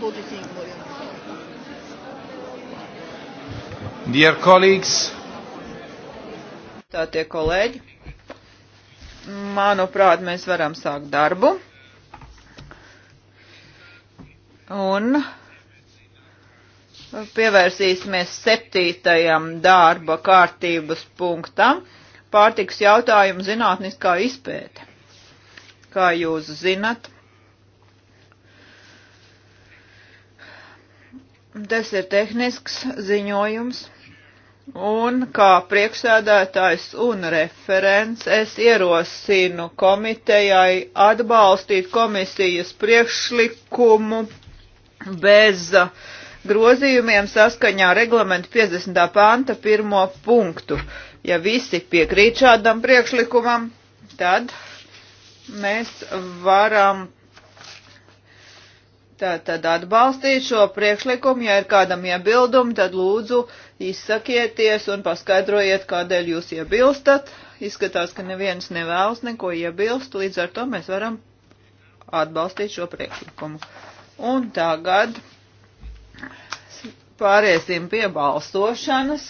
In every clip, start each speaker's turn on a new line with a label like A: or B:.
A: både Sigborg un Dear colleagues.
B: Tātie kolēģi, manuprāt, mēs varam sākt darbu. Un pievērsīsimies septītajam darba kārtības punktam - pārtiks jautājumu zinātniskā izpēte. Kā jūs zinat, Tas ir tehnisks ziņojums. Un kā priekšsēdētājs un referents es ierosinu komitejai atbalstīt komisijas priekšlikumu bez grozījumiem saskaņā reglamentu 50. panta pirmo punktu. Ja visi piekrīt šādam priekšlikumam, tad mēs varam Tātad atbalstīt šo priekšlikumu, ja ir kādam iebildumi, tad lūdzu izsakieties un paskaidrojiet, kādēļ jūs iebilstat. Izskatās, ka neviens nevēlas neko iebilst, līdz ar to mēs varam atbalstīt šo priekšlikumu. Un tagad pāriesim pie balsošanas,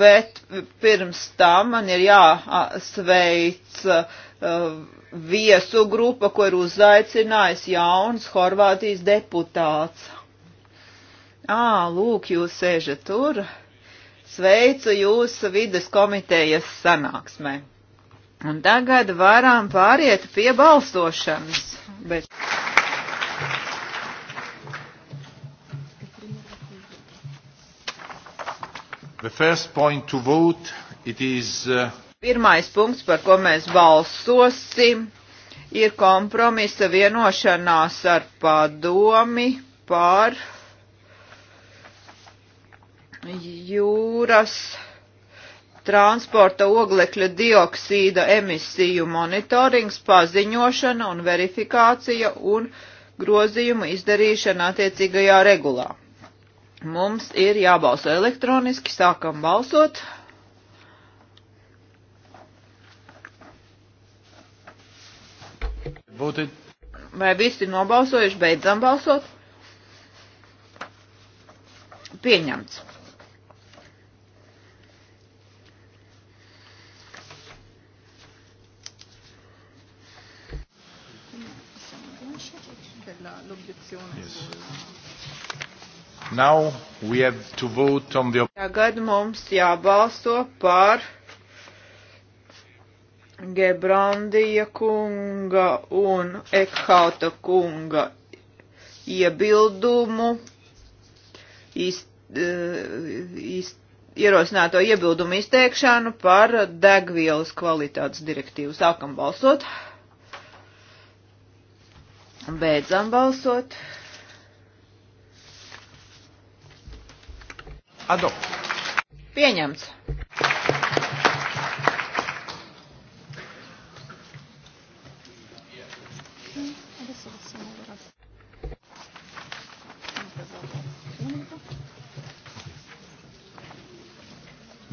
B: bet pirms tam man ir jāsveic. Uh, Uh, viesu grupa, ko ir uzaicinājis jauns Horvātijas deputāts. Ā, lūk, jūs sēžat tur. Sveicu jūs vides komitejas sanāksmē. Un tagad varam pāriet pie balsošanas. Bet...
A: The first point to vote, it is uh,
B: Pirmais punkts, par ko mēs balsosim, ir kompromisa vienošanās ar padomi par jūras transporta oglekļa dioksīda emisiju monitorings, paziņošana un verifikācija un grozījumu izdarīšana attiecīgajā regulā. Mums ir jābalso elektroniski, sākam balsot. Voted. Vai visi ir nobalsojuši? Beidzam balsot. Pieņemts. Yes.
A: Now we have to vote on the...
B: Tagad mums jābalso par Gebrandija kunga un Ekhauta kunga iebildumu, iz, eh, iz, ierosināto iebildumu izteikšanu par degvielas kvalitātes direktīvu. Sākam balsot. Beidzam
A: balsot. Adopt. Pieņemts.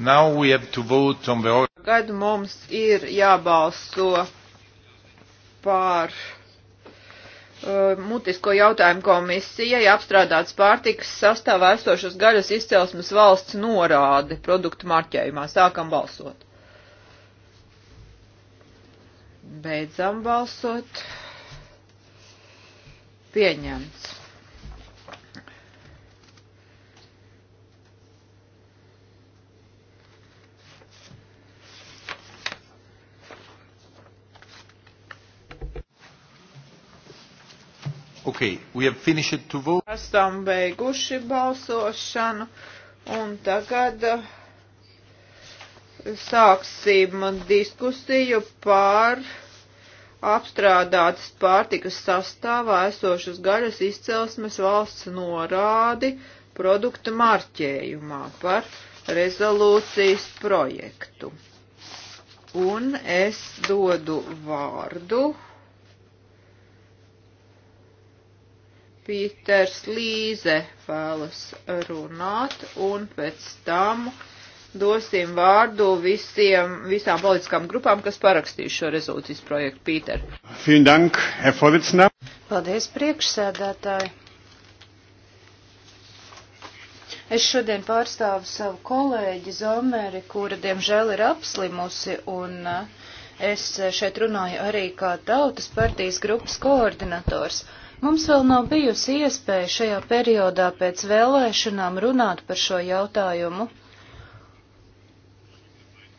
A: Tagad
B: mums ir jābalso par uh, mutisko jautājumu komisijai apstrādāts pārtikas sastāvā esošas gaļas izcelsmes valsts norāde produktu marķējumā. Sākam balsot. Beidzam balsot. Pieņemts.
A: Okay, we have finished to vote.
B: Esam beiguši balsošanu un tagad eh, sāksim diskusiju par apstrādātas pārtikas sastāvā esošas gaļas izcelsmes valsts norādi produkta marķējumā par rezolūcijas projektu. Un es dodu vārdu Pīters Līze vēlas runāt, un pēc tam dosim vārdu visiem, visām politiskām grupām, kas
C: parakstīju šo rezolūcijas projektu. Pīter. Dank, Paldies, priekšsēdētāji. Es šodien pārstāvu savu kolēģi Zomeri, kura diemžēl ir apslimusi, un eh, es šeit runāju arī kā tautas partijas grupas koordinators. Uh, Mums vēl nav bijusi iespēja šajā periodā pēc vēlēšanām runāt par šo jautājumu.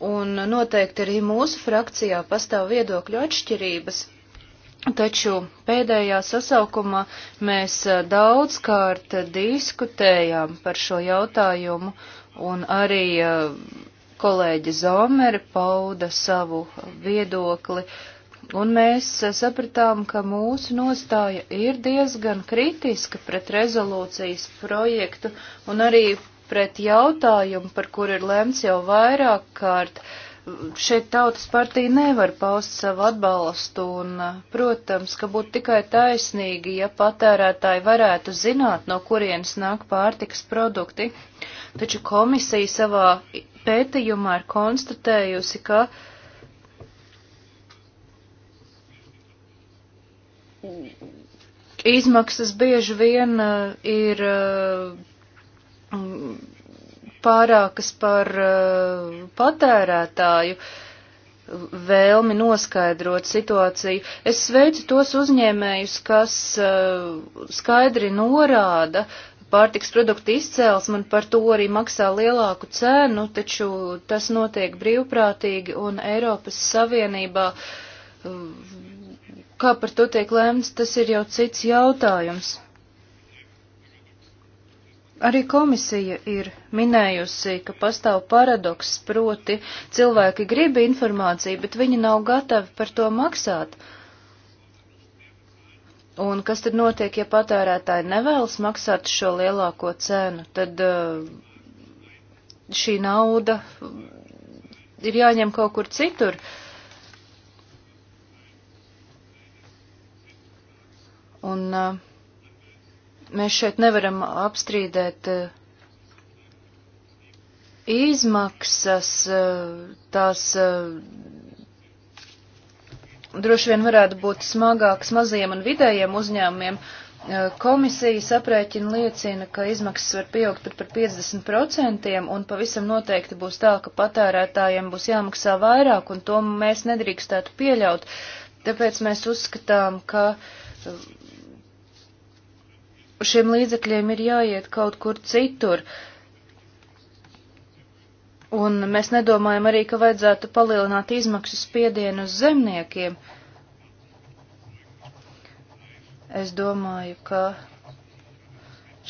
C: Un noteikti arī mūsu frakcijā pastāv viedokļu atšķirības. Taču pēdējā sasaukumā mēs eh, daudzkārt diskutējām par šo jautājumu un arī eh, kolēģi Zomeri pauda savu viedokli un mēs eh, sapratām, ka mūsu nostāja ir diezgan kritiska pret rezolūcijas projektu un arī pret jautājumu, par kur ir lemts jau vairāk kārt. Šeit tautas partija nevar paust savu atbalstu, un, eh, protams, ka būtu tikai taisnīgi, ja patērētāji varētu zināt, no kurienes nāk pārtikas produkti, taču komisija savā pētījumā ir konstatējusi, ka uh, izmaksas bieži vien eh, ir eh, pārākas par eh, patērētāju vēlmi noskaidrot situāciju. Es sveicu tos uzņēmējus, kas skaidri norāda pārtiks produktu izcēlesmi un par to arī maksā lielāku cenu, taču tas notiek brīvprātīgi un Eiropas Savienībā kā par to tiek lēmts, tas ir jau cits jautājums. Arī komisija ir minējusi, ka pastāv paradoks, proti cilvēki grib informāciju, bet viņi nav gatavi par to maksāt. Un kas tad notiek, ja patērētāji nevēlas maksāt šo lielāko cenu? Tad uh, šī nauda ir jāņem kaut kur citur. Uh, Un mēs šeit nevaram apstrīdēt izmaksas, tās droši vien varētu būt smagākas mazajiem un vidējiem uzņēmumiem. Komisijas aprēķina liecina, ka izmaksas var pieaugt pat par 50%, un pavisam noteikti būs tā, ka patērētājiem būs jāmaksā vairāk, un to mēs nedrīkstētu pieļaut. Tāpēc mēs uzskatām, ka šiem līdzekļiem ir jāiet kaut kur citur. Un mēs nedomājam arī, ka vajadzētu palielināt izmaksu spiedienu uz zemniekiem. Es domāju, ka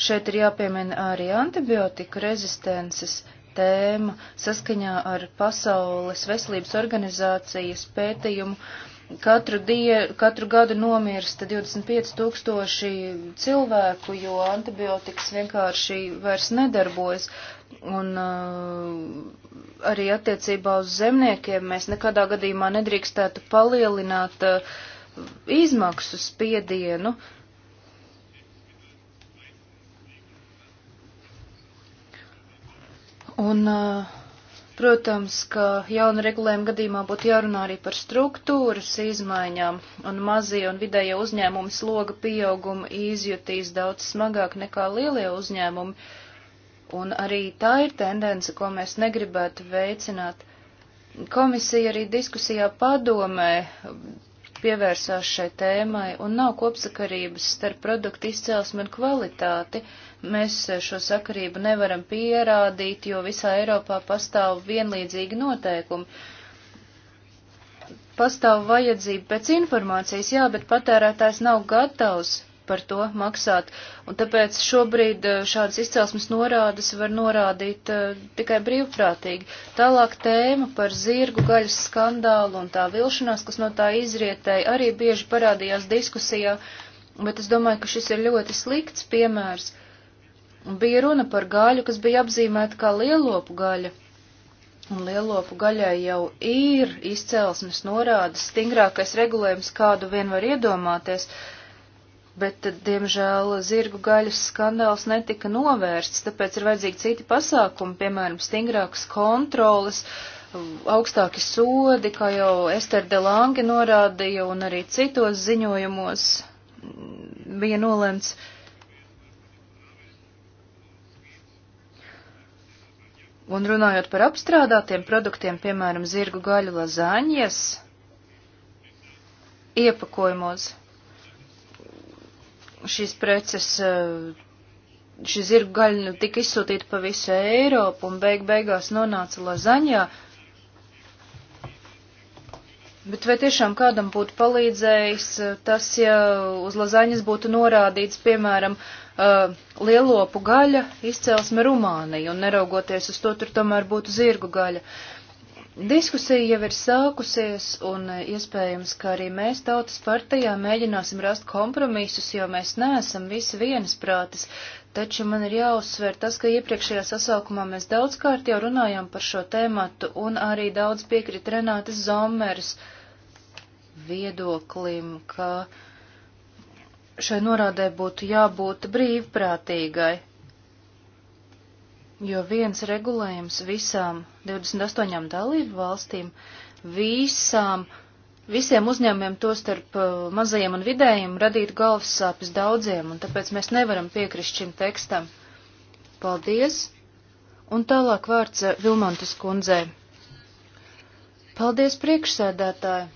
C: šeit ir jāpiemina arī antibiotiku rezistences tēma saskaņā ar Pasaules veselības organizācijas pētījumu Katru, die, katru gadu nomirst 25 tūkstoši cilvēku, jo antibiotikas vienkārši vairs nedarbojas. Un uh, arī attiecībā uz zemniekiem mēs nekādā gadījumā nedrīkstētu palielināt uh, izmaksu spiedienu. Un uh, Protams, ka jauna regulējuma gadījumā būtu jārunā arī par struktūras izmaiņām, un mazie un vidējie uzņēmumi sloga pieauguma izjutīs daudz smagāk nekā lielie uzņēmumi, un arī tā ir tendence, ko mēs negribētu veicināt. Komisija arī diskusijā padomē pievērsās šai tēmai un nav kopsakarības starp produktu izcelsmi un kvalitāti. Mēs šo sakarību nevaram pierādīt, jo visā Eiropā pastāv vienlīdzīgi noteikumi. Pastāv vajadzība pēc informācijas, jā, bet patērētājs nav gatavs par to maksāt. Un tāpēc šobrīd eh, šādas izcelsmes norādes var norādīt eh, tikai brīvprātīgi. Tālāk tēma par zirgu gaļas skandālu un tā vilšanās, kas no tā izrietēja, arī bieži parādījās diskusijā, bet es domāju, ka šis ir ļoti slikts piemērs. Bija runa par gaļu, kas bija apzīmēta kā lielopu gaļa. Un lielopu gaļai jau ir izcelsmes norādes, stingrākais regulējums, kādu vien var iedomāties. Uh, bet, diemžēl, zirgu gaļas skandāls netika novērsts, tāpēc ir vajadzīgi citi pasākumi, piemēram, stingrākas kontroles, augstāki sodi, kā jau Ester de Lange norādīja, un arī citos ziņojumos bija nolēmts. Un runājot par apstrādātiem produktiem, piemēram, zirgu gaļu lazaņas, iepakojumos šīs preces, eh, šī zirgu gaļa nu, tika izsūtīta pa visu Eiropu un beig beigās nonāca Lazaņā. Bet vai tiešām kādam būtu palīdzējis eh, tas, ja uz lazaņas būtu norādīts, piemēram, eh, lielopu gaļa izcelsme Rumānija, un neraugoties uz to, tur tomēr būtu zirgu gaļa? Uh, Diskusija jau ir sākusies, un e, iespējams, ka arī mēs tautas partijā mēģināsim rast kompromisus, jo mēs neesam visi vienasprātis. Taču man ir jāuzsver tas, ka iepriekšējā sasaukumā mēs daudzkārt jau runājām par šo tēmatu, un arī daudz piekrit Renātas Zomeres viedoklim, ka šai norādē būtu jābūt brīvprātīgai jo viens regulējums visām 28 dalību valstīm, visām, visiem uzņēmumiem, to starp uh, mazajiem un vidējiem, radītu galvas sāpes daudziem, un tāpēc mēs nevaram piekrist šim tekstam. Paldies! Un tālāk vārds uh, Vilmantas kundzei. Paldies priekšsēdētāji!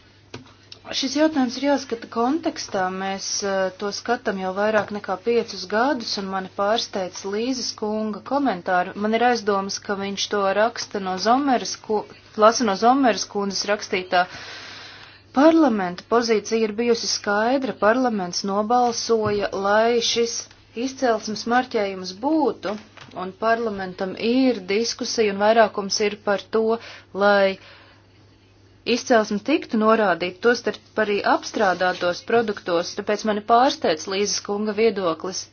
C: Šis jautājums ir jāskata kontekstā. Mēs uh, to skatām jau vairāk nekā piecus gadus, un mani pārsteidz Līzes kunga komentāri. Man ir aizdomas, ka viņš to raksta no Zomeras, ku, lasa no Zomeras kundzes rakstītā. Parlamenta pozīcija ir bijusi skaidra, parlaments nobalsoja, lai šis izcelsmes marķējums būtu, un parlamentam ir diskusija, un vairākums ir par to, lai uh, izcelsme tiktu norādīta, tostarp arī apstrādātos produktos, tāpēc mani pārsteidz Līzes kunga viedoklis.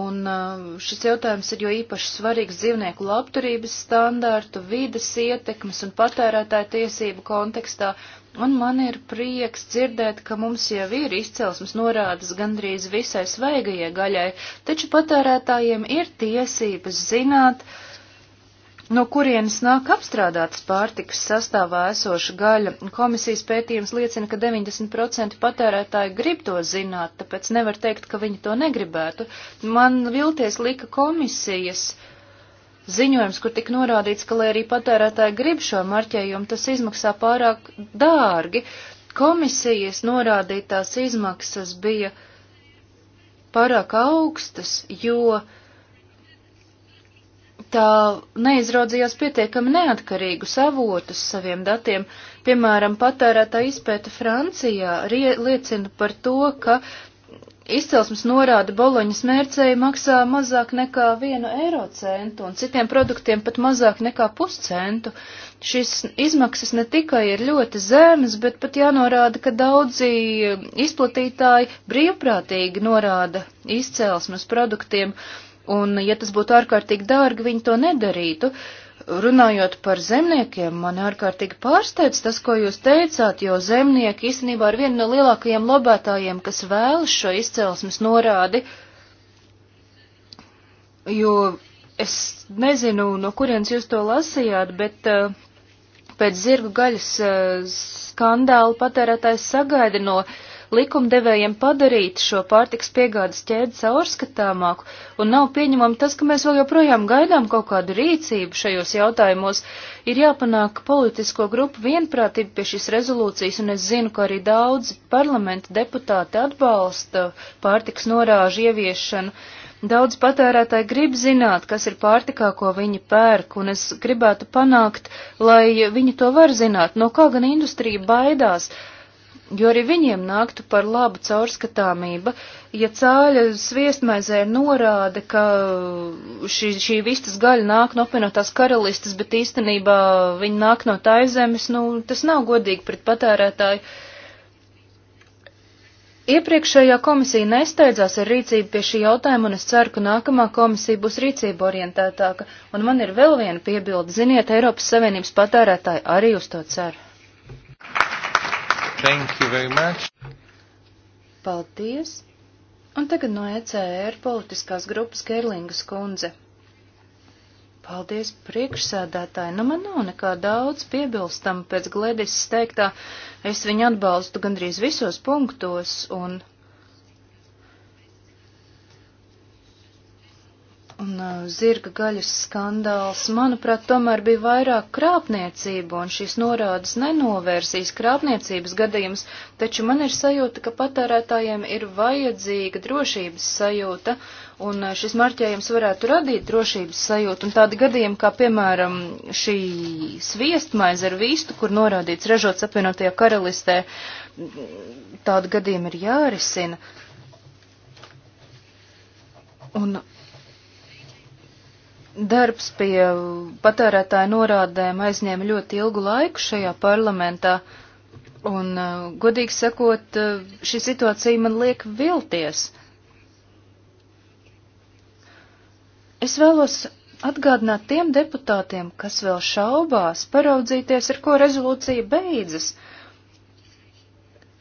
C: Un uh, šis jautājums ir jo īpaši svarīgs dzīvnieku labturības standārtu, vidas ietekmes un patērētāja tiesību kontekstā, un man ir prieks dzirdēt, ka mums jau ir izcelsmes norādes gandrīz visai svaigajai gaļai, taču patērētājiem ir tiesības zināt, uh, no kurienes nāk apstrādātas pārtikas sastāvā esoša gaļa. Komisijas pētījums liecina, ka 90% patērētāji grib to zināt, tāpēc nevar teikt, ka viņi to negribētu. Man vilties lika komisijas ziņojums, kur tika norādīts, ka, lai arī patērētāji grib šo marķējumu, tas izmaksā pārāk dārgi. Komisijas norādītās izmaksas bija pārāk augstas, jo tā neizraudzījās pietiekami neatkarīgu savotus saviem datiem. Piemēram, patērētā izpēta Francijā rie, liecina par to, ka izcelsmes norāda boloņas mērcēji maksā mazāk nekā vienu eiro centu un citiem produktiem pat mazāk nekā puscentu. Šis izmaksas ne tikai ir ļoti zemes, bet pat jānorāda, ka daudzi izplatītāji brīvprātīgi norāda izcelsmes produktiem. Uh, un ja tas būtu ārkārtīgi dārgi, viņi to nedarītu. Runājot par zemniekiem, man ārkārtīgi pārsteidz tas, ko jūs teicāt, jo zemnieki īstenībā ir viena no lielākajiem lobētājiem, kas vēlas šo izcelsmes norādi, jo es nezinu, no kurienes jūs to lasījāt, bet uh, pēc zirgu gaļas uh, skandāla patērētājs sagaida no uh, likumdevējiem padarīt šo pārtiks piegādes ķēdi caurskatāmāku, un nav pieņemami tas, ka mēs vēl joprojām gaidām kaut kādu rīcību šajos jautājumos. Ir jāpanāk politisko grupu vienprātība pie šīs rezolūcijas, un es zinu, ka arī daudzi parlamenta deputāti atbalsta pārtiks norāžu ieviešanu. Daudz patērētāji grib zināt, kas ir pārtikā, ko viņi pērk, un es gribētu panākt, lai viņi to var zināt, no kā gan industrija baidās, jo arī viņiem nāktu par labu caurskatāmība, ja cāļa sviestmaizē norāda, ka šī, šī vistas gaļa nāk no apvienotās karalistes, bet īstenībā viņa nāk no tā zemes, nu, tas nav godīgi pret patērētāju. Iepriekšējā komisija nesteidzās ar rīcību pie šī jautājuma, un es ceru, ka nākamā komisija būs rīcība orientētāka. Un man ir vēl viena piebilda. Ziniet, Eiropas Savienības patērētāji arī uz to ceru.
A: Thank you very much.
C: Paldies. Un tagad no ECR politiskās grupas Gerlingas kundze. Paldies priekšsēdētāji. Nu, man nav nekā daudz piebilstam pēc Gledis teiktā. Es viņu atbalstu gandrīz visos punktos, un Un uh, zirga gaļas skandāls, manuprāt, tomēr bija vairāk krāpniecība, un šīs norādes nenovērsīs krāpniecības gadījums, taču man ir sajūta, ka patērētājiem ir vajadzīga drošības sajūta, un uh, šis marķējums varētu radīt drošības sajūtu, un tādi gadījumi, kā piemēram šī sviestmaize ar vīstu, kur norādīts ražots apvienotajā karalistē, tādi gadījumi ir jārisina. Un Darbs pie patērētāja norādēm aizņēma ļoti ilgu laiku šajā parlamentā, un, uh, godīgi sakot, uh, šī situācija man liek vilties. Es vēlos atgādināt tiem deputātiem, kas vēl šaubās, paraudzīties, ar ko rezolūcija beidzas.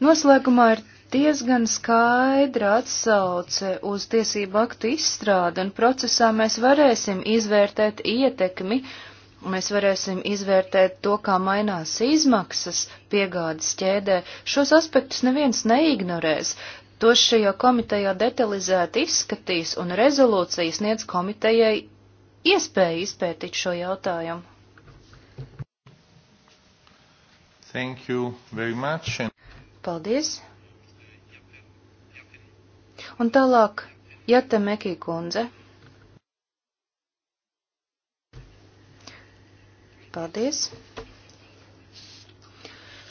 C: Noslēgumā ir diezgan skaidra atsauce uz tiesību aktu izstrādu, un procesā mēs varēsim izvērtēt ietekmi, mēs varēsim izvērtēt to, kā mainās izmaksas piegādes ķēdē. Šos aspektus neviens neignorēs. To šajā komitejā detalizēti izskatīs, un rezolūcija sniedz komitejai iespēju izpētīt šo jautājumu.
A: Thank you very much.
C: Paldies. Un tālāk, Jate Mekī kundze. Paldies!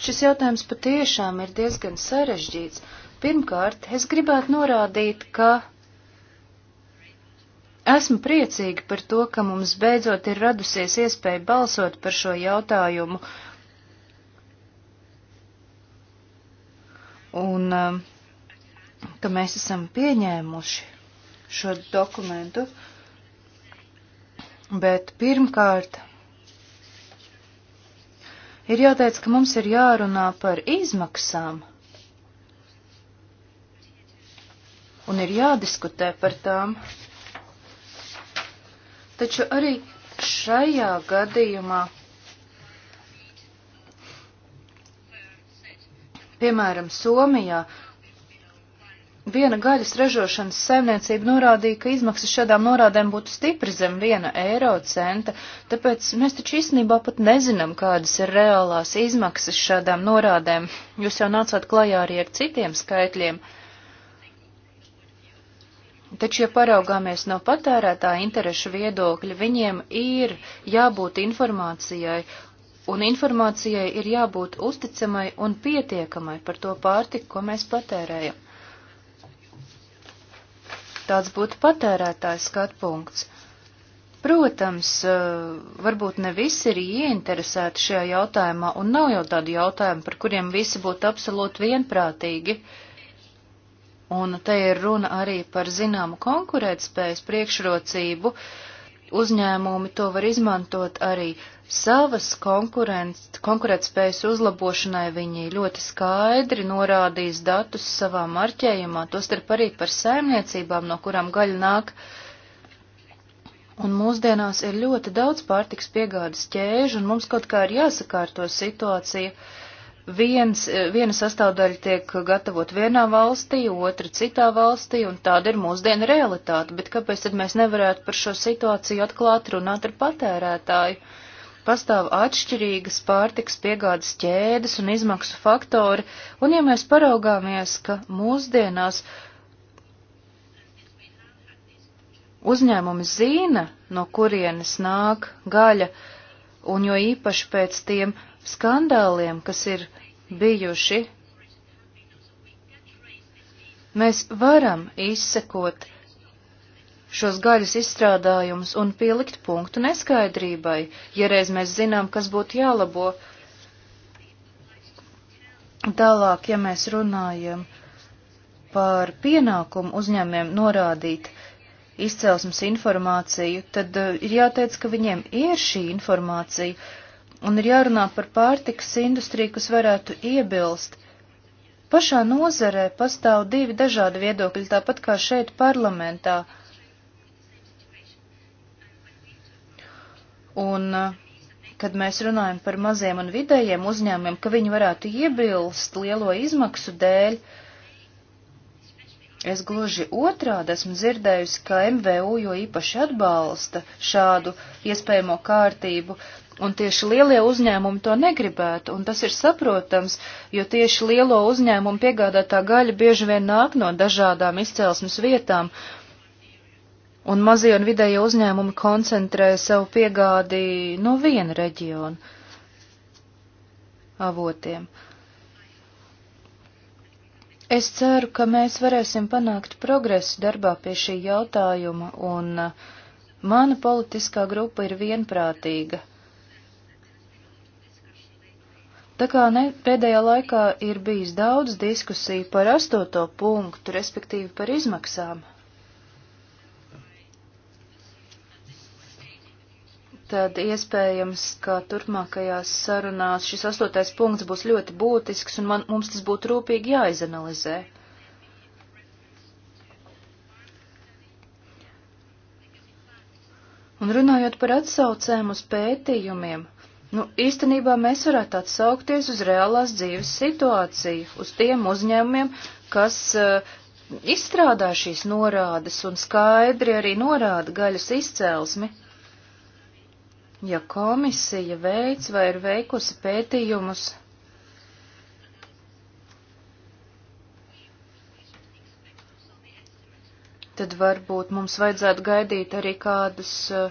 C: Šis jautājums patiešām ir diezgan sarežģīts. Pirmkārt, es gribētu norādīt, ka Esmu priecīga par to, ka mums beidzot ir radusies iespēja balsot par šo jautājumu. Un uh, ka mēs esam pieņēmuši šo dokumentu, bet pirmkārt ir jāteic, ka mums ir jārunā par izmaksām un ir jādiskutē par tām. Taču arī šajā gadījumā, piemēram, Somijā Viena gaļas ražošanas saimniecība norādīja, ka izmaksas šādām norādēm būtu stipri zem viena eiro centa, tāpēc mēs taču īstenībā pat nezinām, kādas ir reālās izmaksas šādām norādēm. Jūs jau nācāt klajā arī ar citiem skaitļiem. Taču, ja paraugāmies no patērētāja interešu viedokļa, viņiem ir jābūt informācijai, un informācijai ir jābūt uzticamai un pietiekamai par to pārtiku, ko mēs patērējam tāds būtu patērētājs skatpunkts. Protams, eh, varbūt ne visi ir ieinteresēti šajā jautājumā, un nav jau tādu jautājumu, par kuriem visi būtu absolūti vienprātīgi. Un te ir runa arī par zināmu konkurētspējas priekšrocību, uh, uzņēmumi to var izmantot arī savas konkurētspējas uzlabošanai. Viņi ļoti skaidri norādīs datus savā marķējumā, tostarp arī par saimniecībām, no kurām gaļa nāk. Un mūsdienās ir ļoti daudz pārtiks piegādes ķēžu, un mums kaut kā ir jāsakārto situācija. Uh, viens, viena sastāvdaļa tiek gatavot vienā valstī, otra citā valstī, un tāda ir mūsdiena realitāte. Bet kāpēc tad mēs nevarētu par šo situāciju atklāt runāt ar patērētāju? Pastāv atšķirīgas pārtiks piegādes ķēdes un izmaksu faktori, un ja mēs paraugāmies, ka mūsdienās uzņēmumi zina, no kurienes nāk gaļa, un jo īpaši pēc tiem skandāliem, kas ir bijuši, mēs varam izsekot šos gaļas izstrādājumus un pielikt punktu neskaidrībai, ja reiz mēs zinām, kas būtu jālabo. Tālāk, ja mēs runājam par pienākumu uzņēmiem norādīt izcelsmes informāciju, tad eh, ir jāteic, ka viņiem ir šī informācija, un ir jārunā par pārtikas industriju, kas varētu iebilst. Pašā nozarē pastāv divi dažādi viedokļi, tāpat kā šeit parlamentā. Un, eh, kad mēs runājam par maziem un vidējiem uzņēmumiem, ka viņi varētu iebilst lielo izmaksu dēļ, es gluži otrādi esmu dzirdējusi, ka MVU jo īpaši atbalsta šādu iespējamo kārtību, Un tieši lielie uzņēmumi to negribētu, un tas ir saprotams, jo tieši lielo uzņēmumu piegādātā gaļa bieži vien nāk no dažādām izcelsmes vietām, un mazie un vidēji uzņēmumi koncentrē savu piegādi no viena reģiona avotiem. Es ceru, ka mēs varēsim panākt progresu darbā pie šī jautājuma, un uh, mana politiskā grupa ir vienprātīga Tā kā ne, pēdējā laikā ir bijis daudz diskusiju par astoto punktu, respektīvi par izmaksām. Tad iespējams, ka turpmākajās sarunās šis astotais punkts būs ļoti būtisks un man, mums tas būtu rūpīgi jāizanalizē. Un runājot par atsaucēm uz pētījumiem, Nu, īstenībā mēs varētu atsaukties uz reālās dzīves situāciju, uz tiem uzņēmumiem, kas uh, izstrādā šīs norādes un skaidri arī norāda gaļas izcelsmi. Ja komisija veids vai ir veikusi pētījumus, tad varbūt mums vajadzētu gaidīt arī kādus uh,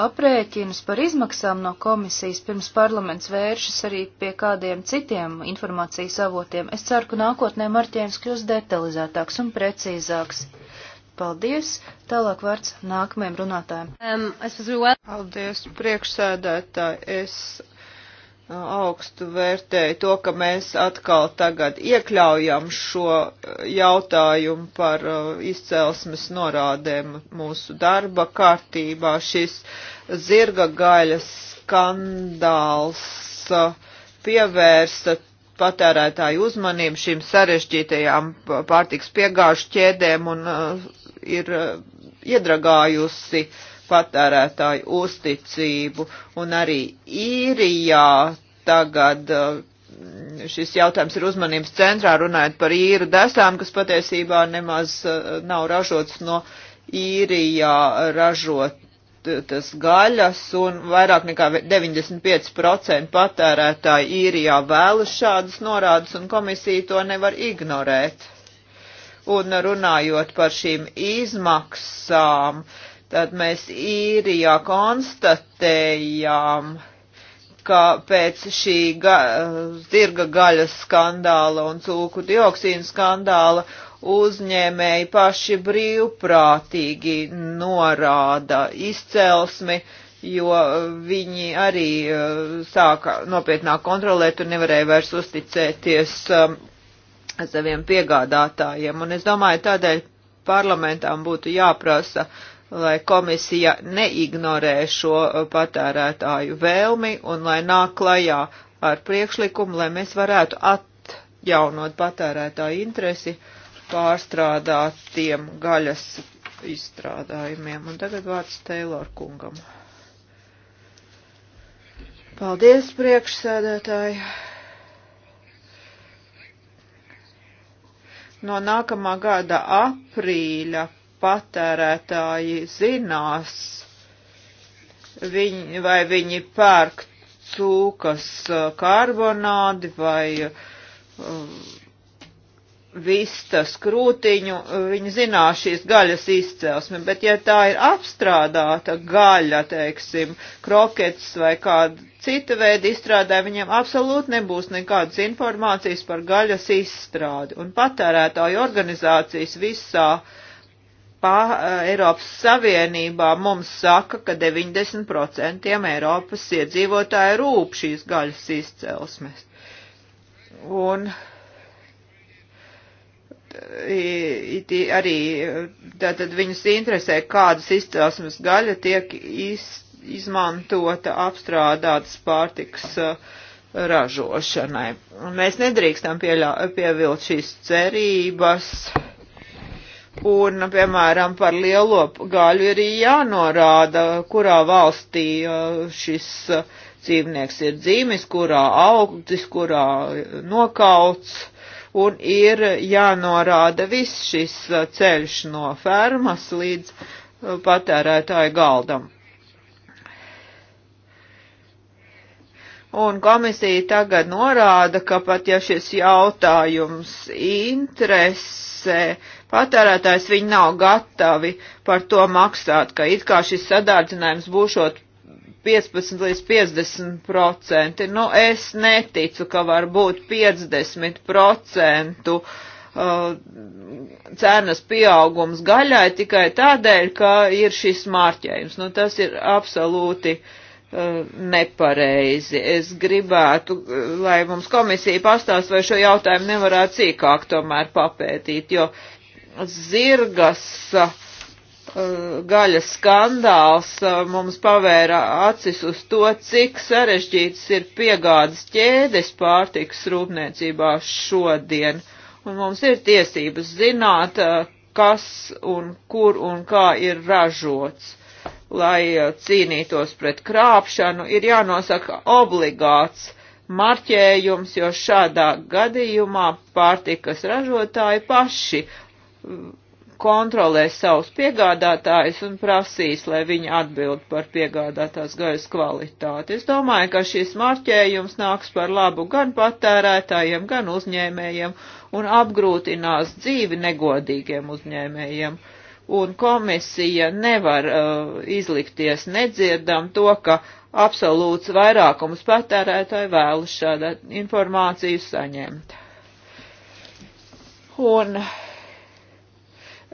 C: aprēķinus par izmaksām no komisijas pirms parlaments vēršas arī pie kādiem citiem informācijas avotiem. Es ceru, ka nākotnē marķējums kļūs detalizētāks un precīzāks. Paldies! Tālāk vārds nākamajam runātājam. Um,
B: well... Paldies, priekšsēdētāji! Es augstu vērtēju to, ka mēs atkal tagad iekļaujam šo eh, jautājumu par eh, izcelsmes norādēm mūsu darba kārtībā. Šis zirga gaļas skandāls eh, pievērsa patērētāju uzmanību šīm sarežģītajām pārtiks piegāžu ķēdēm un uh, ir iedragājusi patērētāju uzticību. Un arī īrijā tagad uh, šis jautājums ir uzmanības centrā, runājot par īru desām, kas patiesībā nemaz uh, nav ražots no īrijā ražot tas gaļas un vairāk nekā 95% patērētāji īrijā vēlas šādas norādes un komisija to nevar ignorēt. Un runājot par šīm izmaksām, tad mēs īrijā konstatējām, uh, ka pēc šī ga, eh, zirga gaļas skandāla un cūku dioksīna skandāla uzņēmēji paši brīvprātīgi norāda izcelsmi, jo viņi arī eh, sāka nopietnāk kontrolēt un nevarēja vairs uzticēties um, saviem piegādātājiem. Un es domāju, tādēļ parlamentām būtu jāprasa uh, lai komisija neignorē šo uh, patērētāju vēlmi un lai nāk klajā ar priekšlikumu, lai mēs varētu atjaunot patērētāju interesi pārstrādātiem gaļas izstrādājumiem. Un tagad vārds Teilor kungam. Paldies, priekšsēdētāji! No nākamā gada aprīļa patērētāji zinās, viņ, vai viņi pērk cūkas uh, karbonādi vai uh, vistas krūtiņu, viņi zinās šīs gaļas izcelsmi, bet ja tā ir apstrādāta gaļa, teiksim, krokets vai kāda cita veida izstrādē, viņiem absolūti nebūs nekādas informācijas par gaļas izstrādi. Un patērētāju organizācijas visā uh, pa eh, Eiropas Savienībā mums saka, ka 90% Eiropas iedzīvotāji rūp šīs gaļas izcelsmes. Un eh, arī eh, tātad viņus interesē, kādas izcelsmes gaļa tiek iz, izmantota apstrādātas pārtiks ražošanai. Un mēs nedrīkstam pieļā, pievilt šīs cerības Un, piemēram, par lielo gaļu ir jānorāda, kurā valstī uh, šis uh, dzīvnieks ir dzīvis, kurā augtis, kurā uh, nokauts, un ir jānorāda viss šis ceļš no fermas līdz patērētāju galdam. Un komisija tagad norāda, ka pat ja šis jautājums interesē, uh, patērētājs viņi nav gatavi par to maksāt, ka it kā šis sadārdzinājums būšot 15 līdz 50 procenti. Nu, es neticu, ka var būt 50 procentu uh, cenas pieaugums gaļai tikai tādēļ, ka ir šis mārķējums. Nu, tas ir absolūti uh, nepareizi. Es gribētu, uh, lai mums komisija pastāst, vai šo jautājumu nevarētu cīkāk tomēr papētīt, jo zirgas uh, gaļas skandāls uh, mums pavēra acis uz to, cik sarežģīts ir piegādes ķēdes pārtiks rūpniecībā šodien. Un mums ir tiesības zināt, uh, kas un kur un kā ir ražots. Lai cīnītos pret krāpšanu, ir jānosaka obligāts marķējums, jo šādā gadījumā pārtikas ražotāji paši kontrolēs savus piegādātājus un prasīs, lai viņi atbild par piegādātās gaisa kvalitāti. Es domāju, ka šis marķējums nāks par labu gan patērētājiem, gan uzņēmējiem un apgrūtinās dzīvi negodīgiem uzņēmējiem. Un komisija nevar uh, izlikties nedzirdam to, ka absolūts vairākums patērētāju vēlas šādu informāciju saņemt. Un uh,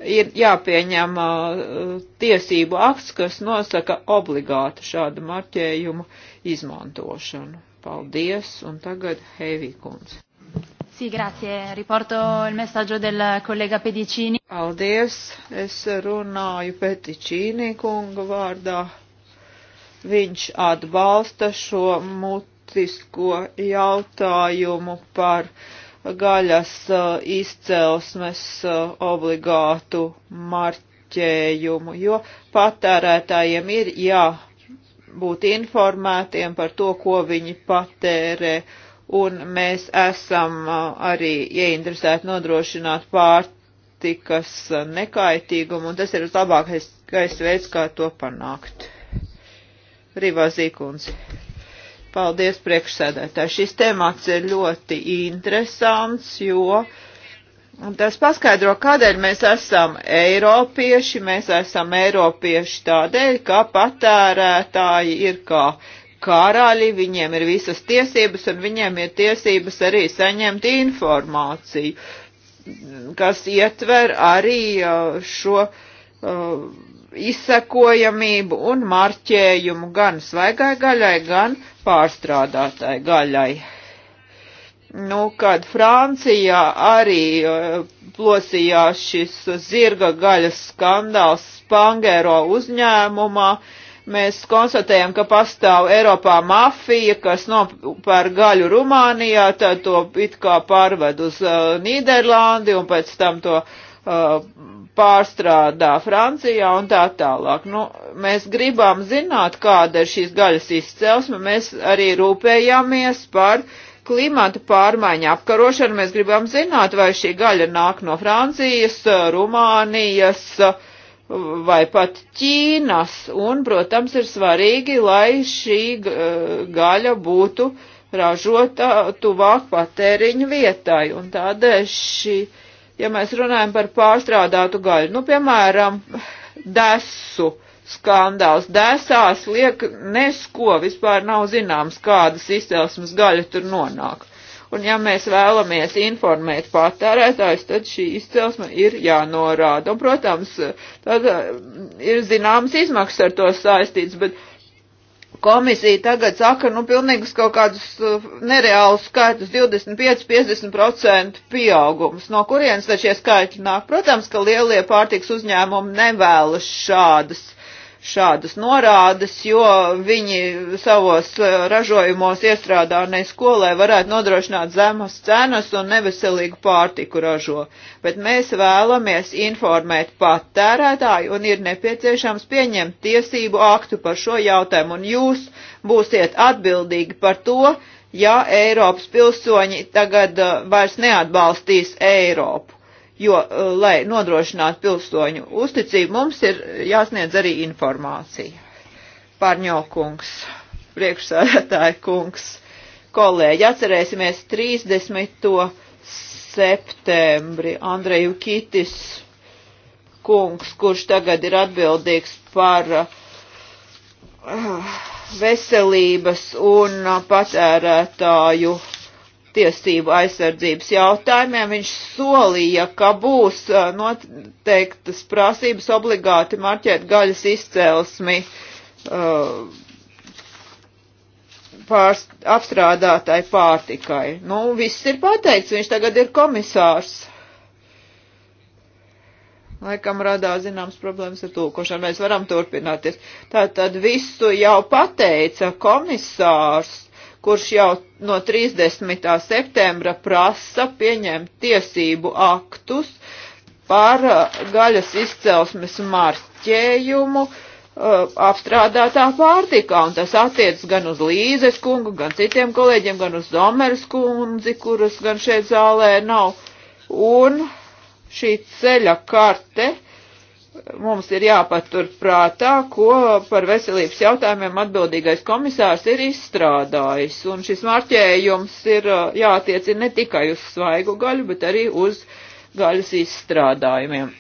B: ir jāpieņem uh, tiesību akts, kas nosaka obligātu šādu marķējumu izmantošanu. Paldies, un tagad Heivīkums.
C: Sì, grazie. Riporto il messaggio del collega Pedicini.
B: Paldies. Es runāju Pedicini kunga vārdā. Viņš atbalsta šo mutisko jautājumu par uh, gaļas uh, izcelsmes uh, obligātu marķējumu, jo patērētājiem ir jābūt informētiem par to, ko viņi patērē, un mēs esam uh, arī ieinteresēti nodrošināt pārtikas nekaitīgumu, un tas ir vislabākais veids, kā to panākt. Rivā Zīkundze. Paldies, priekšsēdētāji. Šis temats ir ļoti interesants, jo tas paskaidro, kādēļ mēs esam eiropieši. Mēs esam eiropieši tādēļ, ka patērētāji ir kā karaļi, viņiem ir visas tiesības un viņiem ir tiesības arī saņemt informāciju, kas ietver arī uh, šo uh, izsekojamību un marķējumu gan svaigai gaļai, gan pārstrādātai gaļai. Nu, kad Francijā arī uh, plosījās šis zirga gaļas skandāls Spangero uzņēmumā, mēs konstatējam, ka pastāv Eiropā mafija, kas nopēr gaļu Rumānijā, tad to it kā pārved uz uh, Nīderlandi un pēc tam to uh, pārstrādā Francijā un tā tālāk. Nu, mēs gribam zināt, kāda ir šīs gaļas izcelsme, mēs arī rūpējāmies par klimata pārmaiņu apkarošanu, mēs gribam zināt, vai šī gaļa nāk no Francijas, Rumānijas vai pat Ķīnas, un, protams, ir svarīgi, lai šī gaļa būtu ražota tuvāk patēriņu vietai, un tādēļ šī. Uh, ja mēs runājam par pārstrādātu gaļu, nu, piemēram, desu skandāls. Desās liek nesko, vispār nav zināms, kādas izcelsmes gaļa tur nonāk. Un ja mēs vēlamies informēt patērētājus, tad šī izcelsme ir jānorāda. Un, protams, tad eh, ir zināmas izmaksas ar to saistīts, bet komisija tagad saka, nu, pilnīgas kaut kādus uh, nereālus skaitļus, 25-50% pieaugums. No kurienes tad šie skaitļi nāk? Protams, ka lielie pārtiks uzņēmumi nevēlas šādas šādas norādes, jo viņi savos eh, ražojumos iestrādā nesko, lai varētu nodrošināt zemas cenas un neveselīgu pārtiku ražo. Bet mēs vēlamies informēt patērētāju un ir nepieciešams pieņemt tiesību aktu par šo jautājumu, un jūs būsiet atbildīgi par to, ja Eiropas pilsoņi tagad eh, vairs neatbalstīs Eiropu jo, eh, lai nodrošinātu pilsoņu uzticību, mums ir jāsniedz arī informācija. Pārņokungs, priekšsādātāja kungs, kolēģi, atcerēsimies 30. septembri Andreju Kitis kungs, kurš tagad ir atbildīgs par eh, veselības un patērētāju tiesību aizsardzības jautājumiem. Viņš solīja, ka būs noteiktas prasības obligāti marķēt gaļas izcelsmi uh, pārst, apstrādātai pārtikai. Nu, viss ir pateikts, viņš tagad ir komisārs. Laikam radās zināms problēmas ar tūkošanu, mēs varam turpināties. Tātad visu jau pateica komisārs kurš jau no 30. septembra prasa pieņemt tiesību aktus par uh, gaļas izcelsmes marķējumu uh, apstrādātā pārtikā, un tas attiec gan uz Līzes kungu, gan citiem kolēģiem, gan uz Zomeres kundzi, kuras gan šeit zālē nav. Un šī ceļa karte mums ir jāpatur prātā, ko par veselības jautājumiem atbildīgais komisārs ir izstrādājis. Un šis marķējums ir uh, jātiecina ne tikai uz svaigu gaļu, bet arī uz gaļas izstrādājumiem.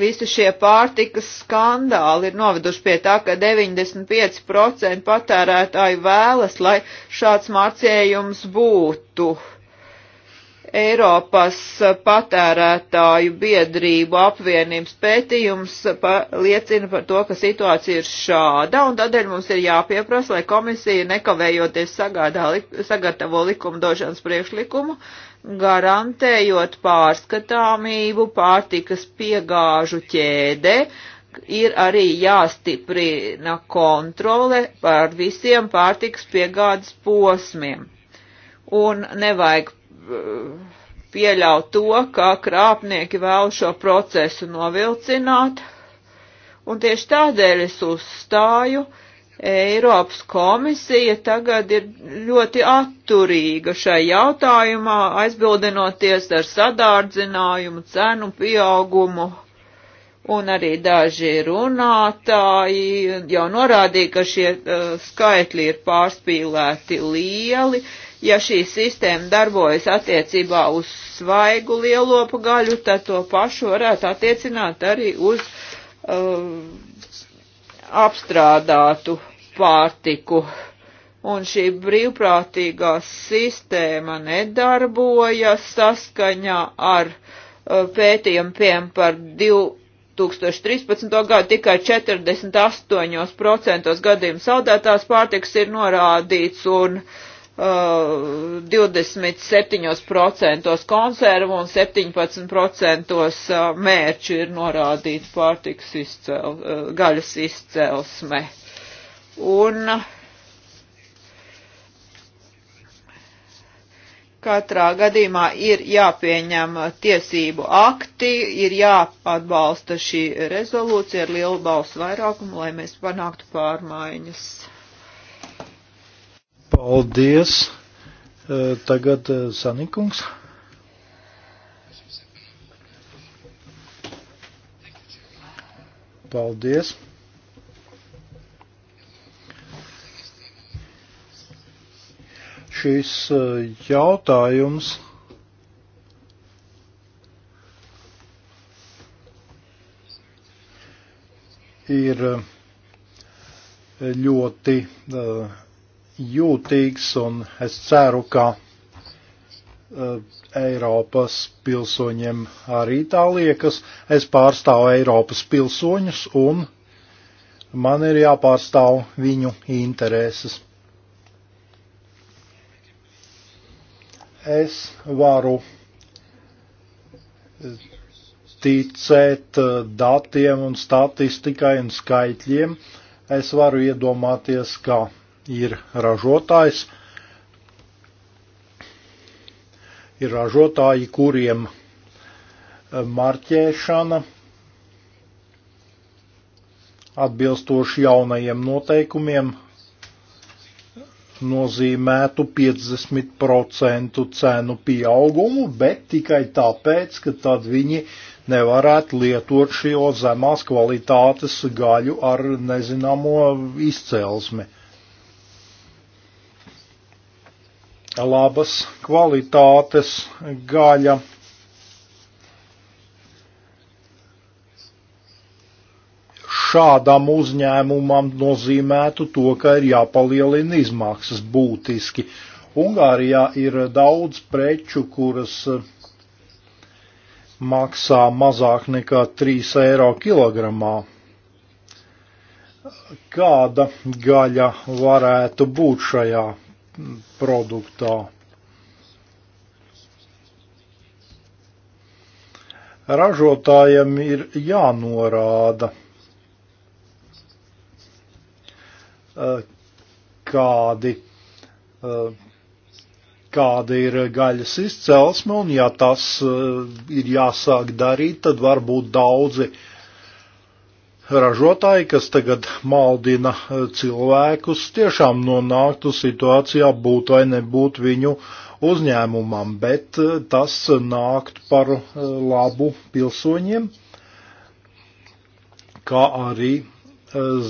B: Visi šie pārtikas skandāli ir noveduši pie tā, ka 95% patērētāji vēlas, lai šāds marķējums būtu. Uh, Eiropas patērētāju biedrību apvienības pētījums pa, liecina par to, ka situācija ir šāda, un tādēļ mums ir jāpieprasa, lai komisija nekavējoties sagādā, sagatavo likumdošanas priekšlikumu, garantējot pārskatāmību pārtikas piegāžu ķēdē, ir arī jāstiprina kontrole pār visiem pārtikas piegādes posmiem. Un nevajag pieļaut to, ka krāpnieki vēl šo procesu novilcināt, un tieši tādēļ es uzstāju, Eiropas komisija tagad ir ļoti atturīga šai jautājumā, aizbildinoties ar sadārdzinājumu, cenu pieaugumu Un arī daži runātāji jau norādīja, ka šie uh, skaitļi ir pārspīlēti lieli, ja šī sistēma darbojas attiecībā uz svaigu lielopu gaļu, tad to pašu varētu attiecināt arī uz uh, apstrādātu pārtiku. Un šī brīvprātīgā sistēma nedarbojas saskaņā ar uh, pētījumiem par 2013. gadu tikai 48% gadījumu saldētās pārtiks ir norādīts un uh, Uh, 27% konservu un 17% uh, mērķu ir norādīts pārtiks izcel, uh, gaļas izcelsme. Un katrā gadījumā ir jāpieņem tiesību akti, ir jāatbalsta šī rezolūcija ar lielu balsu vairākumu, lai mēs panāktu pārmaiņas.
A: Paldies. E, tagad e, Sanikungs. Paldies. Šis e, jautājums ir ļoti uh, jūtīgs, un es ceru, ka eh, Eiropas pilsoņiem arī tā liekas. Es pārstāvu Eiropas pilsoņus, un man ir jāpārstāv viņu intereses. Es varu eh, ticēt eh, datiem un statistikai un skaitļiem. Es varu iedomāties, ka ir ražotājs. Ir ražotāji, kuriem e, marķēšana atbilstoši jaunajiem noteikumiem nozīmētu 50% cenu pieaugumu, bet tikai tāpēc, ka tad viņi nevarētu lietot šo zemās kvalitātes gaļu ar nezināmo izcelsmi. labas kvalitātes gaļa. Šādam uzņēmumam nozīmētu to, ka ir jāpalielina izmaksas būtiski. Ungārijā ir daudz preču, kuras maksā mazāk nekā 3 eiro kilogramā. Kāda gaļa varētu būt šajā produktā. Ražotājiem ir jānorāda, eh, kādi, eh, kāda ir gaļas izcelsme, un ja tas eh, ir jāsāk darīt, tad varbūt daudzi uh, ražotāji, kas tagad maldina e, cilvēkus, tiešām nonāktu situācijā būt vai nebūt viņu uzņēmumam, bet e, tas nākt par e, labu pilsoņiem, kā arī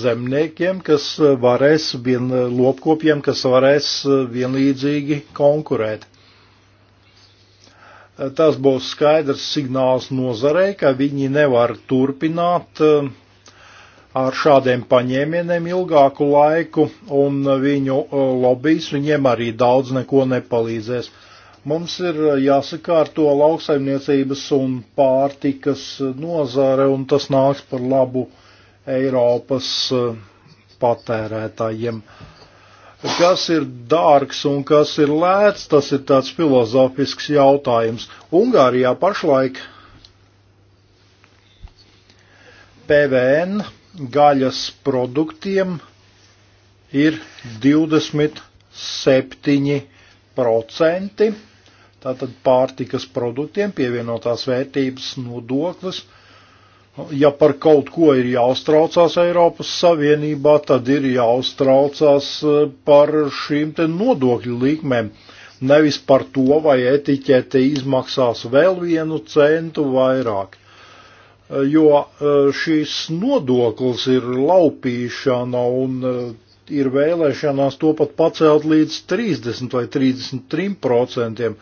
A: zemniekiem, kas varēs, vien, lopkopiem, kas varēs vienlīdzīgi konkurēt tas būs skaidrs signāls nozarei, ka viņi nevar turpināt ar šādiem paņēmieniem ilgāku laiku, un viņu uh, lobbyis viņiem arī daudz neko nepalīdzēs. Mums ir uh, jāsakārto lauksaimniecības un pārtikas uh, nozare, un tas nāks par labu Eiropas patērētājiem. Kas ir dārgs un kas ir lēts, tas ir tāds filozofisks jautājums. Ungārijā pašlaik PVN gaļas produktiem ir 27%, tātad pārtikas produktiem pievienotās vērtības nodoklis. Ja par kaut ko ir jāuztraucās Eiropas Savienībā, tad ir jāuztraucās e, par šīm te nodokļu likmēm. Nevis par to, vai etiķete izmaksās vēl vienu centu vairāk jo e, šīs nodoklis ir laupīšana un e, ir vēlēšanās to pat pacelt līdz 30 vai 33 procentiem.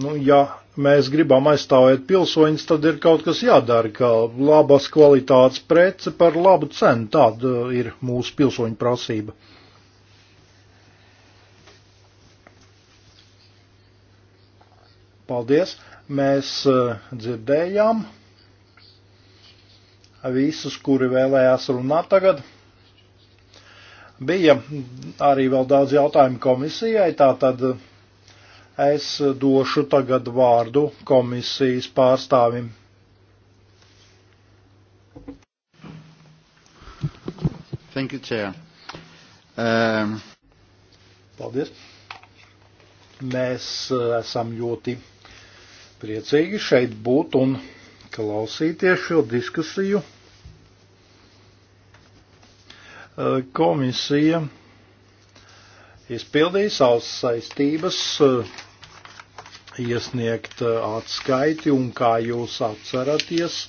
A: Nu, ja mēs gribam aizstāvēt pilsoņus, tad ir kaut kas jādara, ka labas kvalitātes prece par labu cenu, tāda ir mūsu pilsoņu prasība. Paldies! Mēs e, dzirdējām visus, kuri vēlējās runāt tagad. Bija arī vēl daudz jautājumu komisijai, tātad es došu tagad vārdu komisijas pārstāvim. Thank you, Chair. Um... Paldies. Mēs uh, esam ļoti priecīgi šeit būt un klausīties šo diskusiju. Eh, komisija izpildīja savas saistības eh, iesniegt eh, atskaiti, un kā jūs atceraties,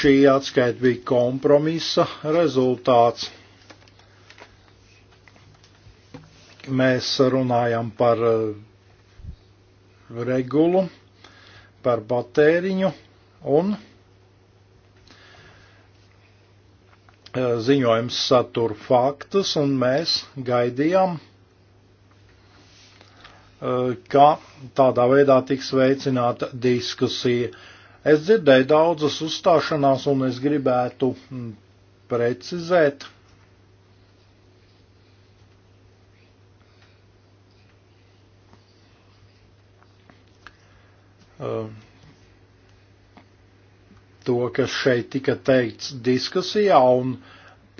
A: šī atskaita bija kompromisa rezultāts. Mēs runājam par regulu par batēriņu un e, ziņojums satur faktus, un mēs gaidījām, e, ka tādā veidā tiks veicināta diskusija. Es dzirdēju daudzas uzstāšanās, un es gribētu precizēt Uh, to, kas šeit tika teikts diskusijā un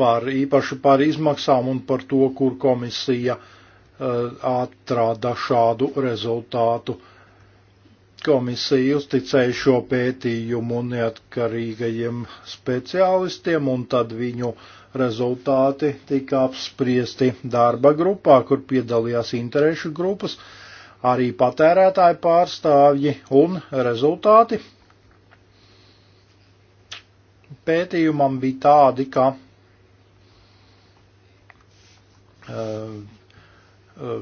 A: par īpaši par izmaksām un par to, kur komisija uh, atrada šādu rezultātu. Komisija uzticēja šo pētījumu neatkarīgajiem speciālistiem, un tad viņu rezultāti tika apspriesti darba grupā, kur piedalījās interešu grupas. Uh, arī patērētāju pārstāvji un rezultāti. Pētījumam bija tādi, ka uh, uh,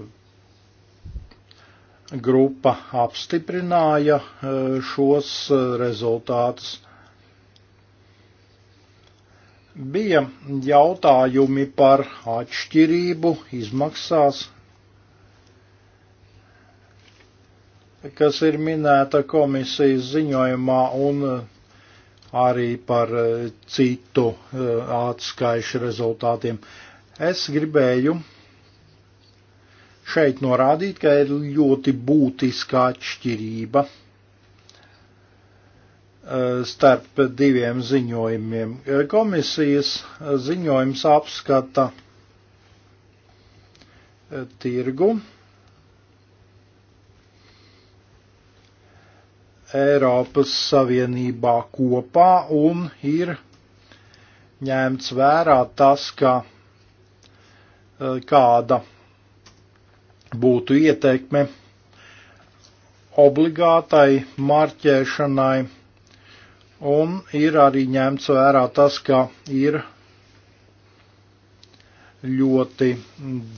A: grupa apstiprināja uh, šos rezultātus bija jautājumi par atšķirību izmaksās kas ir minēta komisijas ziņojumā un eh, arī par eh, citu eh, atskaišu rezultātiem. Es gribēju šeit norādīt, ka ir ļoti būtiska atšķirība starp diviem ziņojumiem. Komisijas ziņojums apskata tirgu Eiropas Savienībā kopā un ir ņemts vērā tas, ka e, kāda būtu ieteikme obligātai marķēšanai, un ir arī ņemts vērā tas, ka ir ļoti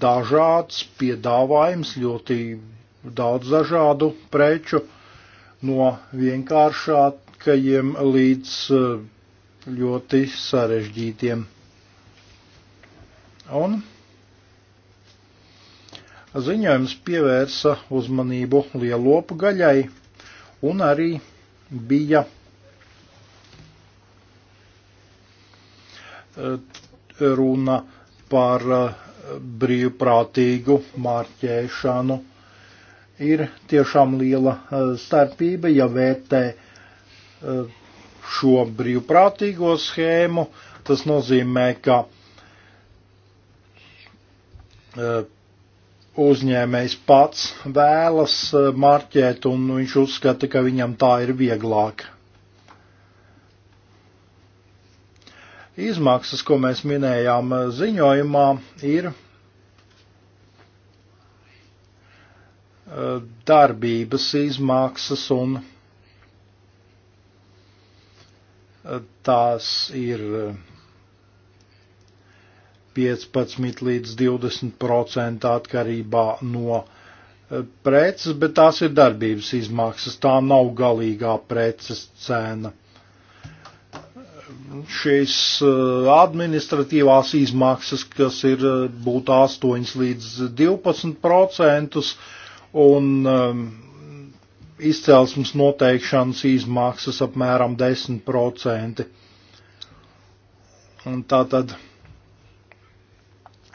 A: dažāds piedāvājums, ļoti daudz dažādu preču, no vienkāršākajiem līdz eh, ļoti sarežģītiem. Un ziņojums pievērsa uzmanību lielopu gaļai un arī bija eh, runa par eh, brīvprātīgu mārķēšanu ir tiešām liela e, starpība, ja vērtē e, šo brīvprātīgo schēmu. Tas nozīmē, ka e, uzņēmējs pats vēlas marķēt un viņš uzskata, ka viņam tā ir vieglāk. Izmaksas, ko mēs minējām ziņojumā, ir darbības izmaksas un eh, tās ir 15 eh, līdz 20 procentu atkarībā no eh, preces, bet tās ir darbības izmaksas, tā nav galīgā preces cena. Šīs administratīvās izmaksas, kas ir būt 8 līdz 12 procentus, uh, un um, izcelsmes noteikšanas izmaksas apmēram 10%. Un tā tad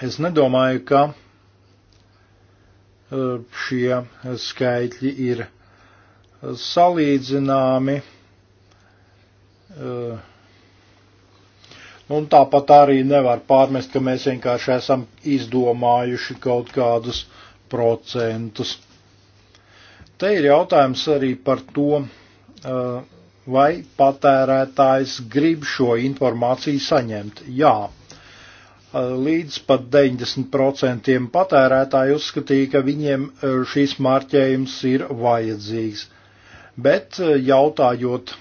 A: es nedomāju, ka uh, šie skaitļi ir salīdzināmi. Uh, un tāpat arī nevar pārmest, ka mēs vienkārši esam izdomājuši kaut kādus procentus. Te ir jautājums arī par to, vai patērētājs grib šo informāciju saņemt. Jā, līdz pat 90% patērētāji uzskatīja, ka viņiem šīs marķējums ir vajadzīgs. Bet jautājot,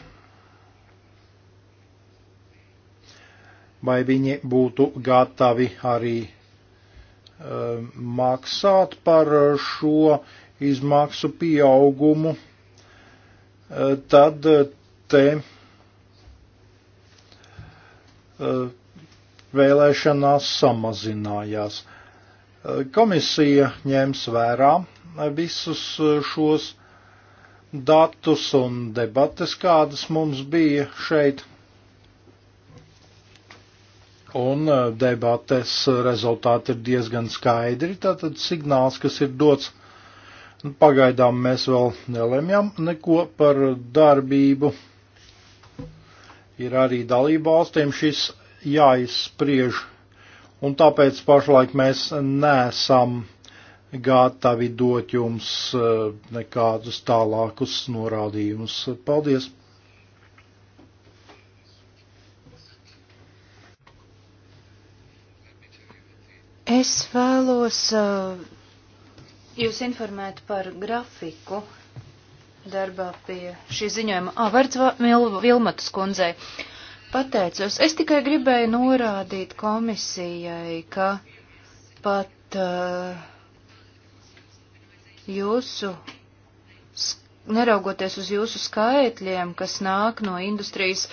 A: vai viņi būtu gatavi arī maksāt par šo izmaksu pieaugumu, eh, tad eh, te eh, vēlēšanās samazinājās. Komisija ņems vērā visus šos datus un debates, kādas mums bija šeit. Un debates rezultāti ir diezgan skaidri, tātad signāls, kas ir dots uh, Nu, pagaidām mēs vēl nelemjam neko par darbību. Ir arī dalību valstīm šis jāizspriež, un tāpēc pašlaik mēs nesam gatavi dot jums eh, nekādus tālākus norādījumus. Paldies!
C: Es vēlos uh, jūs informētu par grafiku darbā pie šī ziņojuma. Ā, vārds Vilmatas kundzei. Pateicos, es tikai gribēju norādīt komisijai, ka pat uh, jūsu, neraugoties uz jūsu skaitļiem, kas nāk no industrijas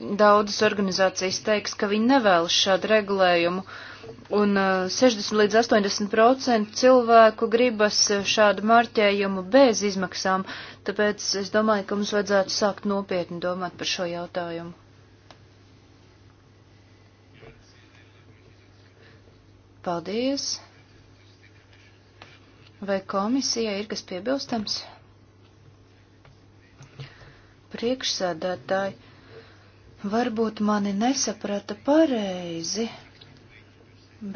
C: daudzas organizācijas teiks, ka viņi nevēlas šādu regulējumu, un 60 uh, līdz 80% cilvēku gribas uh, šādu marķējumu bez izmaksām, tāpēc es domāju, ka mums vajadzētu sākt nopietni domāt par šo jautājumu. Paldies! Vai komisijai ir kas piebilstams? Priekšsēdētāji Varbūt mani nesaprata pareizi,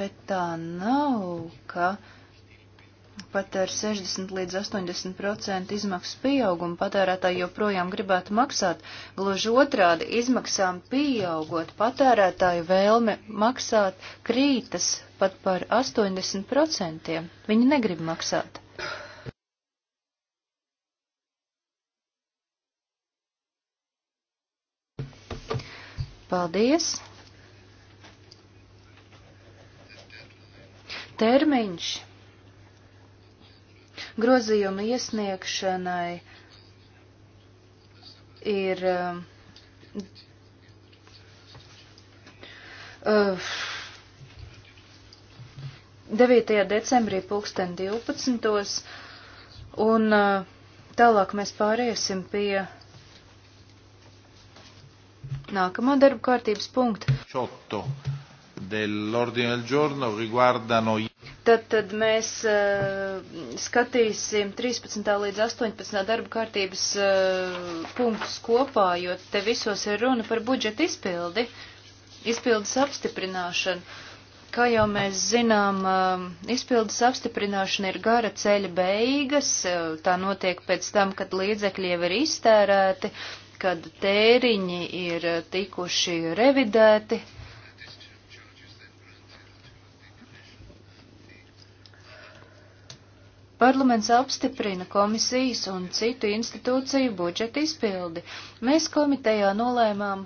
C: bet tā nav, ka pat ar 60 līdz 80% izmaksu pieaugumu patērētāji joprojām gribētu maksāt. Gluži otrādi, izmaksām pieaugot, patērētāju vēlme maksāt krītas pat par 80%. Viņi negrib maksāt. Paldies! Termiņš grozījuma iesniegšanai ir um, uh, 9. decembrī pulksten 12. un uh, tālāk mēs pāriesim pie nākamo darba kārtības punktu.
A: Čotto dell'ordine del giorno riguardano.
C: Tad, tad mēs uh, skatīsim 13. līdz 18. darba kārtības uh, punktus kopā, jo te visos ir runa par budžeta izpildi, izpildes apstiprināšanu. Kā jau mēs zinām, uh, izpildes apstiprināšana ir gara ceļa beigas, uh, tā notiek pēc tam, kad līdzekļi jau ir iztērēti, uh, kad tēriņi ir tikuši revidēti. Parlaments apstiprina komisijas un citu institūciju budžeta izpildi. Mēs komitejā nolēmām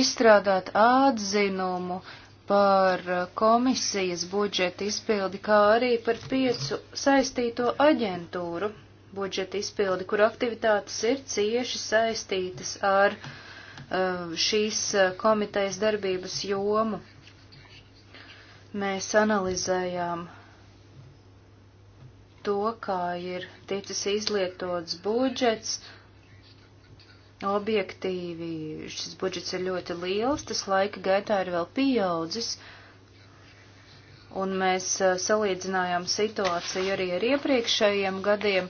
C: izstrādāt atzinumu par komisijas budžeta izpildi, kā arī par piecu saistīto aģentūru budžeta izpildi, kur aktivitātes ir cieši saistītas ar uh, šīs uh, komitejas darbības jomu. Mēs analizējām to, kā ir ticis izlietots budžets, uh, objektīvi šis budžets ir ļoti liels, tas laika gaitā ir vēl pieaudzis, un mēs eh, salīdzinājām situāciju arī ar iepriekšējiem gadiem.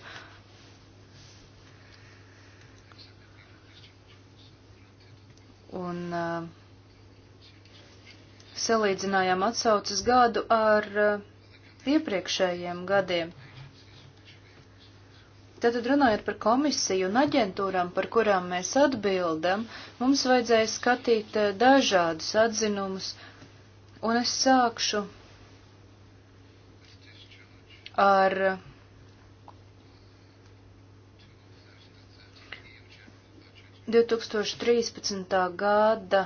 C: Un uh, salīdzinājām atsaucas gadu ar uh, iepriekšējiem gadiem. Uh, Tātad runājot par komisiju un aģentūrām, par kurām mēs atbildam, mums vajadzēja skatīt eh, dažādus atzinumus, un es sākšu ar eh, gada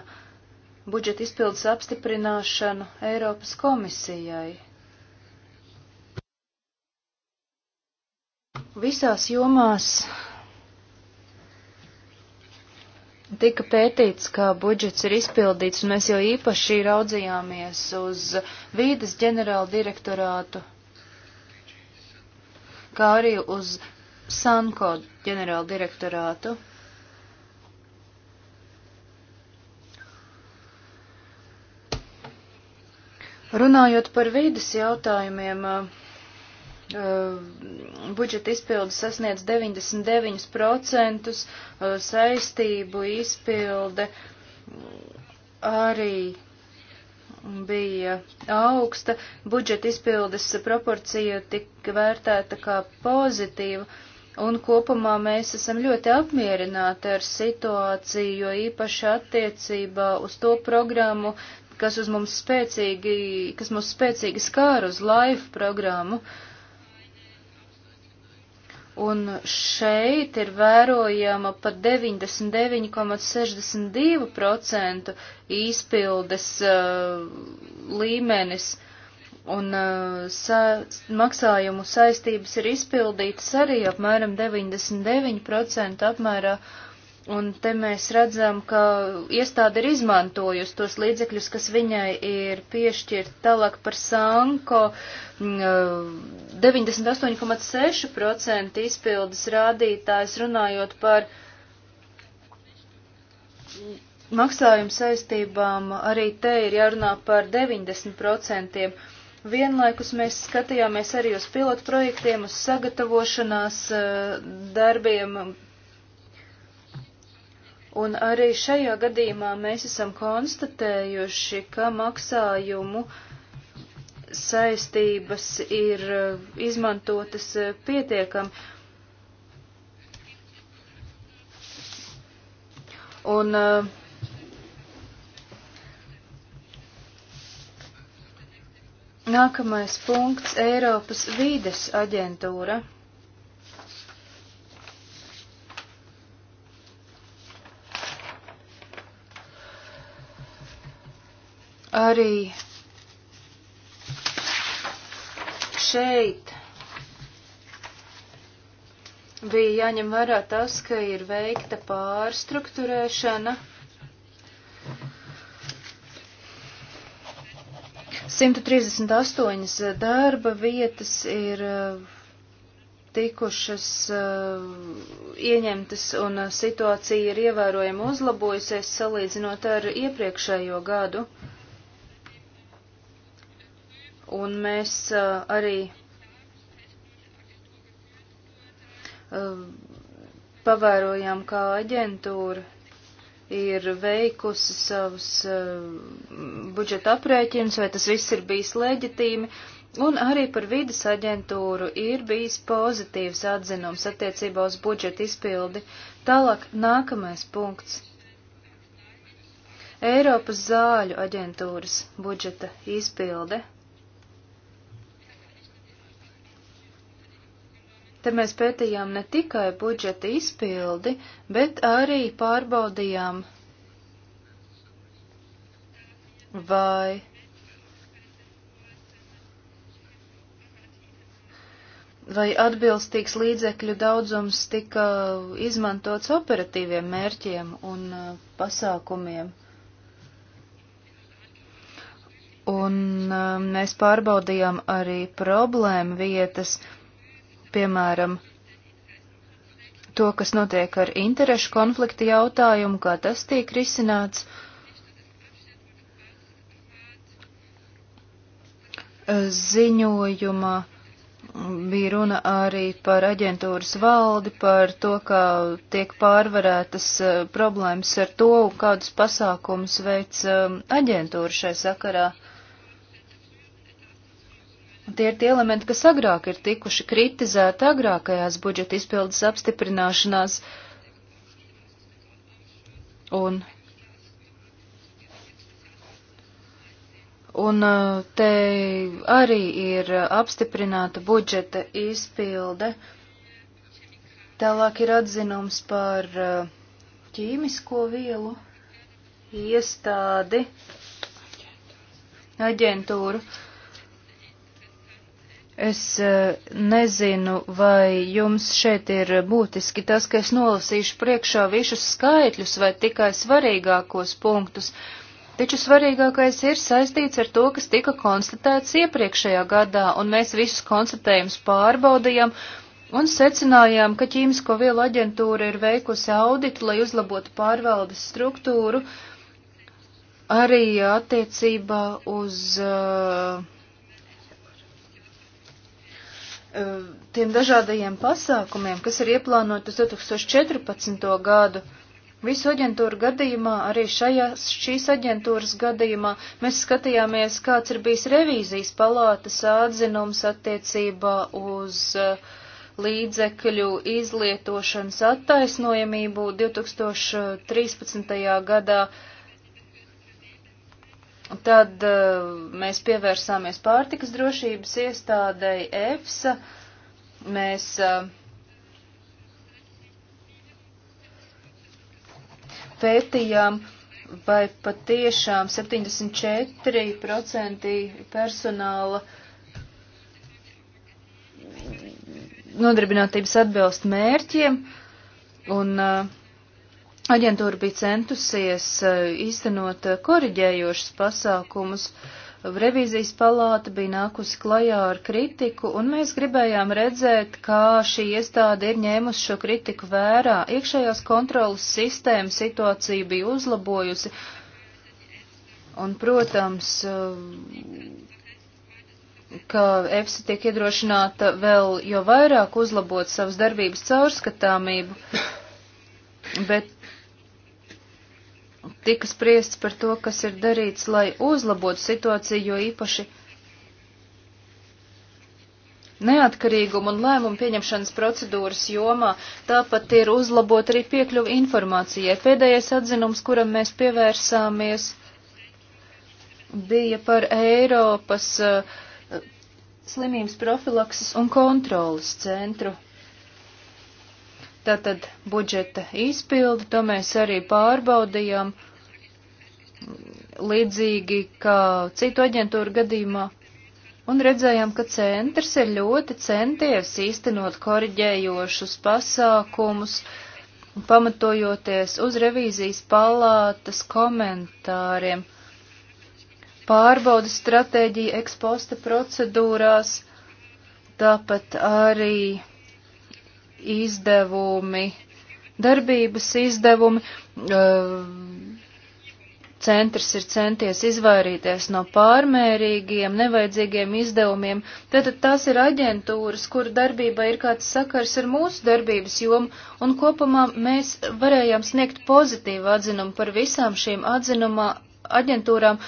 C: budžeta izpildes apstiprināšanu Eiropas komisijai. Visās jomās tika pētīts, kā budžets ir izpildīts, un mēs jau īpaši raudzījāmies uz vīdes ģenerāla direktorātu, kā arī uz Sanko ģenerāla direktorātu. Runājot par vīdes jautājumiem, uh, Ehm, budžeta izpildes sasniedz 99% ehm, saistību izpilde arī bija augsta, budžeta izpildes proporcija tika vērtēta kā pozitīva, un kopumā mēs esam ļoti apmierināti ar situāciju, jo īpaši attiecībā uz to programmu, kas uz mums spēcīgi, kas mums spēcīgi skāra uz live programmu, uh, Un šeit ir vērojama pat 99,62% izpildes uh, līmenis, un uh, sa maksājumu saistības ir izpildītas arī apmēram 99% apmērā, uh, Un te mēs redzam, ka iestāde ir izmantojusi tos līdzekļus, kas viņai ir piešķirt tālāk par Sanko. 98,6% mm, izpildes rādītājs runājot par maksājumu saistībām, arī te ir jārunā par 90%. Vienlaikus mēs skatījāmies arī uz pilotu projektiem, uz sagatavošanās darbiem Un arī šajā gadījumā mēs esam konstatējuši, ka maksājumu saistības ir eh, izmantotas eh, pietiekami. Un eh, nākamais punkts - Eiropas vīdes aģentūra. Arī šeit bija jāņem vērā tas, ka ir veikta pārstruktūrēšana. 138 darba vietas ir uh, tikušas uh, ieņemtas un uh, situācija ir ievērojami uzlabojusies salīdzinot ar iepriekšējo gadu. Un mēs uh, arī uh, pavērojām, kā aģentūra ir veikusi savus uh, budžeta aprēķinus, vai tas viss ir bijis leģitīmi, un arī par vidas aģentūru ir bijis pozitīvs atzinums attiecībā uz budžeta izpildi. Tālāk nākamais punkts. Eiropas zāļu aģentūras budžeta izpilde Te mēs pētījām ne tikai budžeta izpildi, bet arī pārbaudījām, vai vai atbilstīgs līdzekļu daudzums tika izmantots operatīviem mērķiem un uh, pasākumiem. Un um, mēs pārbaudījām arī problēmu vietas, uh, piemēram, to, kas notiek ar interešu konflikta jautājumu, kā tas tiek risināts. Ziņojuma bija runa arī par aģentūras valdi, par to, kā tiek pārvarētas e, problēmas ar to, kādus pasākumus veic e, aģentūra šai sakarā. Tie ir tie elementi, kas agrāk ir tikuši kritizēti agrākajās budžeta izpildes apstiprināšanās. Un, un uh, te arī ir apstiprināta budžeta izpilde. Tālāk ir atzinums par uh, ķīmisko vielu iestādi aģentūru. Es eh, nezinu, vai jums šeit ir būtiski tas, ka es nolasīšu priekšā visus skaitļus vai tikai svarīgākos punktus, taču svarīgākais ir saistīts ar to, kas tika konstatēts iepriekšējā gadā, un mēs visus konstatējumus pārbaudījām un secinājām, ka ķīmisko vielu aģentūra ir veikusi auditu, lai uzlabotu pārvaldes struktūru arī attiecībā uz. Uh, Eh, tiem dažādajiem pasākumiem, kas ir ieplānoti uz 2014. gadu. Visu aģentūru gadījumā, arī šajā, šīs aģentūras gadījumā, mēs skatījāmies, kāds ir bijis revīzijas palātas atzinums attiecībā uz eh, līdzekļu izlietošanas attaisnojamību 2013. gadā. Tad uh, mēs pievērsāmies pārtikas drošības iestādei EFSA. Mēs uh, pētījām, vai patiešām 74% personāla nodarbinātības atbilst mērķiem. Un uh, aģentūra bija centusies eh, īstenot eh, koriģējošus pasākumus. Revīzijas palāta bija nākusi klajā ar kritiku, un mēs gribējām redzēt, kā šī iestāde ir ņēmusi šo kritiku vērā. Iekšējās kontrolas sistēma situācija bija uzlabojusi, un, protams, eh, ka EFSA tiek iedrošināta vēl jo vairāk uzlabot savas darbības caurskatāmību, bet tika spriests par to, kas ir darīts, lai uzlabotu situāciju, jo īpaši neatkarīgumu un lēmumu pieņemšanas procedūras jomā, tāpat ir uzlabot arī piekļuvi informācijai. Pēdējais atzinums, kuram mēs pievērsāmies, bija par Eiropas uh, slimības profilakses un kontrolas centru. Tātad budžeta izpildi, to mēs arī pārbaudījām līdzīgi kā citu aģentūru gadījumā. Un redzējām, ka centrs ir ļoti centies īstenot koriģējošus pasākumus, pamatojoties uz revīzijas palātas komentāriem. Pārbaudas stratēģija eksposta procedūrās, tāpat arī izdevumi, darbības izdevumi. Uh, centrs ir centies izvairīties no pārmērīgiem, nevajadzīgiem izdevumiem. Tātad tās ir aģentūras, kur darbība ir kāds sakars ar mūsu darbības jomu, un kopumā mēs varējām sniegt pozitīvu atzinumu par visām šīm atzinumā aģentūrām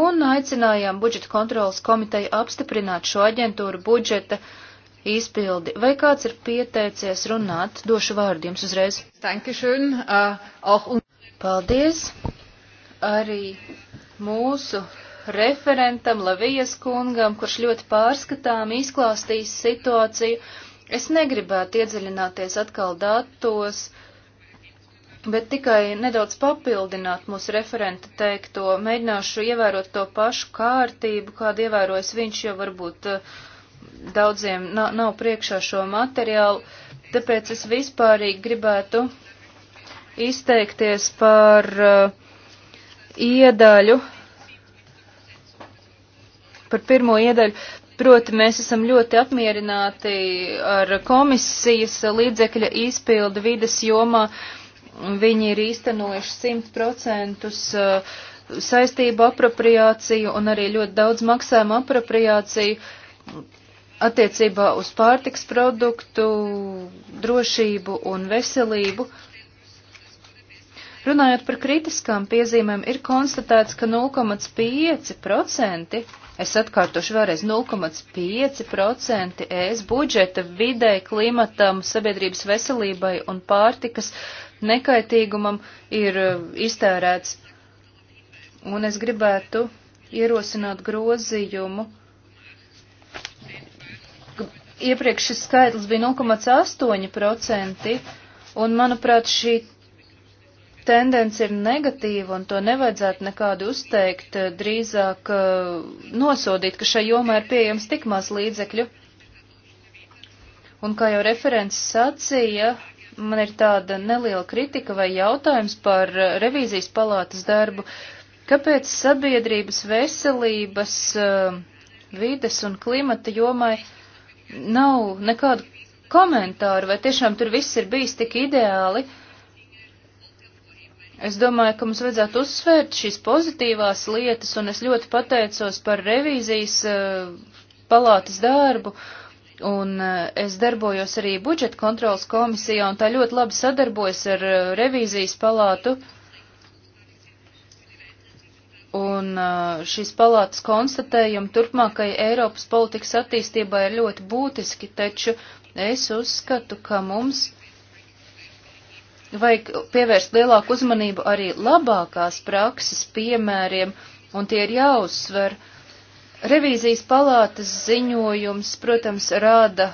C: un aicinājām budžeta kontrolas komiteju apstiprināt šo aģentūru budžeta uh, izpildi. Vai kāds ir pieteicies runāt? Došu vārdu jums uzreiz. Dankeschön, uh, auch un... Paldies arī mūsu referentam Lavijas kungam, kurš ļoti pārskatām izklāstīs situāciju. Es negribētu iedziļināties atkal datos, bet tikai nedaudz papildināt mūsu referenta teikto. Mēģināšu ievērot to pašu kārtību, kādu ievērojas viņš, jo varbūt uh, daudziem nav, nav priekšā šo materiālu, tāpēc es vispārīgi gribētu izteikties par uh, iedaļu, par pirmo iedaļu. Proti, mēs esam ļoti apmierināti ar komisijas līdzekļa izpildu vides jomā. Viņi ir īstenojuši 100% uh, saistību apropriāciju un arī ļoti daudz maksājumu apropriāciju attiecībā uz pārtiks produktu, drošību un veselību. Runājot par kritiskām piezīmēm, ir konstatēts, ka 0,5%, es atkārtošu vēlreiz, 0,5% ES budžeta vidē, klimatam, sabiedrības veselībai un pārtikas nekaitīgumam ir uh, iztērēts. Un es gribētu ierosināt grozījumu iepriekš šis skaitlis bija 0,8%, un manuprāt šī tendence ir negatīva, un to nevajadzētu nekādu uzteikt, eh, drīzāk eh, nosodīt, ka šai jomā ir pieejams tik maz līdzekļu. Un kā jau referents sacīja, man ir tāda neliela kritika vai jautājums par eh, revīzijas palātas darbu. Kāpēc sabiedrības veselības, vides un klimata jomai nav nekādu komentāru, vai tiešām tur viss ir bijis tik ideāli. Es domāju, ka mums vajadzētu uzsvērt šīs pozitīvās lietas, un es ļoti pateicos par revīzijas uh, palātas darbu, un uh, es darbojos arī budžeta kontrolas komisijā, un tā ļoti labi sadarbojas ar uh, revīzijas palātu. Uh, Un uh, šīs palātas konstatējumi turpmākai Eiropas politikas attīstībai ir ļoti būtiski, taču es uzskatu, ka mums vajag pievērst lielāku uzmanību arī labākās prakses piemēriem, un tie ir jāuzsver. Revīzijas palātas ziņojums, protams, rāda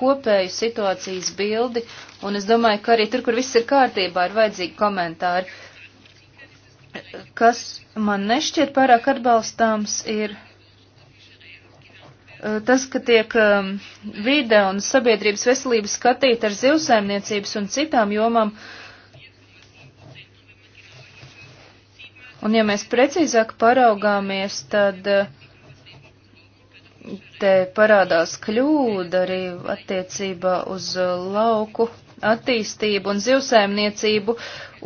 C: kopēju situācijas bildi, un es domāju, ka arī tur, kur viss ir kārtībā, ir vajadzīgi komentāri kas man nešķiet pārāk atbalstāms, ir e, tas, ka tiek e, vide un sabiedrības veselība skatīta ar zivsaimniecības un citām jomām. Un ja mēs precīzāk paraugāmies, tad e, te parādās kļūda arī attiecībā uz lauku attīstību un zivsēmniecību,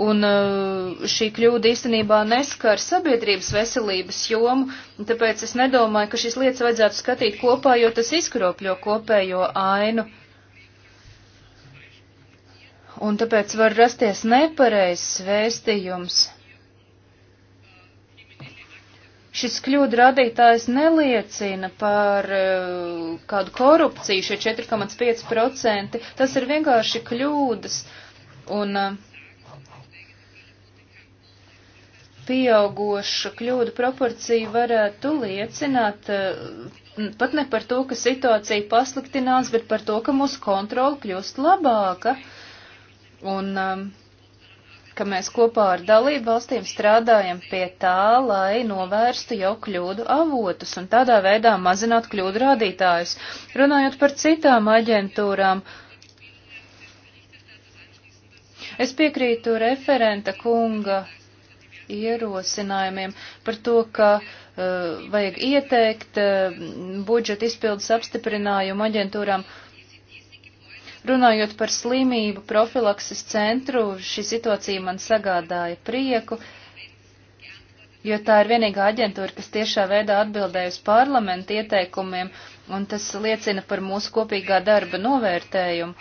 C: un uh, šī kļūda īstenībā neskar sabiedrības veselības jomu, tāpēc es nedomāju, ka šīs lietas vajadzētu skatīt kopā, jo tas izkropļo kopējo ainu. Un tāpēc var rasties nepareizs vēstījums. Šis kļūda radītājs neliecina par uh, kādu korupciju, šie 4,5%. Tas ir vienkārši kļūdas. Un uh, pieaugoša kļūdu proporcija varētu liecināt eh, pat ne par to, ka situācija pasliktinās, bet par to, ka mūsu kontrola kļūst labāka. Un ka mēs kopā ar dalību valstīm strādājam pie tā, lai novērstu jau kļūdu avotus un tādā veidā mazinātu kļūdu rādītājus. Runājot par citām aģentūrām, es piekrītu referenta kunga ierosinājumiem par to, ka uh, vajag ieteikt uh, budžeta izpildes apstiprinājumu aģentūrām. Uh, Runājot par slimību profilakses centru, šī situācija man sagādāja prieku, jo tā ir vienīgā aģentūra, kas tiešā veidā atbildēja uz parlamentu ieteikumiem, un tas liecina par mūsu kopīgā darba novērtējumu.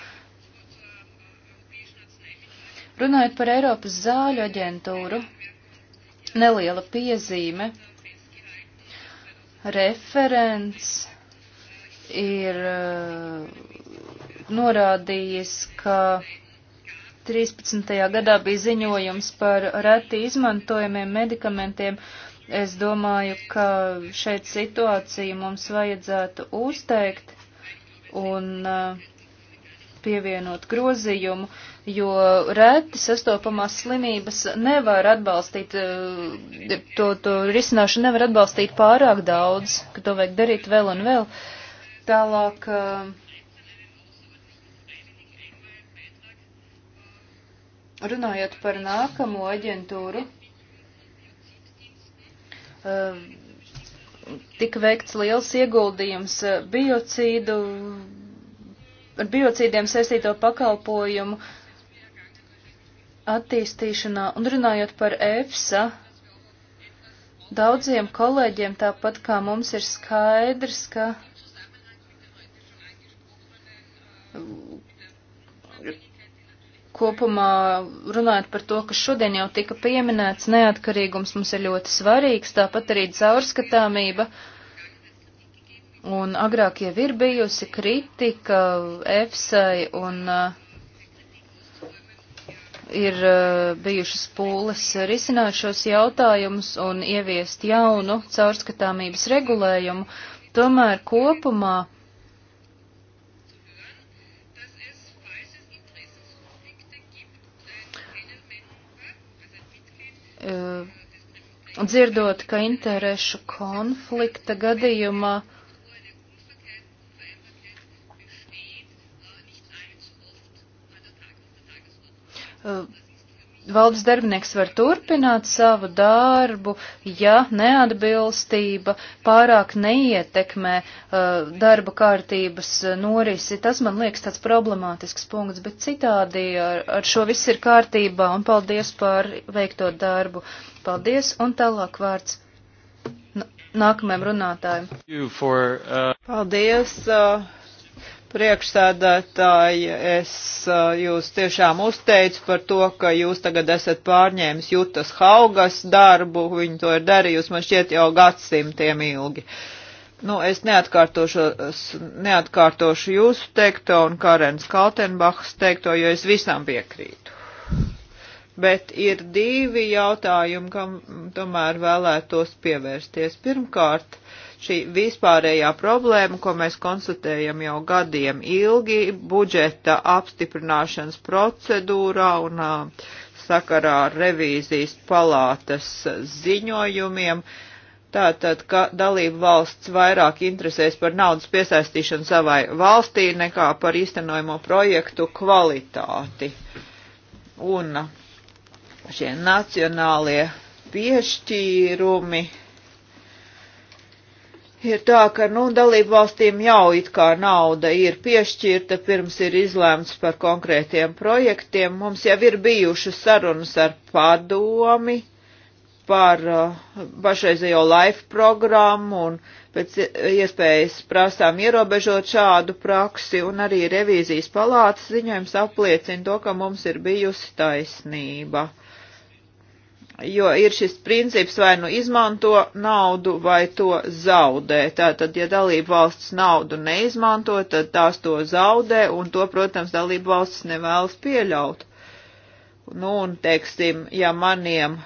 C: Runājot par Eiropas zāļu aģentūru, neliela piezīme. Referents ir uh, norādījis, ka 13. gadā bija ziņojums par reti izmantojamiem medikamentiem. Es domāju, ka šeit situāciju mums vajadzētu uzteikt un uh, pievienot grozījumu, jo reti sastopamās slimības nevar atbalstīt, uh, to, to risināšanu nevar atbalstīt pārāk daudz, ka to vajag darīt vēl un vēl. Tālāk. Uh, Runājot par nākamo aģentūru, eh, tika veikts liels ieguldījums eh, biocīdu, ar biocīdiem saistīto pakalpojumu attīstīšanā. Un runājot par EFSA, daudziem kolēģiem tāpat kā mums ir skaidrs, ka kopumā runājot par to, kas šodien jau tika pieminēts, neatkarīgums mums ir ļoti svarīgs, tāpat arī caurskatāmība. Un agrāk jau ir bijusi kritika EFSAI un uh, ir uh, bijušas pūles risināt šos jautājumus un ieviest jaunu caurskatāmības regulējumu. Tomēr kopumā Eh, dzirdot, ka interešu konflikta gadījumā uh, valdes darbinieks var turpināt savu darbu, ja neatbilstība pārāk neietekmē uh, darba kārtības uh, norisi. Tas man liekas tāds problemātisks punkts, bet citādi ar, ar šo viss ir kārtībā un paldies par veikto darbu. Paldies un tālāk vārds. Nākamajam runātājam.
A: For, uh...
C: Paldies uh,
B: priekšsēdētāji, es jūs tiešām uzteicu par to, ka jūs tagad esat pārņēmis Jutas Haugas darbu, viņa to ir darījusi, man šķiet, jau gadsimtiem ilgi. Nu, es neatkārtošu, es neatkārtošu jūsu teikto un Karens Kaltenbachs teikto, jo es visam piekrītu. Bet ir divi jautājumi, kam tomēr vēlētos pievērsties. Pirmkārt, Šī vispārējā problēma, ko mēs konstatējam jau gadiem ilgi, budžeta apstiprināšanas procedūrā un uh, sakarā ar revīzijas palātas ziņojumiem, Tātad, ka dalību valsts vairāk interesēs par naudas piesaistīšanu savai valstī nekā par īstenojamo projektu kvalitāti. Un šie nacionālie piešķīrumi ir tā, ka, nu, dalību valstīm jau it kā nauda ir piešķirta, pirms ir izlēmts par konkrētiem projektiem. Mums jau ir bijušas sarunas ar padomi par uh, pašreizējo uh, life programmu un pēc iespējas prasām ierobežot šādu praksi, un arī revīzijas palātas ziņojums apliecina to, ka mums ir bijusi taisnība. Uh, jo ir šis princips vai nu izmanto naudu vai to zaudē. Tātad, ja dalību valsts naudu neizmanto, tad tās to zaudē, un to, protams, dalību valsts nevēlas pieļaut. Nu, un, teiksim, ja maniem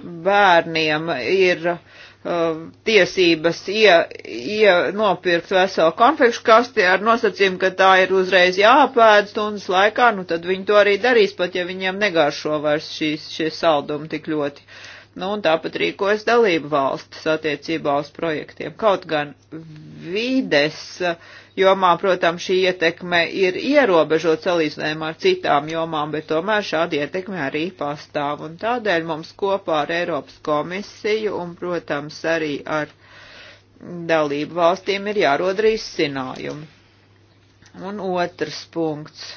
B: bērniem ir uh, Uh, tiesības ie, ie, nopirkt veselu konfekšu kasti ar nosacījumu, ka tā ir uzreiz jāpēd stundas laikā, nu tad viņi to arī darīs, pat ja viņiem negaršo vairs šīs, šie saldumi tik ļoti. Nu, un tāpat rīkojas dalību valstis attiecībā uz projektiem. Kaut gan vides uh, jomā, protams, šī ietekme ir ierobežot salīdzinājumā ar citām jomām, bet tomēr šāda ietekme arī pastāv. Un tādēļ mums kopā ar Eiropas komisiju un, protams, arī ar dalību valstīm ir jārod risinājumi. Un otrs punkts.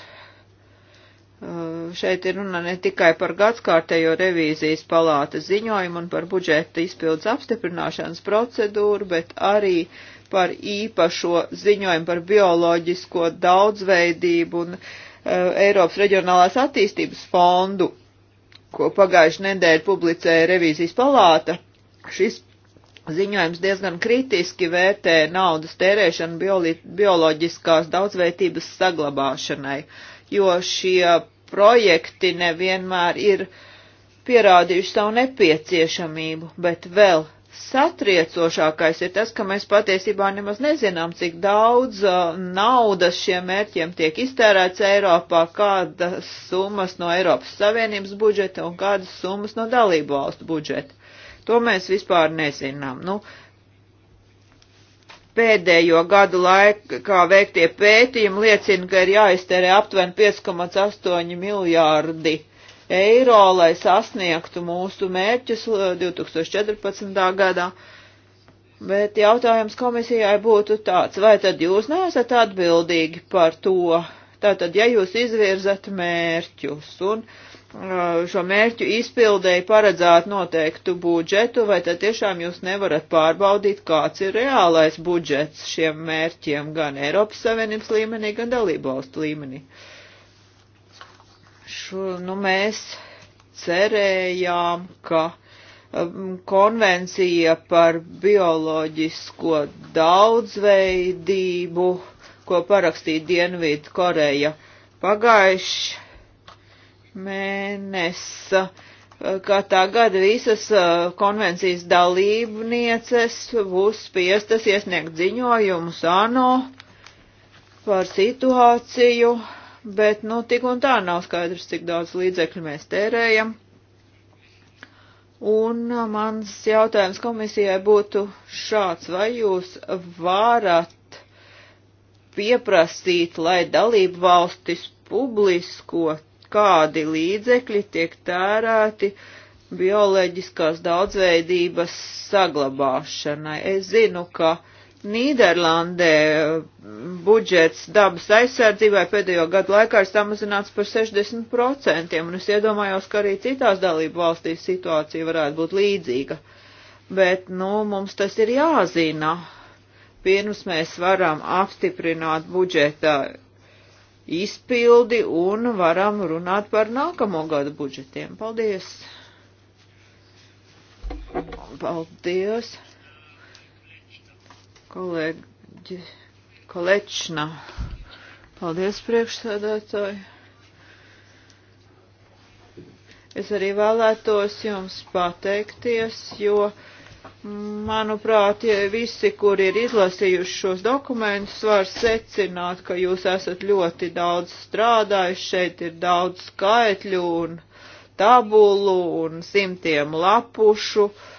B: Uh, šeit ir runa ne tikai par gadskārtējo revīzijas palātas ziņojumu un par budžeta izpildes apstiprināšanas procedūru, bet arī uh, par īpašo ziņojumu par bioloģisko daudzveidību un e, Eiropas reģionālās attīstības fondu, ko pagājuši nedēļu publicēja revīzijas palāta. Šis ziņojums diezgan kritiski vērtē naudas tērēšanu bioloģiskās daudzveidības saglabāšanai, jo šie projekti nevienmēr ir pierādījuši savu nepieciešamību, bet vēl satriecošākais ir tas, ka mēs patiesībā nemaz nezinām, cik daudz uh, naudas šiem mērķiem tiek iztērēts Eiropā, kādas summas no Eiropas Savienības budžeta un kādas summas no dalību valstu budžeta. To mēs vispār nezinām. Nu, pēdējo gadu laikā veiktie pētījumi liecina, ka ir jāiztērē aptuveni 5,8 miljārdi eiro eiro, lai sasniegtu mūsu mērķus 2014. Uh, gadā. Bet jautājums komisijai būtu tāds, vai tad jūs neesat atbildīgi par to? Tātad, ja jūs izvirzat mērķus un uh, šo mērķu izpildēji paredzāt noteiktu budžetu, vai tad tiešām jūs nevarat pārbaudīt, kāds ir reālais budžets šiem mērķiem gan Eiropas Savienības līmenī, gan dalību valstu līmenī? Uh, priekšu. Nu, mēs cerējām, ka um, konvencija par bioloģisko daudzveidību, ko parakstīja Dienvidu Koreja pagājuši mēnesa, uh, kā tā gada visas uh, konvencijas dalībnieces būs spiestas iesniegt ziņojumus ANO par situāciju bet, nu, tik un tā nav skaidrs, cik daudz līdzekļu mēs tērējam. Un uh, mans jautājums komisijai būtu šāds, vai jūs varat pieprasīt, lai dalību valstis publisko, kādi līdzekļi tiek tērēti bioloģiskās daudzveidības saglabāšanai. Es zinu, ka uh, Nīderlandē eh, budžets dabas aizsardzībai pēdējo gadu laikā ir samazināts par 60%, un es iedomājos, ka arī citās dalību valstīs situācija varētu būt līdzīga. Bet, nu, mums tas ir jāzina, pirms mēs varam apstiprināt budžeta izpildi un varam runāt par nākamo gadu budžetiem. Paldies! Paldies! kolēģi Kolečna. Paldies, priekšsēdētāji. Es arī vēlētos jums pateikties, jo, manuprāt, ja visi, kuri ir izlasījuši šos dokumentus, var secināt, ka jūs esat ļoti daudz strādājuši, šeit ir daudz skaitļu un tabulu un simtiem lapušu. Uh,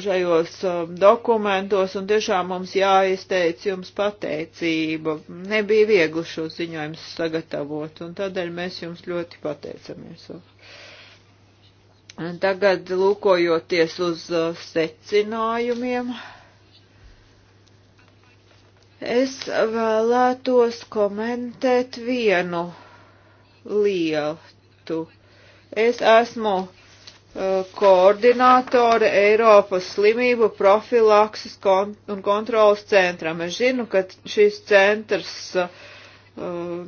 B: šajos um, dokumentos, un tiešām mums jāizteic jums pateicība. Nebija viegli šo ziņojumu sagatavot, un tādēļ mēs jums ļoti pateicamies. Un tagad lūkojoties uz uh, secinājumiem, es vēlētos komentēt vienu lietu. Es esmu uh, koordinātore Eiropas slimību profilakses un kontrolas centram. Es zinu, ka šis centrs uh,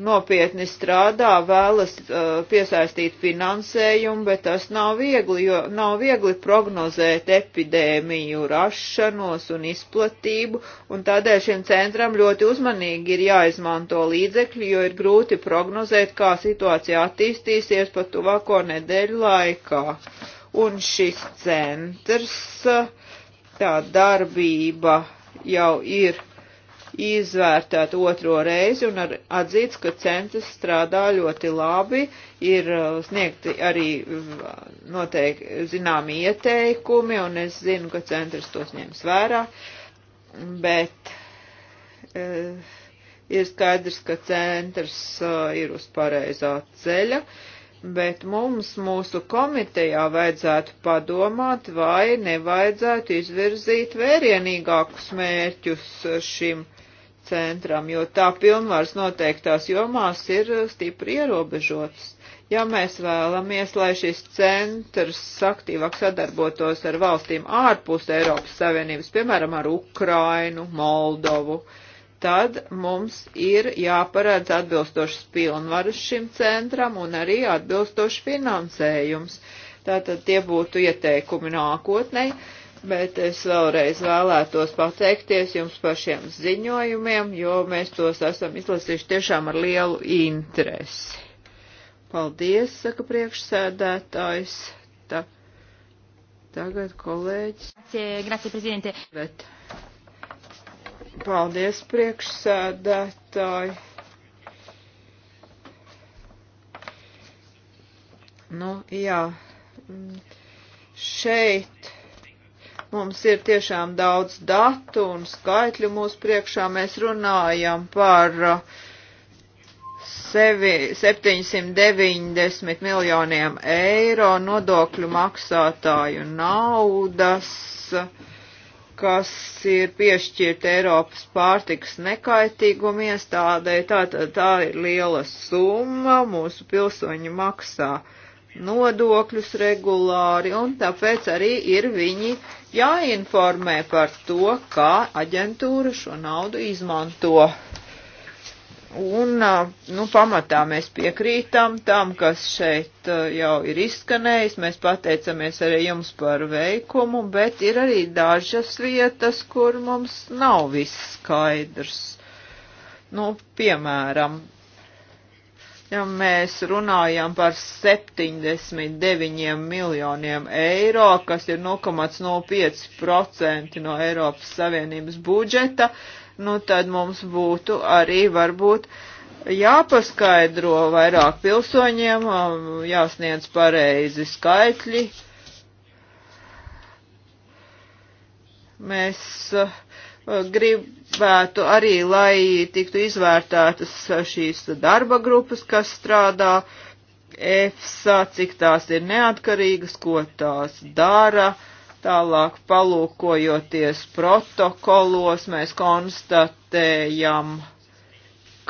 B: nopietni strādā, vēlas uh, piesaistīt finansējumu, bet tas nav viegli, jo nav viegli prognozēt epidēmiju rašanos un izplatību, un tādēļ šim centram ļoti uzmanīgi ir jāizmanto līdzekļi, jo ir grūti prognozēt, kā situācija attīstīsies pat tuvāko nedēļu laikā. Uh, un šis centrs, tā darbība jau ir izvērtēt otro reizi un ar, atzīts, ka centrs strādā ļoti labi, ir uh, sniegti arī mm, noteikti zināmi ieteikumi, un es zinu, ka centrs tos ņems vērā, bet e, ir skaidrs, ka centrs e, ir uz pareizā ceļa. E, bet mums mūsu komitejā vajadzētu padomāt, vai nevajadzētu izvirzīt vērienīgākus mērķus šim centram, jo tā pilnvars noteiktās jomās ir stipri ierobežotas. Ja mēs vēlamies, lai šis centrs aktīvāk sadarbotos ar valstīm ārpus Eiropas Savienības, piemēram, ar Ukrainu, Moldovu, uh, tad mums ir jāparedz atbilstošas pilnvaras šim centram un arī atbilstošs finansējums. Tātad tie būtu ieteikumi nākotnei, bet es vēlreiz vēlētos pateikties jums par šiem ziņojumiem, jo mēs tos esam izlasījuši tiešām ar lielu interesi. Paldies, saka priekšsēdētājs. Ta, tagad kolēģis.
C: Grazie, grazie, prezidente.
B: Bet. Paldies, priekšsēdētāji. Nu, jā, šeit mums ir tiešām daudz datu un skaitļu mūsu priekšā. Mēs runājam par uh, sevi 790 miljoniem eiro nodokļu maksātāju naudas. Uh, kas ir piešķirta Eiropas pārtikas nekaitīguma iestādē. Tā, tā, tā ir liela summa, mūsu pilsoņi maksā nodokļus regulāri, un tāpēc arī ir viņi jāinformē par to, kā aģentūra šo naudu izmanto. Un, nu, pamatā mēs piekrītam tam, kas šeit jau ir izskanējis, mēs pateicamies arī jums par veikumu, bet ir arī dažas vietas, kur mums nav viss skaidrs. Nu, piemēram, ja mēs runājam par 79 miljoniem eiro, kas ir 0,05% no Eiropas Savienības budžeta, uh, nu tad mums būtu arī varbūt jāpaskaidro vairāk pilsoņiem, um, jāsniedz pareizi skaitļi. Mēs uh, gribētu arī, lai tiktu izvērtētas šīs darba grupas, kas strādā EFSA, cik tās ir neatkarīgas, ko tās dara. Uh, Tālāk palūkojoties protokolos, mēs konstatējam,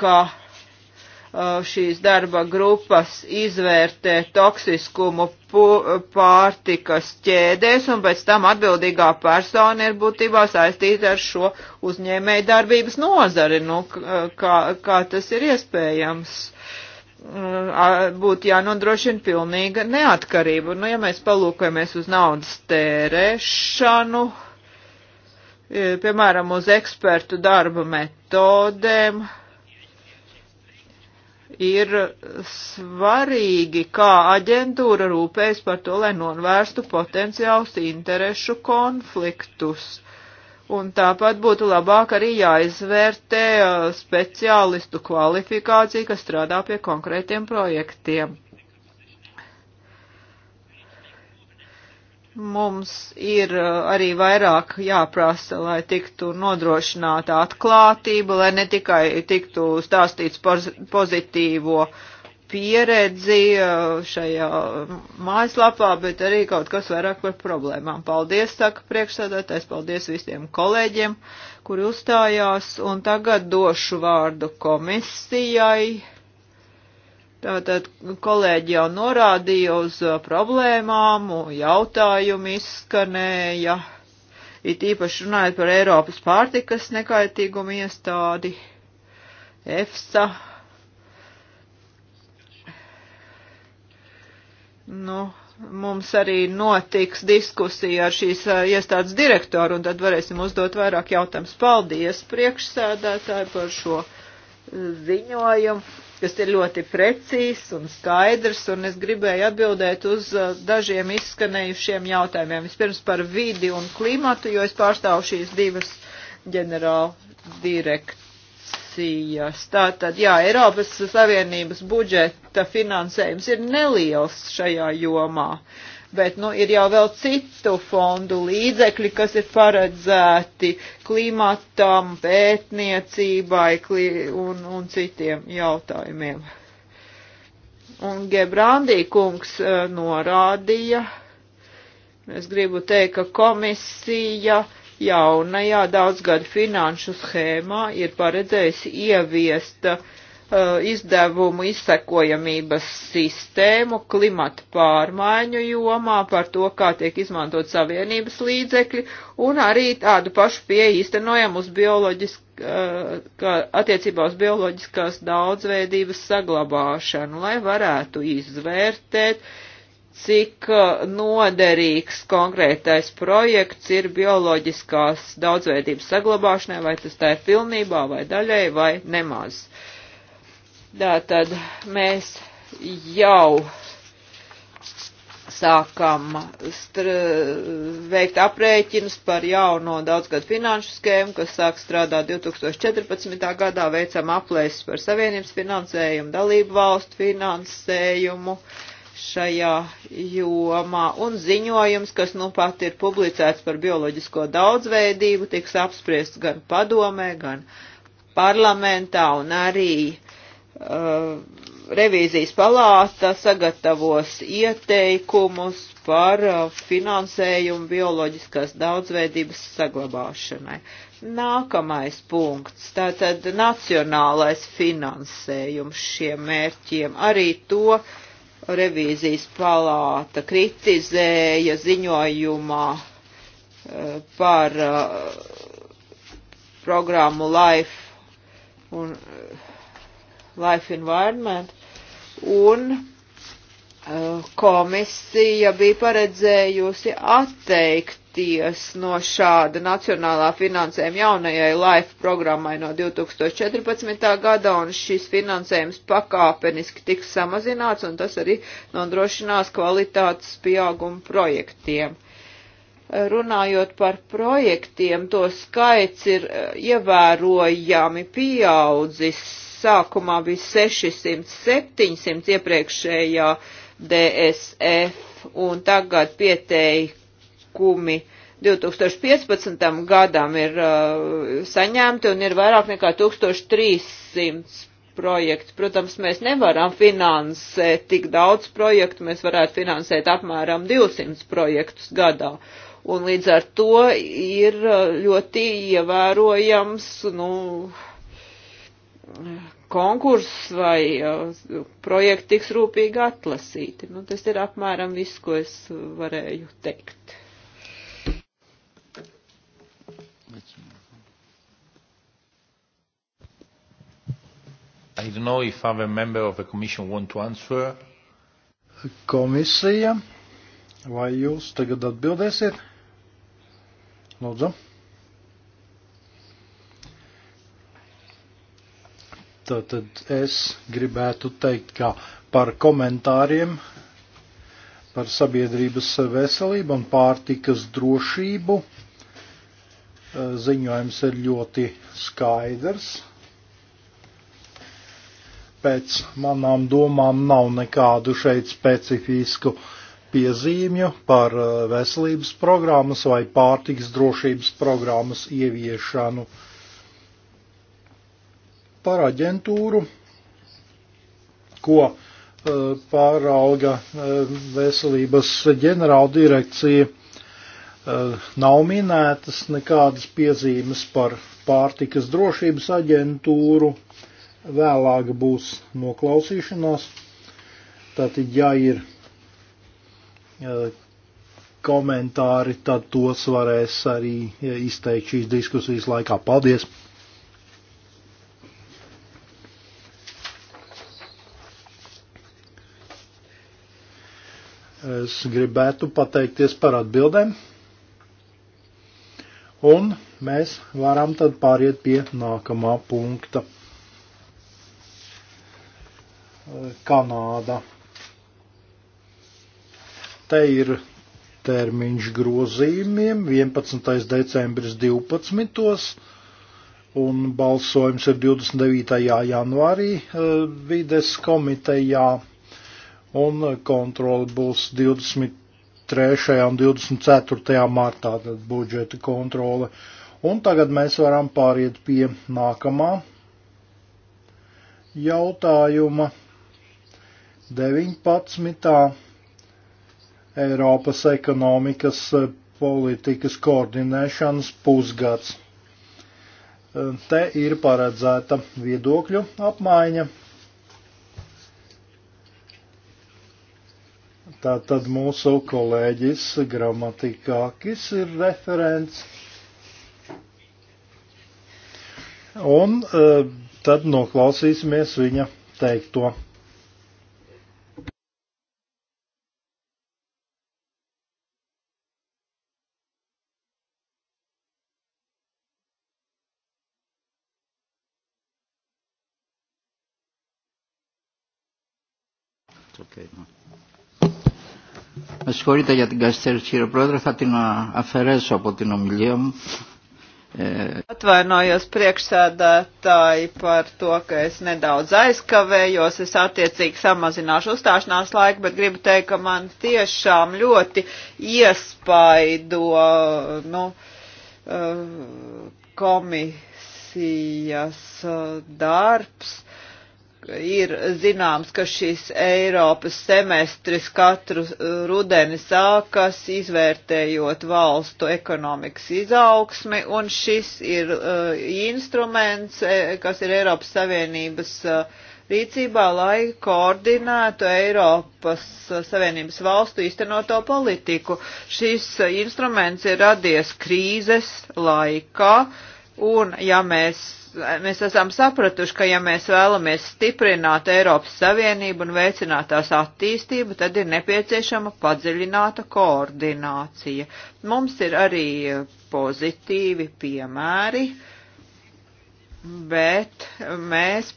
B: ka uh, šīs darba grupas izvērtē toksiskumu pārtikas ķēdēs, un pēc tam atbildīgā persona ir būtībā saistīta ar šo uzņēmēju darbības nozari. Nu, uh, kā, kā tas ir iespējams? būtu jānodrošina pilnīga neatkarība. Nu, ja mēs palūkojamies uz naudas tērēšanu, e, piemēram, uz ekspertu darba metodēm, ir svarīgi, kā aģentūra rūpējas par to, lai novērstu potenciālus interešu konfliktus Un tāpat būtu labāk arī jāizvērtē speciālistu kvalifikācija, kas strādā pie konkrētiem projektiem. Mums ir arī vairāk jāprasa, lai tiktu nodrošināta atklātība, lai ne tikai tiktu stāstīts pozitīvo uh, pieredzi eh, šajā mājaslapā, bet arī kaut kas vairāk par problēmām. Paldies, saka priekšsēdētājs, paldies visiem kolēģiem, kuri uzstājās, un tagad došu vārdu komisijai. Tātad kolēģi jau norādīja uz problēmām, jautājumu izskanēja, it īpaši runājot par Eiropas pārtikas nekaitīgumu iestādi, EFSA Nu, mums arī notiks diskusija ar šīs iestādes direktoru, un tad varēsim uzdot vairāk jautājumus. Paldies priekšsēdētāji par šo ziņojumu, kas ir ļoti precīzs un skaidrs, un es gribēju atbildēt uz dažiem izskanējušiem jautājumiem. Vispirms par vidi un klimatu, jo es pārstāvu šīs divas ģenerāla direktoru emisijas. Tātad, jā, Eiropas Savienības budžeta finansējums ir neliels šajā jomā, bet, nu, ir jau vēl citu fondu līdzekļi, kas ir paredzēti klimatam, pētniecībai kli un, un citiem jautājumiem. Un Gebrandī kungs uh, norādīja, es gribu teikt, ka komisija uh, jaunajā daudzgadu finanšu schēmā ir paredzējis ieviest uh, izdevumu izsekojamības sistēmu klimata pārmaiņu jomā par to, kā tiek izmantot savienības līdzekļi, un arī tādu pašu pieeju īstenojam uz bioloģiskā, uh, attiecībā uz bioloģiskās daudzveidības saglabāšanu, lai varētu izvērtēt, uh, cik uh, noderīgs konkrētais projekts ir bioloģiskās daudzveidības saglabāšanai, vai tas tā ir pilnībā, vai daļai, vai nemaz. Tātad mēs jau sākam veikt aprēķinus par jauno daudzgadu finanšu skēmu, kas sāk strādāt 2014. gadā, veicam aplēses par savienības finansējumu, dalību valstu finansējumu. Uh, šajā jomā, un ziņojums, kas nu pat ir publicēts par bioloģisko daudzveidību, tiks apspriests gan padomē, gan parlamentā, un arī uh, revīzijas palāta sagatavos ieteikumus par uh, finansējumu bioloģiskās daudzveidības saglabāšanai. Nākamais punkts, tātad nacionālais finansējums šiem mērķiem, arī to, uh, revīzijas palāta kritizēja ziņojumā eh, par eh, programmu Life un eh, Life Environment un komisija bija paredzējusi atteikt atteikties no šāda nacionālā finansējuma jaunajai LIFE programmai no 2014. gada, un šis finansējums pakāpeniski tiks samazināts, un tas arī nodrošinās kvalitātes pieaugumu projektiem. Runājot par projektiem, to skaits ir eh, ievērojami pieaudzis. Sākumā bija 600, 700 iepriekšējā DSF un tagad pieteikti iepirkumi 2015. gadam ir uh, saņemti un ir vairāk nekā 1300 projektu. Protams, mēs nevaram finansēt tik daudz projektu, mēs varētu finansēt apmēram 200 projektus gadā. Un līdz ar to ir uh, ļoti ievērojams, nu, konkurss vai uh, projekti tiks rūpīgi atlasīti. Nu, tas ir apmēram viss, ko es uh, varēju teikt.
A: I don't know if other member of the commission want to answer. Komisija, vai jūs tagad atbildēsiet? Lūdzu. Tātad es gribētu teikt, ka par komentāriem par sabiedrības veselību un pārtikas drošību eh, ziņojums ir ļoti skaidrs pēc manām domām nav nekādu šeit specifisku piezīmju par uh, veselības programmas vai pārtiks drošības programmas ieviešanu. Par aģentūru, ko uh, pārauga uh, veselības ģenerāldirekcija, nav minētas nekādas piezīmes par pārtikas drošības aģentūru, vēlāk būs noklausīšanās. Tātad, ja ir e, komentāri, tad tos varēs arī e, izteikt šīs diskusijas laikā. Paldies! Es gribētu pateikties par atbildēm. Un mēs varam tad pāriet pie nākamā punkta. Kanāda. Te ir termiņš grozījumiem 11. decembris 12. un balsojums ir 29. janvārī eh, vides komitejā un kontroli būs 23. un 24. martā tad budžeta kontrole. Un tagad mēs varam pāriet pie nākamā jautājuma. 19. Eiropas ekonomikas eh, politikas koordinēšanas pusgads. Eh, te ir paredzēta viedokļu apmaiņa. Tātad mūsu kolēģis gramatikākis ir referents. Un eh, tad noklausīsimies viņa teikto.
B: Με συγχωρείτε για την καθυστέρηση, κύριε Πρόεδρε, θα την αφαιρέσω από την ομιλία μου. Atvainojos priekšsēdētāji par to, ka es nedaudz aizkavējos, es attiecīgi samazināšu uzstāšanās laiku, bet gribu teikt, ka man tiešām ļoti iespaido nu, eh, komisijas eh, darbs ir zināms, ka šis Eiropas semestris katru uh, rudeni sākas izvērtējot valstu ekonomikas izaugsmi, un šis ir uh, instruments, e, kas ir Eiropas Savienības uh, rīcībā, lai koordinētu Eiropas uh, Savienības valstu īstenoto politiku. Šis uh, instruments ir radies krīzes laikā, un ja mēs mēs esam sapratuši, ka ja mēs vēlamies stiprināt Eiropas Savienību un veicināt tās attīstību, tad ir nepieciešama padziļināta koordinācija. Mums ir arī pozitīvi piemēri, bet mēs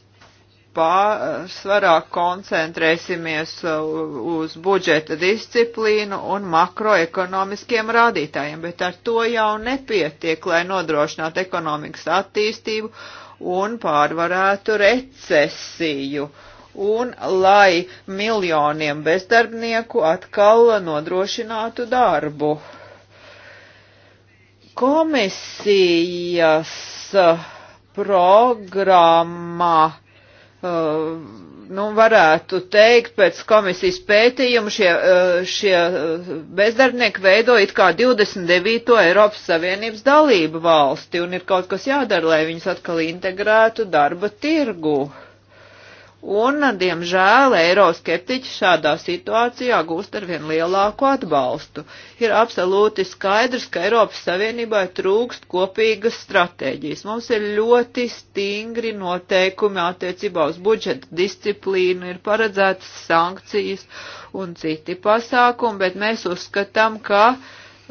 B: pārsvarā koncentrēsimies uh, uz budžeta disciplīnu un makroekonomiskiem rādītājiem, bet ar to jau nepietiek, lai nodrošinātu ekonomikas attīstību un pārvarētu recesiju. Un lai miljoniem bezdarbnieku atkal nodrošinātu darbu. Komisijas uh, programmā Uh, nu, varētu teikt, pēc komisijas pētījuma šie, uh, šie uh, bezdarbnieki veidojot kā 29. Eiropas Savienības dalību valsti un ir kaut kas jādara, lai viņus atkal integrētu darba tirgu. Uh, Un, diemžēl, eiroskeptiķi šādā situācijā gūst ar vien lielāku atbalstu. Ir absolūti skaidrs, ka Eiropas Savienībai trūkst kopīgas stratēģijas. Mums ir ļoti stingri noteikumi attiecībā uz budžeta disciplīnu, ir paredzētas sankcijas un citi pasākumi, bet mēs uzskatām, ka uh,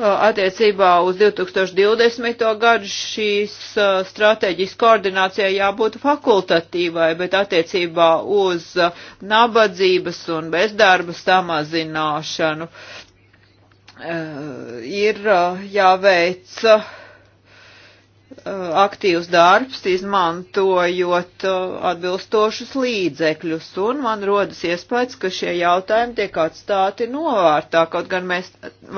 B: Uh, attiecībā uz 2020. gadu šīs uh, stratēģijas koordinācijai jābūt fakultatīvai, bet attiecībā uz uh, nabadzības un bezdarba samazināšanu ir jāveic Uh, aktīvs darbs, izmantojot uh, atbilstošus līdzekļus, un man rodas iespējas, ka šie jautājumi tiek atstāti novārtā, kaut gan mēs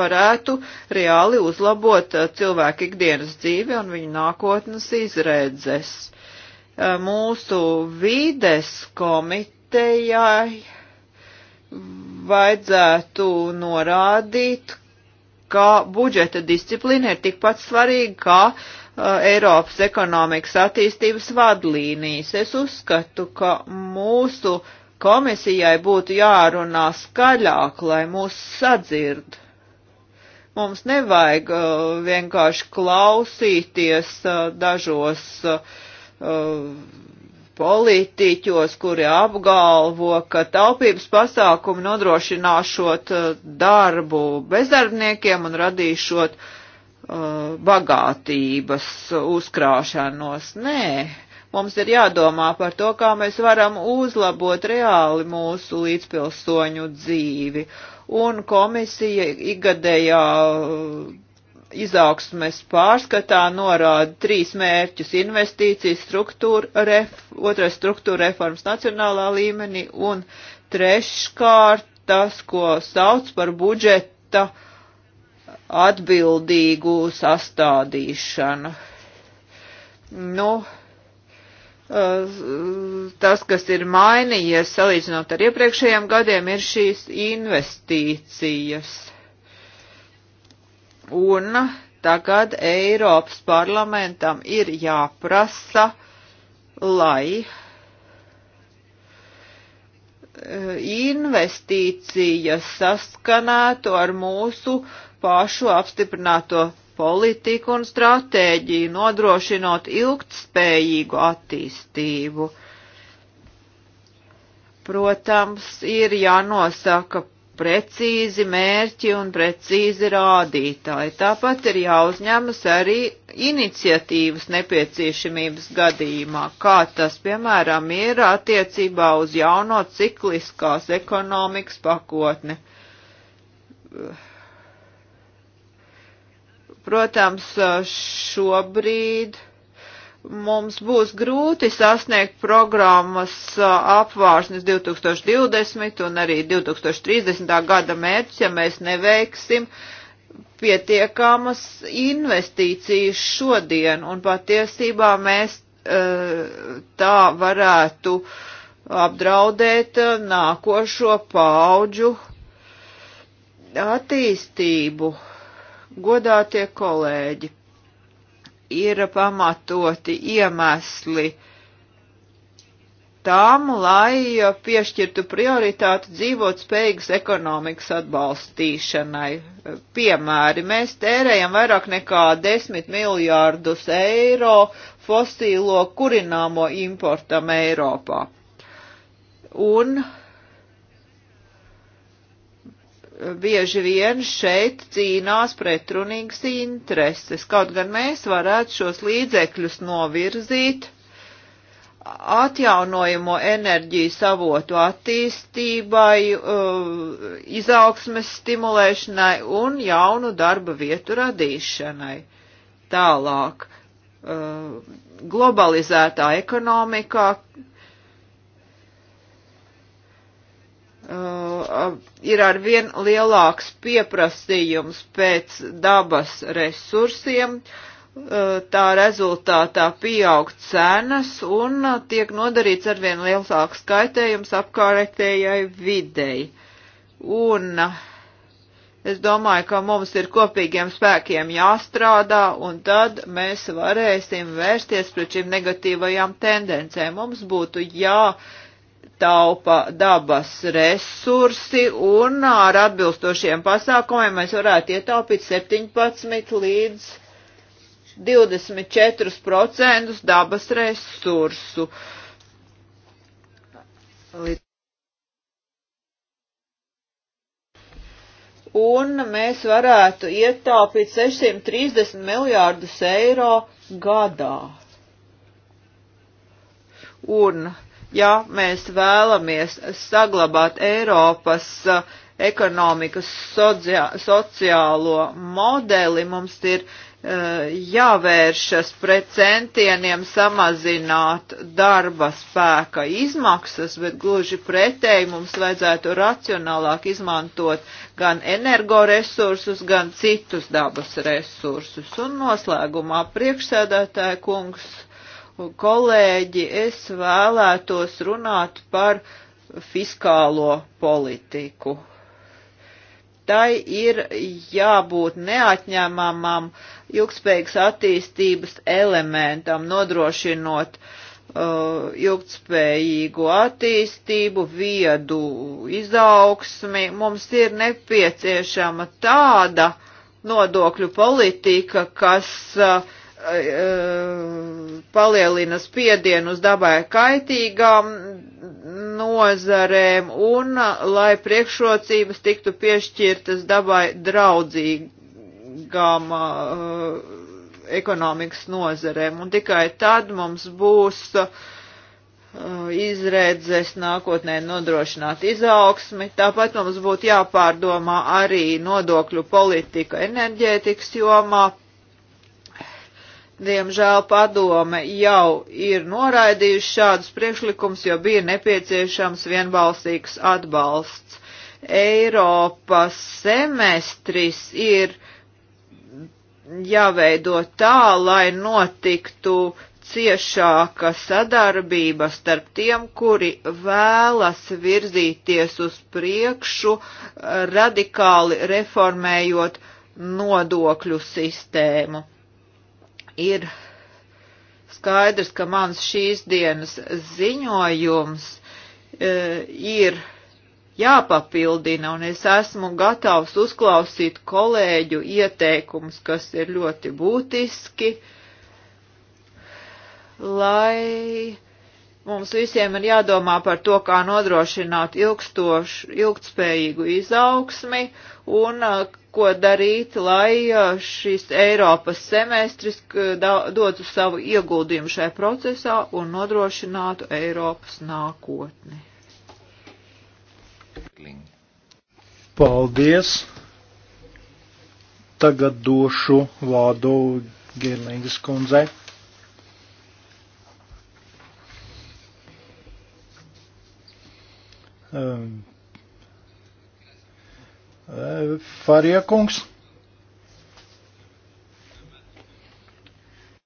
B: varētu reāli uzlabot uh, cilvēku ikdienas dzīvi un viņu nākotnes izredzes. Mūsu vides komitejai vajadzētu norādīt, ka budžeta disciplīna ir tikpat svarīga kā uh, Uh, Eiropas ekonomikas attīstības vadlīnijas. Es uzskatu, ka mūsu komisijai būtu jārunā skaļāk, lai mūs sadzird. Mums nevajag uh, vienkārši klausīties uh, dažos uh, politiķos, kuri apgalvo, ka taupības pasākumi nodrošināšot uh, darbu bezdarbniekiem un radīšot uh, Uh, bagātības uzkrāšanos. Nē, mums ir jādomā par to, kā mēs varam uzlabot reāli mūsu līdzpilsoņu dzīvi. Un komisija ikgadējā uh, izaugsmes pārskatā norāda trīs mērķus - investīcijas, struktūra, ref, otrais struktūra reformas nacionālā līmenī un treškārt tas, ko sauc par budžeta uh, atbildīgu sastādīšanu. Nu, eh, tas, kas ir mainījies salīdzinot ar iepriekšējiem gadiem, ir šīs investīcijas. Un tagad Eiropas parlamentam ir jāprasa, lai eh, investīcijas saskanētu ar mūsu pašu apstiprināto politiku un stratēģiju, nodrošinot ilgtspējīgu attīstību. Protams, ir jānosaka precīzi mērķi un precīzi rādītāji. Tāpat ir jāuzņemas arī iniciatīvas nepieciešamības gadījumā, kā tas, piemēram, ir attiecībā uz jauno cikliskās ekonomikas pakotni. Uh Protams, šobrīd mums būs grūti sasniegt programmas apvārsnes 2020 un arī 2030. gada mērķus, ja mēs neveiksim pietiekamas investīcijas šodien, un patiesībā mēs tā varētu apdraudēt nākošo pauģu attīstību Godātie kolēģi, ir pamatoti iemesli tam, lai piešķirtu prioritāti dzīvot spējīgas ekonomikas atbalstīšanai. Piemēri, mēs tērējam vairāk nekā 10 miljārdus eiro fosīlo kurināmo importam Eiropā. Un bieži vien šeit cīnās pretrunīgas intereses. Kaut gan mēs varētu šos līdzekļus novirzīt atjaunojamo enerģijas avotu attīstībai, uh, izaugsmes stimulēšanai un jaunu darba vietu radīšanai. Tālāk, uh, globalizētā ekonomikā, Uh, ir arvien lielāks pieprasījums pēc dabas resursiem, uh, tā rezultātā pieaug cenas un uh, tiek nodarīts arvien lielāks kaitējums apkārtējai videi. Un uh, es domāju, ka mums ir kopīgiem spēkiem jāstrādā, un tad mēs varēsim vērsties pret šīm negatīvajām tendencēm. Mums būtu jā. Ja jāietaupa dabas resursi un ar atbilstošiem pasākumiem mēs varētu ietaupīt 17 līdz 24% dabas resursu. Un mēs varētu ietaupīt 630 miljārdus eiro gadā. Un ja mēs vēlamies saglabāt Eiropas uh, ekonomikas sociālo modeli, mums ir uh, jāvēršas pret centieniem samazināt darba spēka izmaksas, bet gluži pretēji mums vajadzētu racionālāk izmantot gan energoresursus, gan citus dabas resursus. Un noslēgumā priekšsēdētāja kungs kolēģi, es vēlētos runāt par fiskālo politiku. Tai ir jābūt neatņemamam ilgspējīgas attīstības elementam, nodrošinot uh, ilgspējīgu attīstību, viedu izaugsmi. Mums ir nepieciešama tāda nodokļu politika, kas uh, palielina spiedienu uz dabai kaitīgām nozarēm un lai priekšrocības tiktu piešķirtas dabai draudzīgām uh, ekonomikas nozarēm. Un tikai tad mums būs uh, izredzes nākotnē nodrošināt izaugsmi. Tāpat mums būtu jāpārdomā arī nodokļu politika enerģētikas jomā Diemžēl padome jau ir noraidījusi šādus priekšlikumus, jo bija nepieciešams vienbalsīgs atbalsts. Eiropas semestris ir jāveido tā, lai notiktu ciešāka sadarbība starp tiem, kuri vēlas virzīties uz priekšu, radikāli reformējot nodokļu sistēmu ir skaidrs, ka mans šīs dienas ziņojums e, ir jāpapildina, un es esmu gatavs uzklausīt kolēģu ieteikumus, kas ir ļoti būtiski, lai mums visiem ir jādomā par to, kā nodrošināt ilgstošu, ilgtspējīgu izaugsmi un e, ko darīt, lai šis Eiropas semestris dotu savu ieguldījumu šajā procesā un nodrošinātu Eiropas nākotni.
A: Paldies! Tagad došu vārdu Gerlingas kundzei. Um, Fariekungs.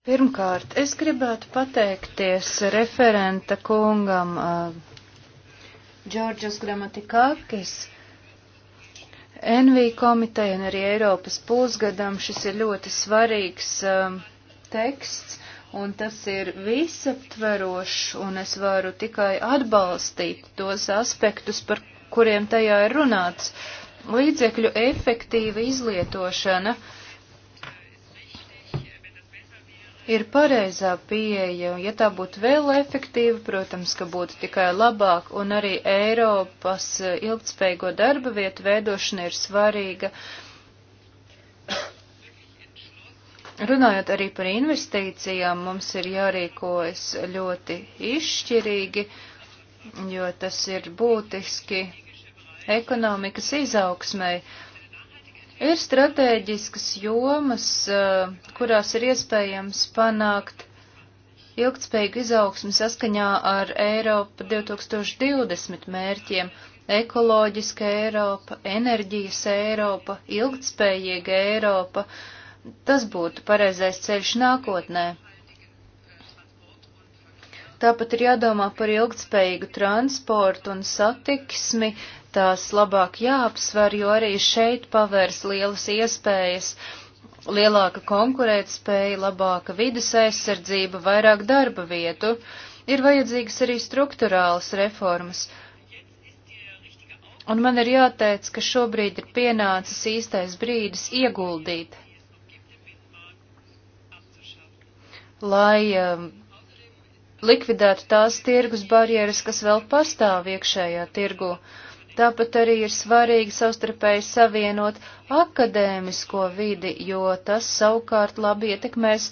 C: Pirmkārt, es gribētu pateikties referenta kungam eh, Džordžas uh, Gramatikakis. NV komiteja un arī Eiropas pusgadam šis ir ļoti svarīgs uh, teksts, un tas ir visaptverošs, un es varu tikai atbalstīt tos aspektus, par kuriem tajā ir runāts. Uh, Līdzekļu efektīva izlietošana ir pareizā pieeja. Ja tā būtu vēl efektīva, protams, ka būtu tikai labāk, un arī Eiropas ilgtspējīgo darba vietu veidošana ir svarīga. Runājot arī par investīcijām, mums ir jārīkojas ļoti izšķirīgi, jo tas ir būtiski ekonomikas izaugsmai. Ir stratēģiskas jomas, eh, kurās ir iespējams panākt ilgtspējīgu izaugsmu saskaņā ar Eiropa 2020 mērķiem - ekoloģiska Eiropa, enerģijas Eiropa, ilgtspējīga Eiropa. Tas būtu pareizais ceļš nākotnē. Tāpat ir jādomā par ilgtspējīgu transportu un satiksmi, tās labāk jāapsver, jo arī šeit pavērs lielas iespējas, lielāka konkurētspēja, labāka vidas aizsardzība, vairāk darba vietu. Ir vajadzīgas arī struktūrālas reformas. Un man ir jāteic, ka šobrīd ir pienācis īstais brīdis ieguldīt, lai um, likvidētu tās tirgus barjeras, kas vēl pastāv iekšējā tirgu. Uh, Tāpat arī ir svarīgi savstarpēji savienot akadēmisko vidi, jo tas savukārt labi ietekmēs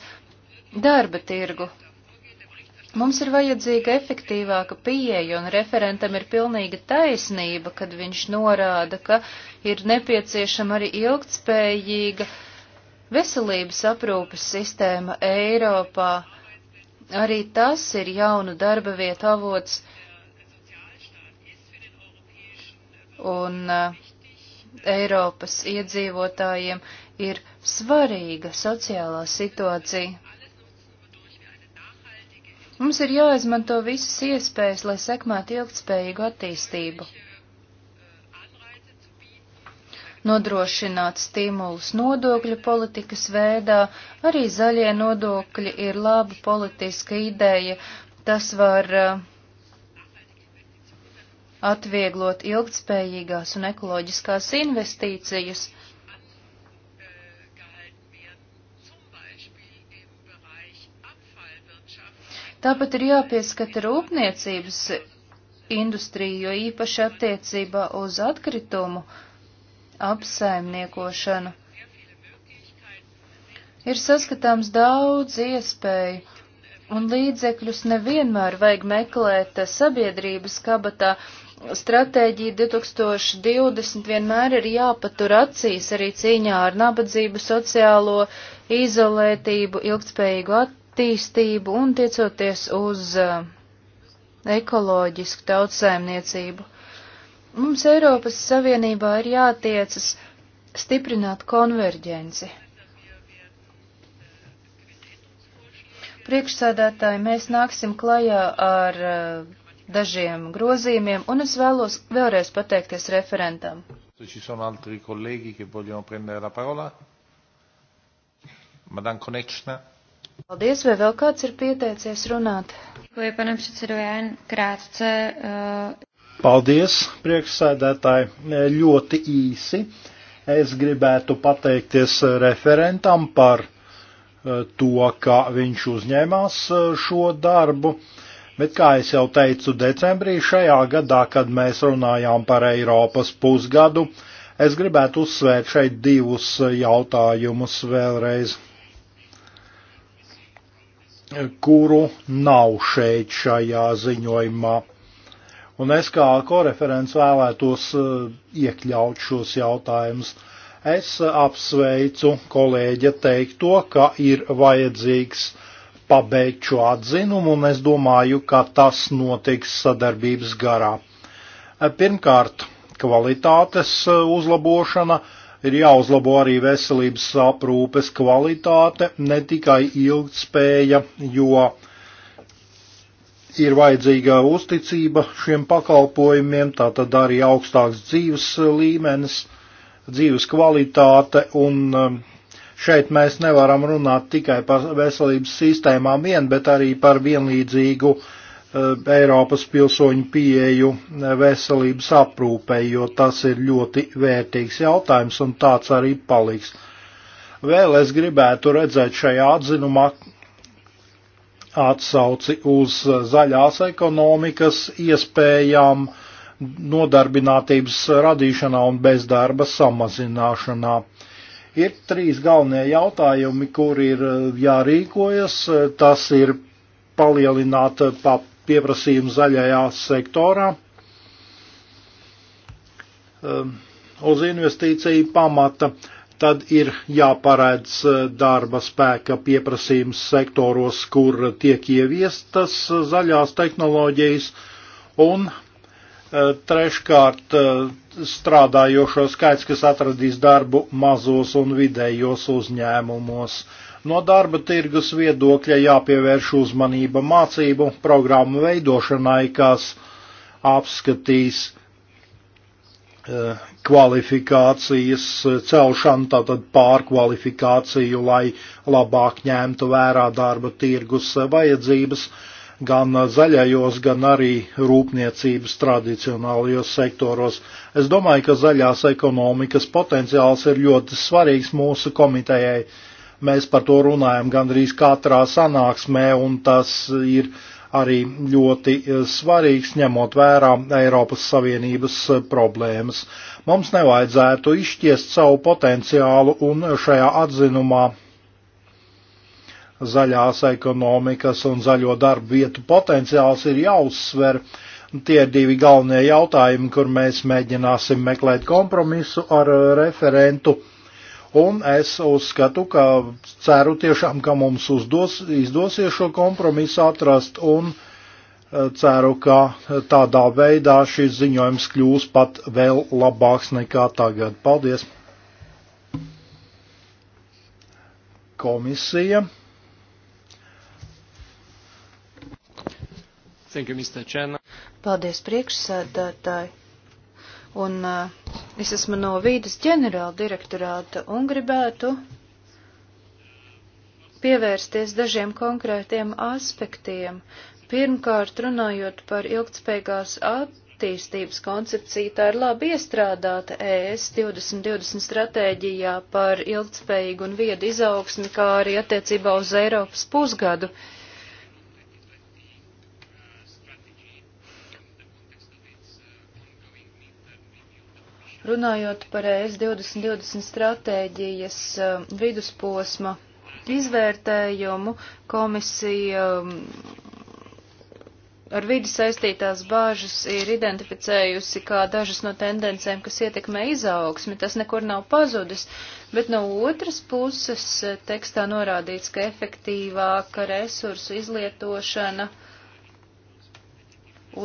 C: darba tirgu. Mums ir vajadzīga efektīvāka pieeja, un referentam ir pilnīga taisnība, kad viņš norāda, ka ir nepieciešama arī ilgtspējīga veselības aprūpes sistēma Eiropā. Arī tas ir jaunu darba vietu avots. un uh, Eiropas iedzīvotājiem ir svarīga sociālā situācija. Mums ir jāizmanto visas iespējas, lai sekmētu ilgtspējīgu attīstību. Nodrošināt stimulus nodokļu politikas veidā, arī zaļie nodokļi ir laba politiska ideja, tas var uh, atvieglot ilgtspējīgās un ekoloģiskās investīcijas. Tāpat ir jāpieskata rūpniecības industrija, jo īpaši attiecībā uz atkritumu apsaimniekošanu. Ir saskatāms daudz iespēju, un līdzekļus nevienmēr vajag meklēt sabiedrības kabatā, stratēģija 2020 vienmēr ir jāpatur acīs arī cīņā ar nabadzību, sociālo izolētību, ilgtspējīgu attīstību un tiecoties uz eh, ekoloģisku tautsēmniecību. Mums Eiropas Savienībā ir jātiecas stiprināt konverģenci. Priekšsādātāji, mēs nāksim klajā ar uh, dažiem grozījumiem, un es vēlos vēlreiz pateikties referentam.
A: Ci sono altri colleghi che vogliono prendere la parola? Madame Konečna.
C: Paldies, vai vēl kāds ir pieteicies runāt? Vai, pane predsedo, jā, krátce. Uh...
A: Paldies, priekšsēdētāji, eh, ļoti īsi. Es gribētu pateikties eh, referentam par to, ka viņš uzņēmās šo darbu. Uh, Bet, kā jau teicu, decembrī šajā gadā, kad mēs runājām par Eiropas pusgadu, es gribētu uzsvērt šeit divus jautājumus vēlreiz, kuru nav šeit šajā ziņojumā. Un es kā koreferents vēlētos e, iekļaut šos jautājumus. Es apsveicu kolēģa teikto, ka ir vajadzīgs pabeigt šo atzinumu, un es domāju, ka tas notiks sadarbības garā. Pirmkārt, kvalitātes eh, uzlabošana ir jāuzlabo arī veselības aprūpes kvalitāte, ne tikai ilgtspēja, jo ir vajadzīga uzticība šiem pakalpojumiem, tātad arī augstāks dzīves eh, līmenis, dzīves kvalitāte un eh, Šeit mēs nevaram runāt tikai par veselības sistēmām vien, bet arī par vienlīdzīgu eh, Eiropas pilsoņu pieeju eh, veselības aprūpei, jo tas ir ļoti vērtīgs jautājums un tāds arī paliks. Vēl es gribētu redzēt šajā atzinumā atsauci uz eh, zaļās ekonomikas iespējām nodarbinātības radīšanā un bezdarba samazināšanā. Ir trīs galvenie jautājumi, kur ir eh, jārīkojas. Eh, tas ir palielināt eh, pieprasījumu zaļajā sektorā ehm, uz investīciju pamata, tad ir jāparedz darba spēka pieprasījums sektoros, kur tiek ieviestas zaļās tehnoloģijas, un treškārt strādājošo skaits, kas atradīs darbu mazos un vidējos uzņēmumos. No darba tirgus viedokļa jāpievērš uzmanība mācību programmu veidošanai, kas apskatīs e, kvalifikācijas celšanu, tātad pārkvalifikāciju, lai labāk ņemtu vērā darba tirgus vajadzības gan zaļajos, gan arī rūpniecības tradicionālajos sektoros. Es domāju, ka zaļās ekonomikas potenciāls ir ļoti svarīgs mūsu komitejai. Mēs par to runājam gandrīz katrā sanāksmē, un tas ir arī ļoti eh, svarīgs, ņemot vērā Eiropas Savienības eh, problēmas. Mums nevajadzētu izšķiest savu potenciālu, un šajā atzinumā zaļās ekonomikas un zaļo darbu vietu potenciāls ir jāuzsver. Tie ir divi galvenie jautājumi, kur mēs mēģināsim meklēt kompromisu ar uh, referentu. Un es uzskatu, ka ceru tiešām, ka mums uzdos, izdosies šo kompromisu atrast un uh, ceru, ka tādā veidā šis ziņojums kļūs pat vēl labāks nekā tagad. Paldies! Komisija. Thank you, Mr. Chen.
C: Paldies, priekšsēdētāji. Un uh, es esmu no vīdas ģenerāla direktorāta un gribētu pievērsties dažiem konkrētiem aspektiem. Pirmkārt, runājot par ilgtspējīgās attīstības koncepciju, tā ir labi iestrādāta ES 2020 stratēģijā par ilgtspējīgu un viedu izaugsmi, kā arī attiecībā uz Eiropas pusgadu. Uh, Runājot par ES 2020 stratēģijas um, vidusposma izvērtējumu, komisija um, ar vidi saistītās bāžas ir identificējusi kā dažas no tendencēm, kas ietekmē izaugsmi. Tas nekur nav pazudis, bet no otras puses eh, tekstā norādīts, ka efektīvāka resursu izlietošana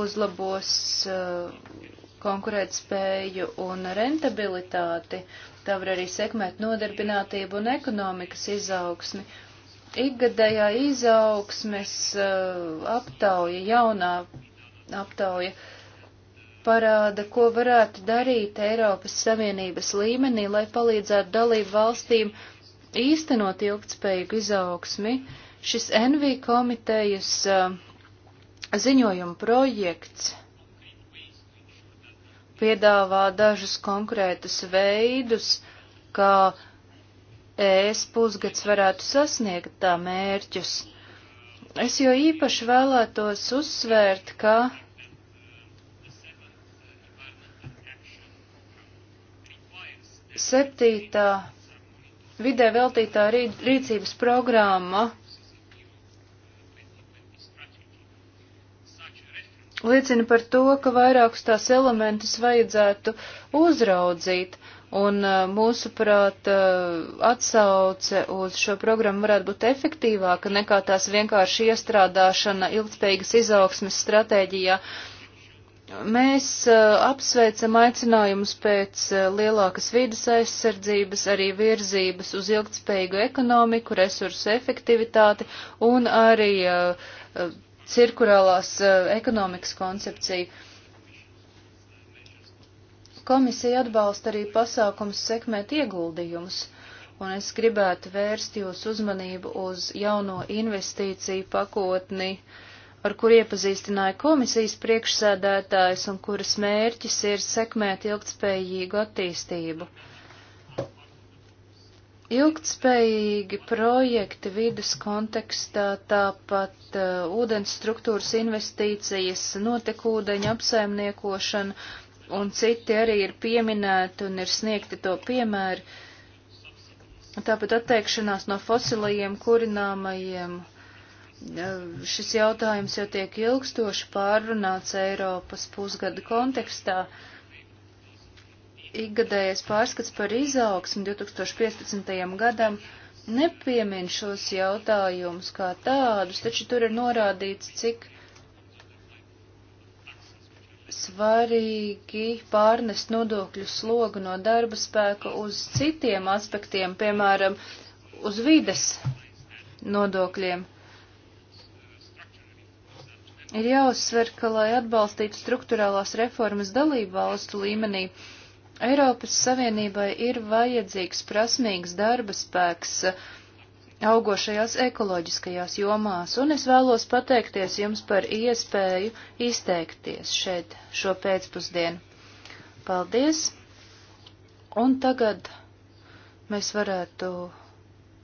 C: uzlabos uh, konkurētspēju un rentabilitāti, tā var arī sekmēt nodarbinātību un ekonomikas izaugsmi. Ikgadējā izaugsmes uh, aptauja, jaunā aptauja parāda, ko varētu darīt Eiropas Savienības līmenī, lai palīdzētu dalību valstīm īstenot ilgtspējīgu izaugsmi. Šis NV komitejas uh, ziņojuma projekts piedāvā dažus konkrētus veidus, kā ES pusgads varētu sasniegt tā mērķus. Es jo īpaši vēlētos uzsvērt, ka septītā vidē veltītā rīcības programma liecina par to, ka vairākus tās elementus vajadzētu uzraudzīt. Un uh, mūsuprāt, uh, atsauce uz šo programmu varētu būt efektīvāka nekā tās vienkārši iestrādāšana ilgspējīgas izaugsmes stratēģijā. Mēs uh, apsveicam aicinājumus pēc lielākas vidas aizsardzības, arī virzības uz ilgtspējīgu ekonomiku, resursu efektivitāti un arī cirkurālās eh, ekonomikas koncepciju. Komisija atbalsta arī pasākums sekmēt ieguldījumus, un es gribētu vērst jūs uzmanību uz jauno investīciju pakotni, ar kur iepazīstināja komisijas priekšsēdētājs un kuras mērķis ir sekmēt ilgtspējīgu attīstību. Ilgtspējīgi projekti vidas kontekstā, tāpat uh, ūdens struktūras investīcijas, notekūdeņa apsaimniekošana un citi arī ir pieminēti un ir sniegti to piemēri. Tāpat atteikšanās no fosilajiem kurināmajiem. Uh, šis jautājums jau tiek ilgstoši pārrunāts Eiropas pusgada kontekstā. Uh, ikgadējais pārskats par izaugsmu 2015. gadam nepiemin šos jautājumus kā tādus, taču tur ir norādīts, cik svarīgi pārnest nodokļu slogu no darba spēka uz citiem aspektiem, piemēram, uz vides nodokļiem. Ir jāuzsver, ka, lai atbalstītu struktūrālās reformas dalību valstu līmenī, Eiropas Savienībai ir vajadzīgs prasmīgs darba spēks eh, augošajās ekoloģiskajās jomās, un es vēlos pateikties jums par iespēju izteikties šeit šo pēcpusdienu. Paldies! Un tagad mēs varētu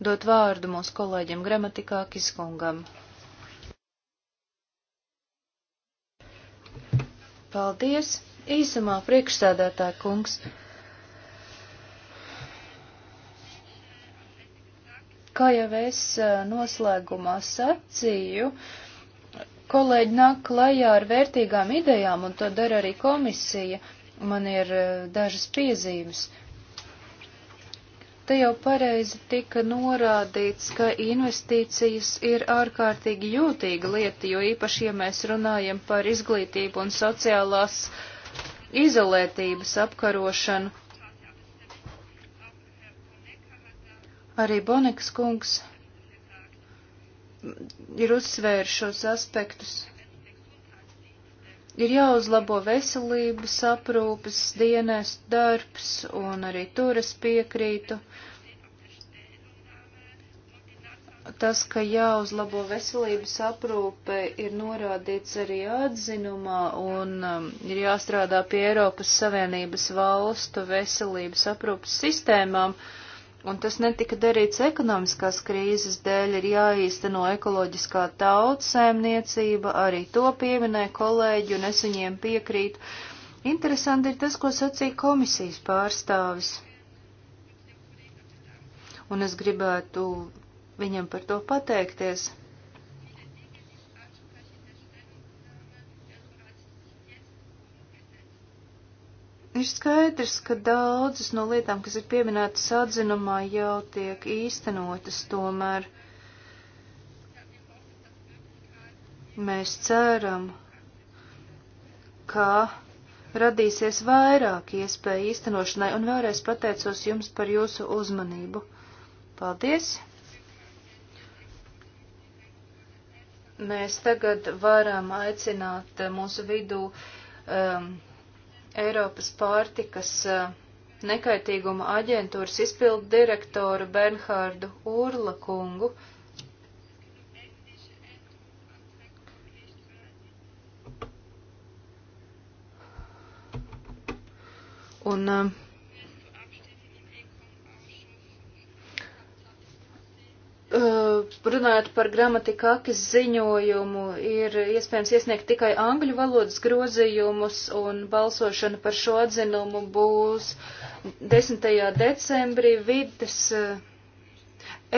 C: dot vārdu mūsu kolēģim gramatikā Kiskungam. Paldies! Īsumā priekšsēdētāja kungs. Kā jau es noslēgumā sacīju, kolēģi nāk klajā ar vērtīgām idejām, un to dara arī komisija. Man ir dažas piezīmes. Te jau pareizi tika norādīts, ka investīcijas ir ārkārtīgi jūtīga lieta, jo īpaši, ja mēs runājam par izglītību un sociālās uh, izolētības apkarošanu. Arī Boneks kungs ir uzsvērs šos aspektus. Ir jāuzlabo veselības aprūpes dienas darbs, un arī tur es piekrītu. Uh, tas, ka jāuzlabo veselības aprūpe, ir norādīts arī atzinumā un um, ir jāstrādā pie Eiropas Savienības valstu veselības aprūpes sistēmām, un tas netika darīts ekonomiskās krīzes dēļ, ir jāīsteno ekoloģiskā tautsēmniecība, arī to pieminē kolēģi, un es viņiem piekrītu. Interesanti ir tas, ko sacīja komisijas pārstāvis. Un es gribētu viņam par to pateikties. Ir skaidrs, ka daudzas no lietām, kas ir pieminētas atzinumā, jau tiek īstenotas tomēr. Mēs ceram, ka radīsies vairāk iespēju īstenošanai, un vēlreiz pateicos jums par jūsu uzmanību. Paldies! mēs tagad varam aicināt eh, mūsu vidū um, Eiropas pārtikas uh, nekaitīguma aģentūras izpildu direktoru Bernhārdu Urla kungu. Un uh, Eh, runājot par gramatikākas ziņojumu, ir iespējams iesniegt tikai angļu valodas grozījumus, un balsošana par šo atzinumu būs 10. decembrī vides eh,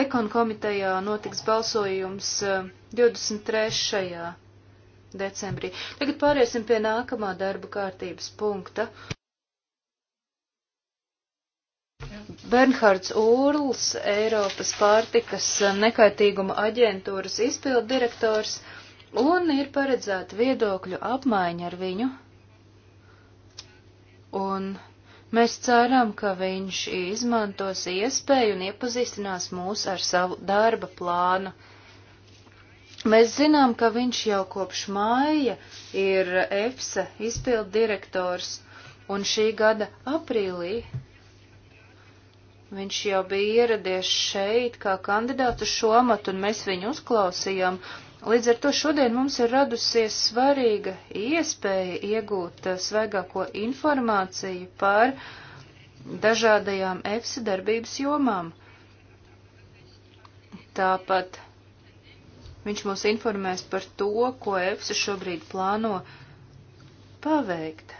C: ekon komitejā notiks balsojums 23. Eh, decembrī. Tagad pāriesim pie nākamā darba kārtības punkta. Bernhards Ūrls, Eiropas pārtikas nekaitīguma aģentūras izpildirektors, un ir paredzēta viedokļu apmaiņa ar viņu. Un mēs ceram, ka viņš izmantos iespēju un iepazīstinās mūs ar savu darba plānu. Mēs zinām, ka viņš jau kopš māja ir EFSA izpildirektors, un šī gada aprīlī Viņš jau bija ieradies šeit kā kandidāts uz šo amatu, un mēs viņu uzklausījām. Līdz ar to šodien mums ir radusies svarīga iespēja iegūt eh, svaigāko informāciju par dažādajām EFSA darbības jomām. Tāpat viņš mūs informēs par to, ko EFSA šobrīd plāno paveikt.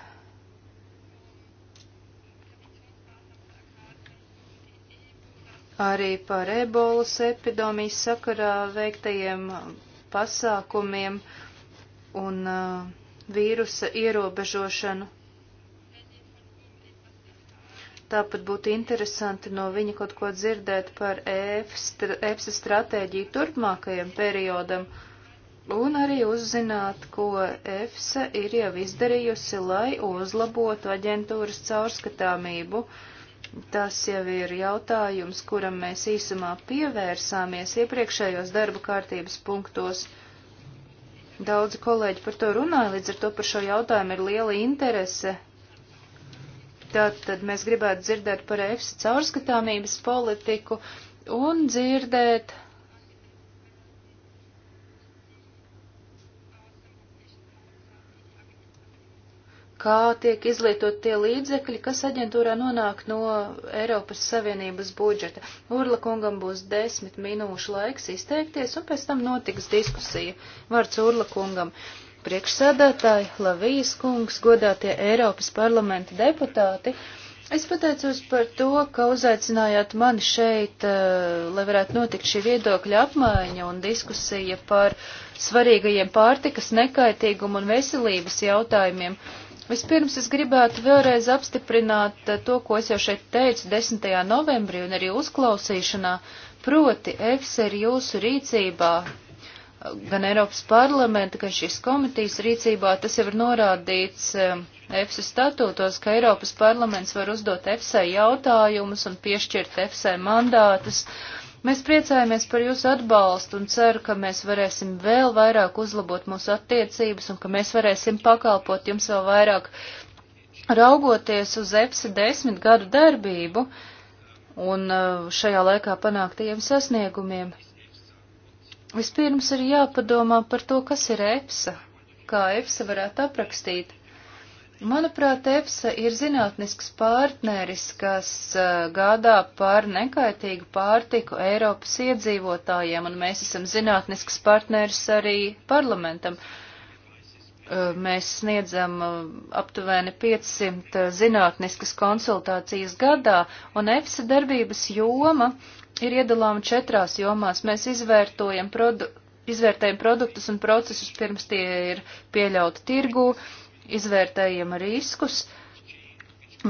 C: arī par ebolas epidēmijas sakarā veiktajiem pasākumiem un uh, vīrusa ierobežošanu. Tāpat būtu interesanti no viņa kaut ko dzirdēt par EFSA e stratēģiju turpmākajam periodam un arī uzzināt, ko EFSA ir jau izdarījusi, lai uzlabotu aģentūras caurskatāmību. Uh, Tas jau ir jautājums, kuram mēs īsumā pievērsāmies iepriekšējos darba kārtības punktos. Daudzi kolēģi par to runāja, līdz ar to par šo jautājumu ir liela interese. Tātad mēs gribētu dzirdēt par EFSA caurskatāmības politiku un dzirdēt kā tiek izlietot tie līdzekļi, kas aģentūrā nonāk no Eiropas Savienības budžeta. Urla kungam būs desmit minūšu laiks izteikties, un pēc tam notiks diskusija. Vārds Urla kungam. Priekšsēdētāji, Lavijas kungs, godātie Eiropas parlamenta deputāti, es pateicos par to, ka uzaicinājāt mani šeit, eh, lai varētu notikt šī viedokļa apmaiņa un diskusija par svarīgajiem pārtikas nekaitīgumu un veselības jautājumiem Vispirms es gribētu vēlreiz apstiprināt eh, to, ko es jau šeit teicu 10. novembrī un arī uzklausīšanā, proti EFS ir jūsu rīcībā, eh, gan Eiropas parlamenta, gan šīs komitīs rīcībā, tas jau ir norādīts EFS eh, statūtos, ka Eiropas parlaments var uzdot EFSai jautājumus un piešķirt EFSai mandātus. Uh, Mēs priecājamies par jūsu atbalstu un ceru, ka mēs varēsim vēl vairāk uzlabot mūsu attiecības un ka mēs varēsim pakalpot jums vēl vairāk raugoties uz EPSI desmit gadu darbību un uh, šajā laikā panāktajiem sasniegumiem. Vispirms ir jāpadomā par to, kas ir EPSA, kā EPSA varētu aprakstīt. Manuprāt, EFSA ir zinātnisks partneris, kas gādā par nekaitīgu pārtiku Eiropas iedzīvotājiem, un mēs esam zinātnisks partneris arī parlamentam. Mēs sniedzam aptuveni 500 zinātniskas konsultācijas gadā, un EFSA darbības joma ir iedalāma četrās jomās. Mēs izvērtojam, produ izvērtējam produktus un procesus pirms tie ir pieļauti tirgū, izvērtējam riskus,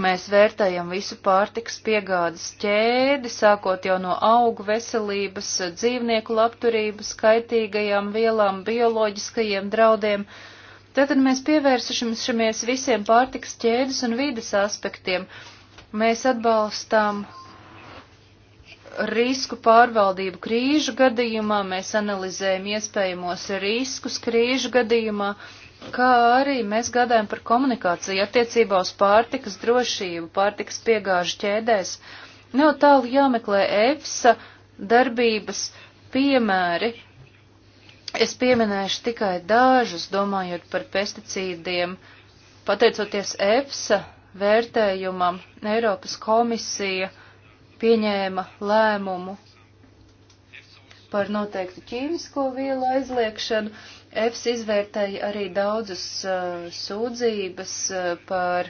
C: mēs vērtējam visu pārtiks piegādes ķēdi, sākot jau no augu veselības, dzīvnieku labturības, kaitīgajām vielām, bioloģiskajiem draudiem. Tātad mēs pievērsušamies visiem pārtiks ķēdes un vīdes aspektiem. Mēs atbalstām risku pārvaldību krīžu gadījumā, mēs analizējam iespējamos riskus krīžu gadījumā, kā arī mēs gādājam par komunikāciju attiecībā uz pārtikas drošību, pārtikas piegāžu ķēdēs. Nav tālu jāmeklē EFSA darbības piemēri. Es pieminēšu tikai dažus, domājot par pesticīdiem. Pateicoties EFSA vērtējumam, Eiropas komisija pieņēma lēmumu par noteiktu ķīmisko vielu aizliekšanu EFS izvērtēja arī daudzas uh, sūdzības uh, par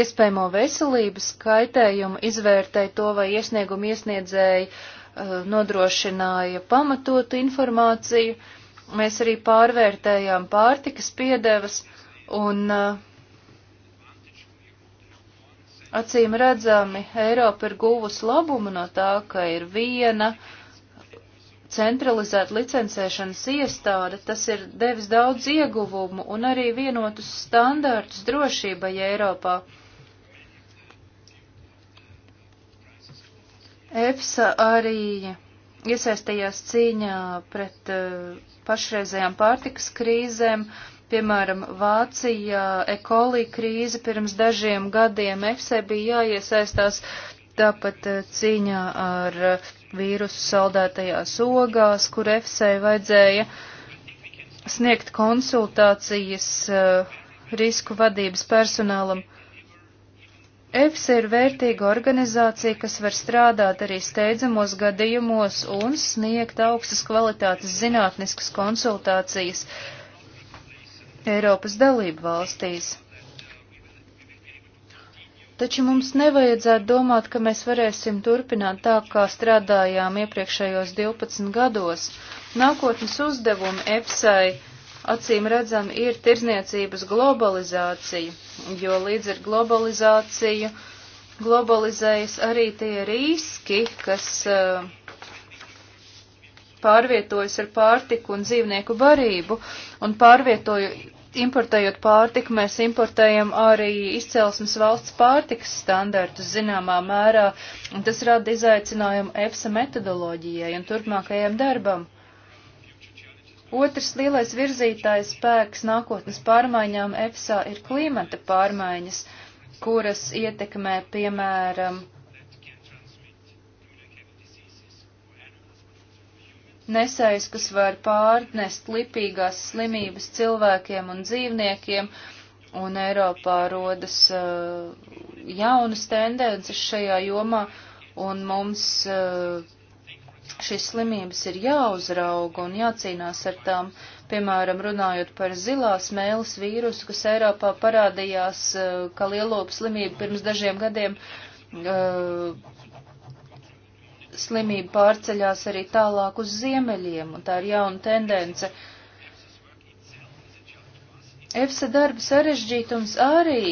C: iespējamo veselības kaitējumu, izvērtēja to, vai iesniegumu iesniedzēji uh, nodrošināja pamatotu informāciju. Mēs arī pārvērtējām pārtikas piedevas un acīm redzami Eiropa ir guvusi labumu no tā, ka ir viena uh, centralizēta licencēšanas iestāde, tas ir devis daudz ieguvumu un arī vienotus standārtus drošībai Eiropā. EFSA arī iesaistījās cīņā pret uh, pašreizējām pārtikas krīzēm, piemēram, Vācijā ekolī krīze pirms dažiem gadiem. EFSA bija jāiesaistās tāpat uh, cīņā ar uh, vīrusu saldētajās ogās, kur EFSA vajadzēja sniegt konsultācijas uh, risku vadības personālam. EFSA ir vērtīga organizācija, kas var strādāt arī steidzamos gadījumos un sniegt augstas kvalitātes zinātniskas konsultācijas Eiropas dalību valstīs. Taču mums nevajadzētu domāt, ka mēs varēsim turpināt tā, kā strādājām iepriekšējos 12 gados. Nākotnes uzdevumi EPSAI acīm redzam ir tirzniecības globalizācija, jo līdz ar globalizāciju globalizējas arī tie riski, kas uh, pārvietojas ar pārtiku un dzīvnieku barību un pārvietoju importējot pārtiku, mēs importējam arī izcelsmes valsts pārtikas standartus zināmā mērā, un tas rada izaicinājumu EPSA metodoloģijai un turpmākajam darbam. Otrs lielais virzītājs spēks nākotnes pārmaiņām EPSA ir klimata pārmaiņas, kuras ietekmē, piemēram, nesējs, kas var pārnest lipīgās slimības cilvēkiem un dzīvniekiem, un Eiropā rodas uh, jaunas tendences šajā jomā, un mums uh, šīs slimības ir jāuzrauga un jācīnās ar tām, piemēram, runājot par zilās mēles vīrusu, kas Eiropā parādījās uh, kā lielopu slimību pirms dažiem gadiem. Uh, slimība pārceļās arī tālāk uz ziemeļiem, un tā ir jauna tendence. EFSA darba sarežģītums arī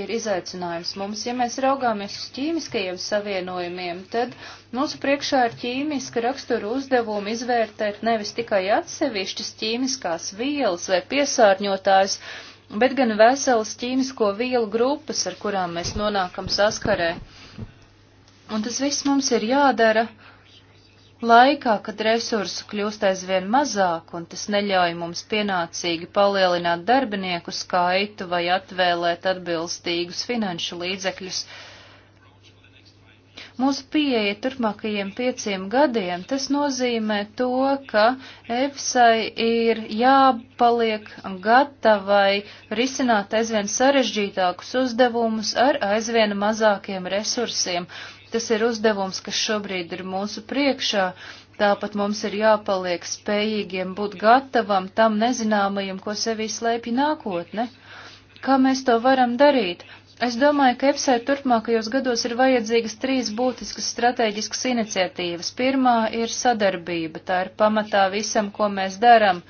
C: ir izaicinājums mums. Ja mēs raugāmies uz ķīmiskajiem savienojumiem, tad mūsu priekšā ir ķīmiska rakstura uzdevuma izvērtēt nevis tikai atsevišķas ķīmiskās vielas vai piesārņotājs, bet gan veselas ķīmisko vielu grupas, ar kurām mēs nonākam saskarē. Un tas viss mums ir jādara laikā, kad resursu kļūst aizvien mazāk, un tas neļauj mums pienācīgi palielināt darbinieku skaitu vai atvēlēt atbilstīgus finanšu līdzekļus. Mūsu pieeja turpmākajiem pieciem gadiem, tas nozīmē to, ka EFSAI ir jāpaliek gatavai risināt aizvien sarežģītākus uzdevumus ar aizvien mazākiem resursiem, Tas ir uzdevums, kas šobrīd ir mūsu priekšā. Tāpat mums ir jāpaliek spējīgiem būt gatavam tam nezināmajam, ko sevī slēpj nākotne. Kā mēs to varam darīt? Es domāju, ka EPSA turpmākajos gados ir vajadzīgas trīs būtiskas strateģiskas iniciatīvas. Pirmā ir sadarbība, tā ir pamatā visam, ko mēs darām.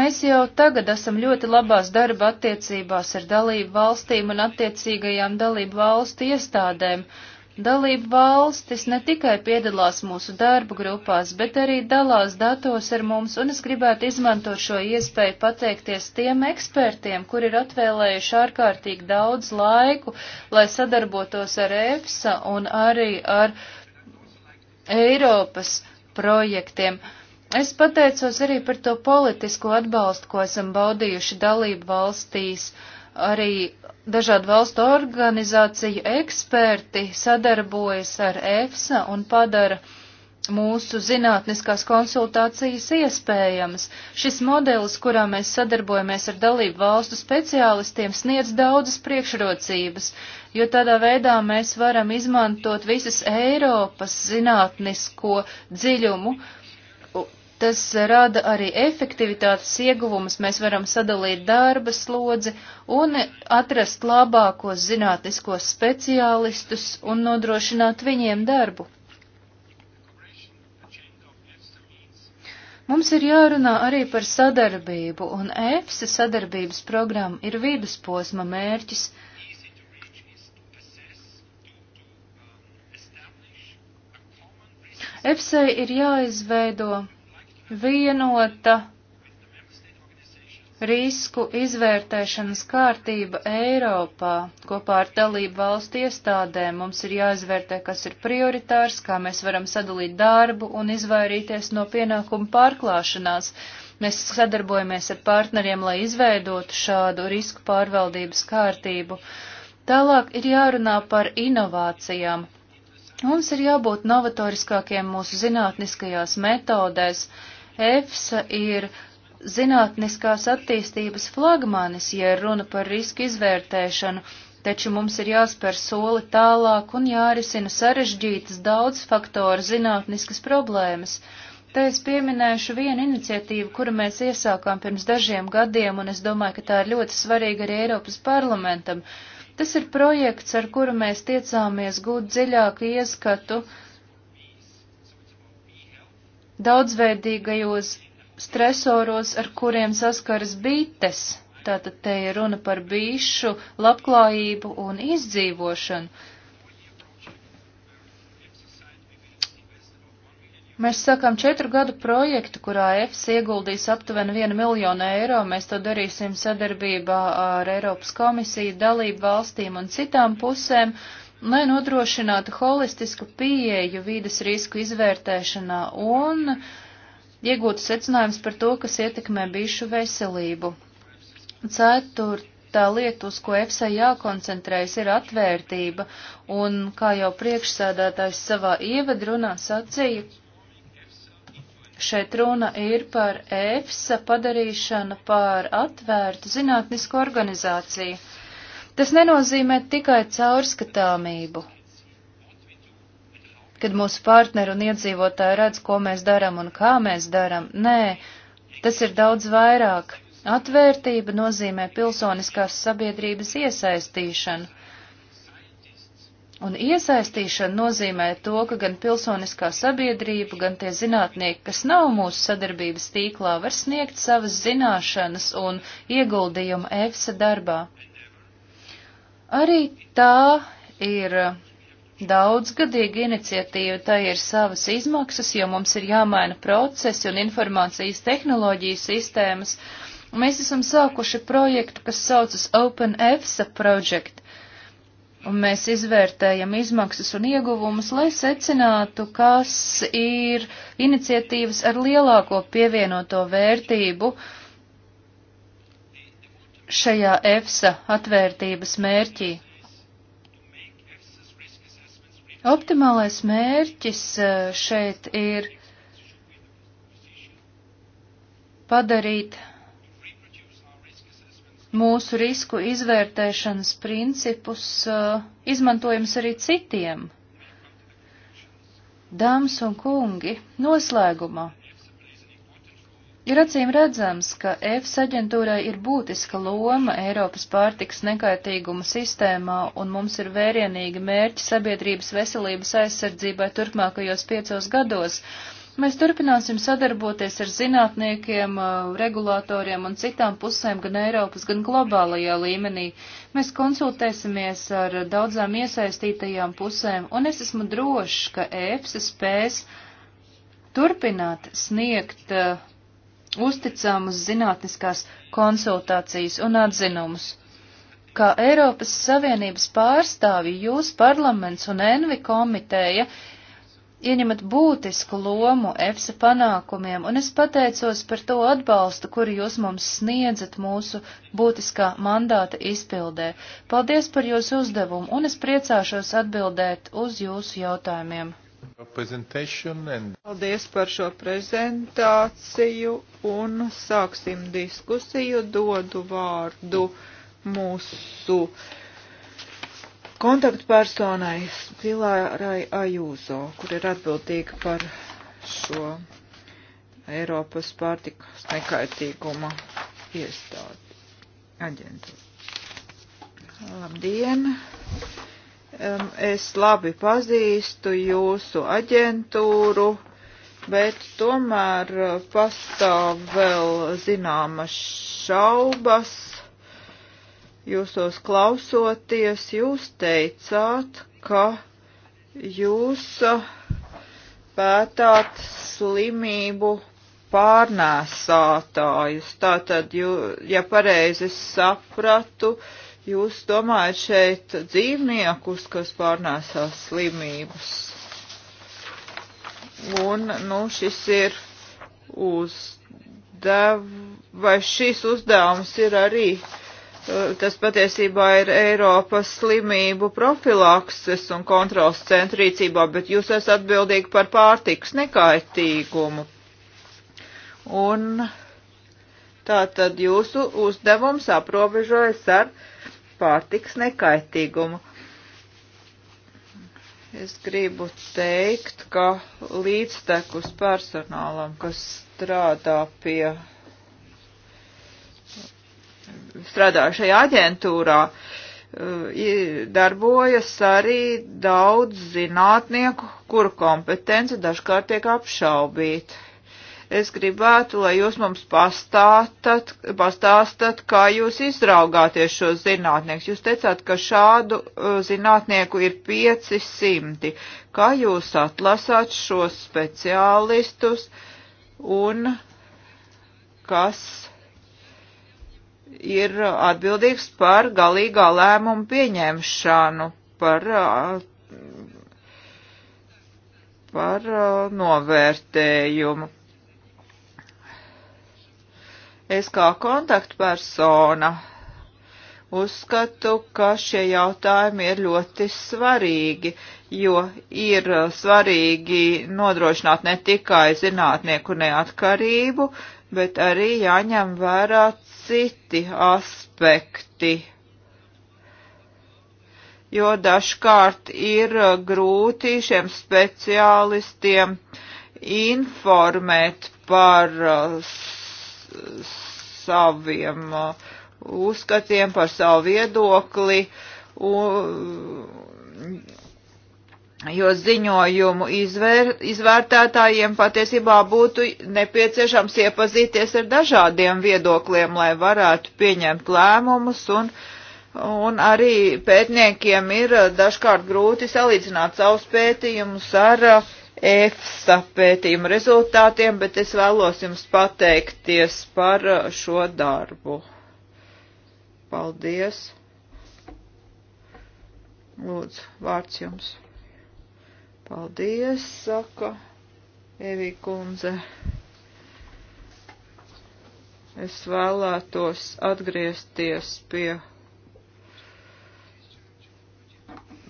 C: Mēs jau tagad esam ļoti labās darba attiecībās ar dalību valstīm un attiecīgajām dalību valstu iestādēm. Uh, Dalību valstis ne tikai piedalās mūsu darba grupās, bet arī dalās datos ar mums, un es gribētu izmantot šo iespēju pateikties tiem ekspertiem, kur ir atvēlējuši ārkārtīgi daudz laiku, lai sadarbotos ar EFSA un arī ar Eiropas projektiem. Es pateicos arī par to politisko atbalstu, ko esam baudījuši dalību valstīs, arī dažādu valstu organizāciju eksperti sadarbojas ar EFSA un padara mūsu zinātniskās konsultācijas iespējamas. Šis modelis, kurā mēs sadarbojamies ar dalību valstu speciālistiem, sniedz daudzas priekšrocības, jo tādā veidā mēs varam izmantot visas Eiropas zinātnisko dziļumu, uh, Tas rada arī efektivitātes ieguvumus, mēs varam sadalīt darba slodzi un atrast labākos zinātniskos speciālistus un nodrošināt viņiem darbu. Mums ir jārunā arī par sadarbību, un EFSA sadarbības programma ir vidusposma mērķis. EFSA ir jāizveido vienota risku izvērtēšanas kārtība Eiropā. Kopā ar dalību valstu iestādēm mums ir jāizvērtē, kas ir prioritārs, kā mēs varam sadalīt darbu un izvairīties no pienākumu pārklāšanās. Mēs sadarbojamies ar partneriem, lai izveidotu šādu risku pārvaldības kārtību. Tālāk ir jārunā par inovācijām. Mums ir jābūt novatoriskākiem mūsu zinātniskajās metodēs. EFSA ir zinātniskās attīstības flagmanis, ja runa par risku izvērtēšanu, taču mums ir jāspēr soli tālāk un jārisina sarežģītas daudz faktoru zinātniskas problēmas. Te es pieminēšu vienu iniciatīvu, kuru mēs iesākām pirms dažiem gadiem, un es domāju, ka tā ir ļoti svarīga arī Eiropas parlamentam. Tas ir projekts, ar kuru mēs tiecāmies gūt dziļāku ieskatu daudzveidīgajos stresoros, ar kuriem saskaras bites. Tātad te ir runa par bišu labklājību un izdzīvošanu. Mēs sākam četru gadu projektu, kurā EFS ieguldīs aptuveni 1 miljonu eiro. Mēs to darīsim sadarbībā ar Eiropas komisiju, dalību valstīm un citām pusēm. Uh, lai nodrošinātu holistisku pieeju vīdes risku izvērtēšanā un iegūtu secinājums par to, kas ietekmē bišu veselību. Ceturtā lieta, uz ko EFSA jākoncentrējas, ir atvērtība, un, kā jau priekšsēdētājs savā ievadrunā sacīja, šeit runa ir par EFSA padarīšanu par atvērtu zinātnisku organizāciju. Tas nenozīmē tikai caurskatāmību, kad mūsu partneri un iedzīvotāji redz, ko mēs darām un kā mēs darām. Nē, tas ir daudz vairāk. Atvērtība nozīmē pilsoniskās sabiedrības iesaistīšanu. Un iesaistīšana nozīmē to, ka gan pilsoniskā sabiedrība, gan tie zinātnieki, kas nav mūsu sadarbības tīklā, var sniegt savas zināšanas un ieguldījumu EFSA darbā. Arī tā ir daudzgadīga iniciatīva, tā ir savas izmaksas, jo mums ir jāmaina procesi un informācijas tehnoloģiju sistēmas. Mēs esam sākuši projektu, kas saucas Open EFSA Project, un mēs izvērtējam izmaksas un ieguvumus, lai secinātu, kas ir iniciatīvas ar lielāko pievienoto vērtību. Uh, šajā EFSA atvērtības mērķī. Optimālais mērķis e, šeit ir padarīt mūsu risku izvērtēšanas principus e, izmantojams arī citiem. Dāmas un kungi, noslēgumā Ir acīm redzams, ka EFS aģentūrai ir būtiska loma Eiropas pārtiks nekaitīguma sistēmā, un mums ir vērienīgi mērķi sabiedrības veselības aizsardzībai turpmākajos piecos gados. Mēs turpināsim sadarboties ar zinātniekiem, eh, regulātoriem un citām pusēm gan Eiropas, gan globālajā līmenī. Mēs konsultēsimies ar daudzām iesaistītajām pusēm, un es esmu drošs, ka EFS spēs turpināt sniegt uh, uzticamas zinātniskās konsultācijas un atzinumus. Kā Eiropas Savienības pārstāvji jūs parlaments un Envi komiteja ieņemat būtisku lomu EFSA panākumiem, un es pateicos par to atbalstu, kuru jūs mums sniedzat mūsu būtiskā mandāta izpildē. Paldies par jūsu uzdevumu, un es priecāšos atbildēt uz jūsu jautājumiem.
A: And...
B: Paldies par šo prezentāciju un sāksim diskusiju. Dodu vārdu mūsu kontaktpersonai Pilārai Ajūzo, kur ir atbildīga par šo Eiropas pārtikas nekaitīguma iestādi aģentūru. Labdien! Es labi pazīstu jūsu aģentūru, bet tomēr eh, pastāv vēl zināmas šaubas. Jūsos klausoties, jūs teicāt, ka jūs eh, pētāt slimību pārnēsātājus. Tātad, jū, ja pareizi sapratu, uh, Jūs domājat šeit dzīvniekus, kas pārnēsās slimības. Un, nu, šis ir uzdev, vai šis uzdevums ir arī eh, tas patiesībā ir Eiropas slimību profilakses un kontrols centra rīcībā, bet jūs esat atbildīgi par pārtiks nekaitīgumu. Un tā tad jūsu uzdevums aprobežojas ar pārtiks nekaitīgumu. Es gribu teikt, ka līdztekus personālam, kas strādā pie, strādā šajā aģentūrā, eh, darbojas arī daudz zinātnieku, kuru kompetence dažkārt tiek apšaubīta Es gribētu, lai jūs mums pastāstat, pastāstat kā jūs izraugāties šos zinātniekus. Jūs teicāt, ka šādu uh, zinātnieku ir 500. Kā jūs atlasāt šos speciālistus un kas ir atbildīgs par galīgā lēmumu pieņemšanu, par uh, par uh, novērtējumu. Es kā kontaktpersona uzskatu, ka šie jautājumi ir ļoti svarīgi, jo ir svarīgi nodrošināt ne tikai zinātnieku neatkarību, bet arī jāņem vērā citi aspekti jo dažkārt ir grūti šiem speciālistiem informēt par saviem uh, uzskatiem, par savu viedokli, un, jo ziņojumu izvēr, izvērtētājiem patiesībā būtu nepieciešams iepazīties ar dažādiem viedokliem, lai varētu pieņemt lēmumus un Un arī pētniekiem ir uh, dažkārt grūti salīdzināt savus pētījumus ar uh, EFSA pētījuma rezultātiem, bet es vēlos jums pateikties par uh, šo darbu. Paldies! Lūdzu, vārds jums. Paldies, saka Evī kundze. Es vēlētos atgriezties pie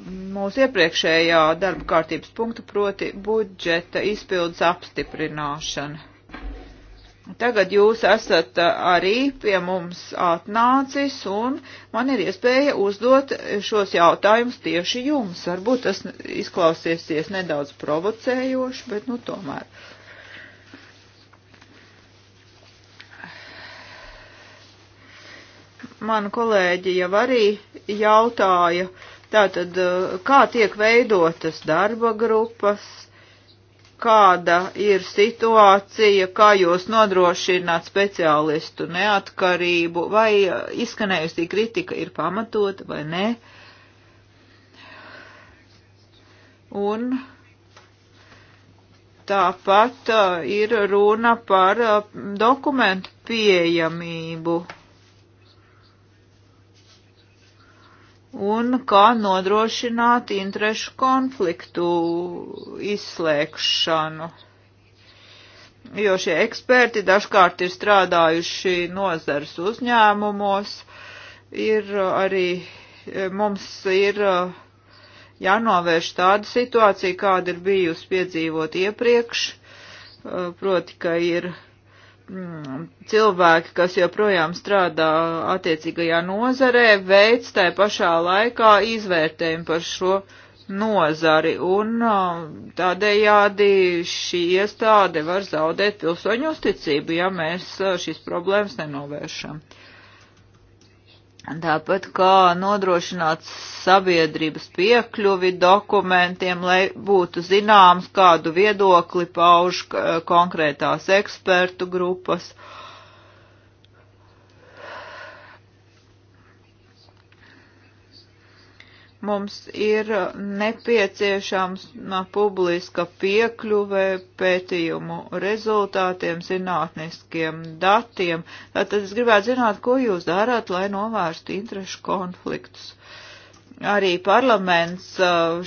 B: mūsu iepriekšējā darba kārtības punktu, proti budžeta izpildes apstiprināšana. Tagad jūs esat uh, arī pie mums atnācis un man ir iespēja uzdot šos jautājumus tieši jums. Varbūt tas izklausiesies nedaudz provocējoši, bet nu tomēr. Mani kolēģi jau arī jautāja, uh, Tātad, eh, kā tiek veidotas darba grupas, kāda ir situācija, kā jūs nodrošināt speciālistu neatkarību, vai eh, izskanējusī kritika ir pamatota vai nē. Un tāpat eh, ir runa par dokumentu pieejamību un kā nodrošināt interešu konfliktu izslēgšanu. Jo šie eksperti dažkārt ir strādājuši nozars uzņēmumos, ir arī mums ir jānovērš tāda situācija, kāda ir bijusi piedzīvot iepriekš, proti, ka ir Mm, cilvēki, kas joprojām strādā attiecīgajā nozarē, veic tai pašā laikā izvērtējumu par šo nozari, un um, tādējādi šī iestāde var zaudēt pilsoņu uzticību, ja mēs uh, šīs problēmas nenovēršam. Uh, Tāpat kā nodrošināt sabiedrības piekļuvi dokumentiem, lai būtu zināms, kādu viedokli pauž eh, konkrētās ekspertu grupas. mums ir nepieciešams no publiska piekļuve pētījumu rezultātiem, zinātniskiem datiem. Tātad es gribētu zināt, ko jūs darāt, lai novērstu interešu konfliktus. Arī parlaments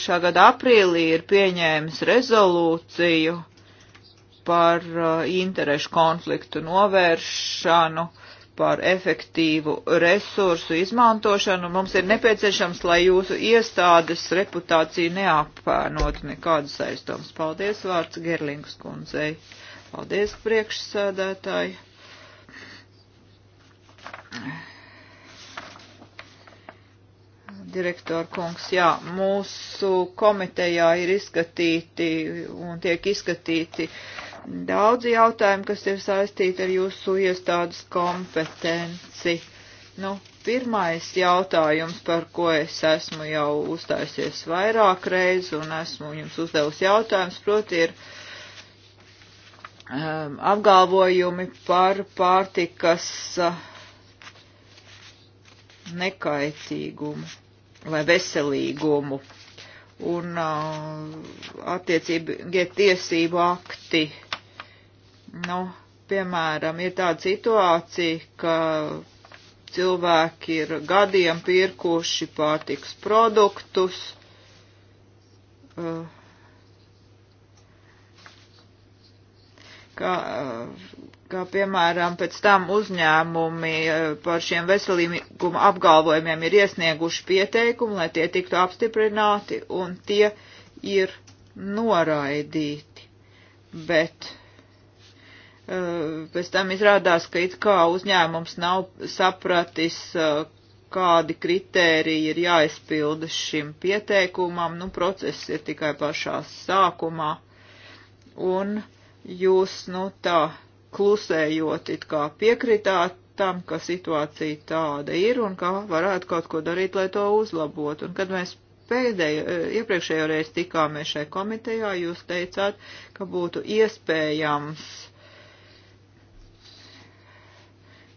B: šā gada aprīlī ir pieņēmis rezolūciju par interešu konfliktu novēršanu. Uh, par efektīvu resursu izmantošanu. Mums ir nepieciešams, lai jūsu iestādes reputāciju neapēnot nekādas aizdomas. Paldies, vārds Gerlings kundzei. Paldies, priekšsēdētāji. Direktor kungs, jā, mūsu komitejā ir izskatīti un tiek izskatīti uh, daudz jautājumu, kas ir saistīti ar jūsu iestādes kompetenci. Nu, pirmais jautājums, par ko es esmu jau uzstājusies vairāk reizi un esmu jums uzdevusi jautājums, proti ir um, apgalvojumi par pārtikas uh, nekaitīgumu vai veselīgumu un uh, attiecīgi tiesību akti Nu, piemēram, ir tāda situācija, ka cilvēki ir gadiem pirkuši pārtiks produktus, kā, uh, kā uh, piemēram pēc tam uzņēmumi uh, par šiem veselīguma apgalvojumiem ir iesnieguši pieteikumu, lai tie tiktu apstiprināti, un tie ir noraidīti. Bet Eh, pēc tam izrādās, ka it kā uzņēmums nav sapratis, eh, kādi kriteriji ir jāizpilda šim pieteikumam, nu, process ir tikai pašā sākumā, un jūs, nu, tā klusējot it kā piekritāt tam, ka situācija tāda ir un kā varētu kaut ko darīt, lai to uzlabotu. Un kad mēs pēdējo, eh, iepriekšējo reizi tikāmies šai komitejā, jūs teicāt, ka būtu iespējams uh,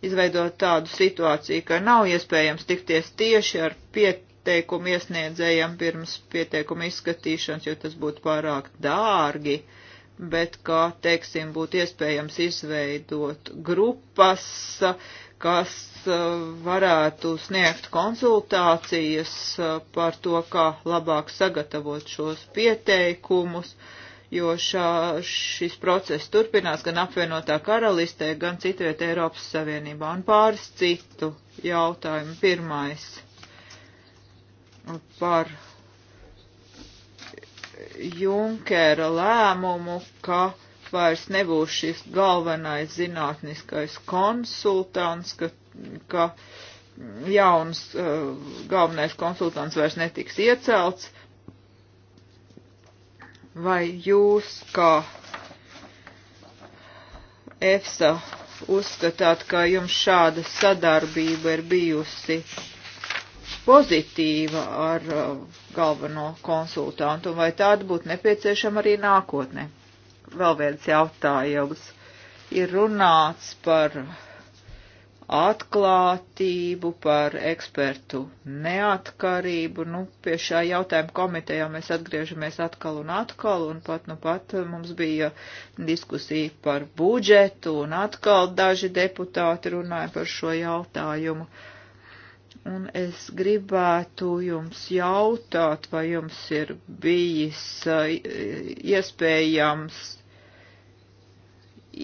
B: izveidot tādu situāciju, ka nav iespējams tikties tieši ar pieteikumu iesniedzējiem pirms pieteikuma izskatīšanas, jo tas būtu pārāk dārgi, bet kā, teiksim, būtu iespējams izveidot grupas, kas uh, varētu sniegt konsultācijas uh, par to, kā labāk sagatavot šos pieteikumus. Uh, jo šā, šis process turpinās gan apvienotā karalistē, gan citviet Eiropas Savienībā. Un pāris citu jautājumu. Pirmais par Junkera lēmumu, ka vairs nebūs šis galvenais zinātniskais konsultants, ka, ka jauns uh, galvenais konsultants vairs netiks iecelts. Uh, vai jūs kā EFSA uzskatāt, ka jums šāda sadarbība ir bijusi pozitīva ar uh, galveno konsultantu, vai tāda būtu nepieciešama arī nākotnē? Vēl viens jautājums. Ir runāts par atklātību, par ekspertu neatkarību. Nu, pie šā jautājuma komitejā mēs atgriežamies atkal un atkal, un pat nu pat mums bija diskusija par budžetu, un atkal daži deputāti runāja par šo jautājumu. Un es gribētu jums jautāt, vai jums ir bijis eh, iespējams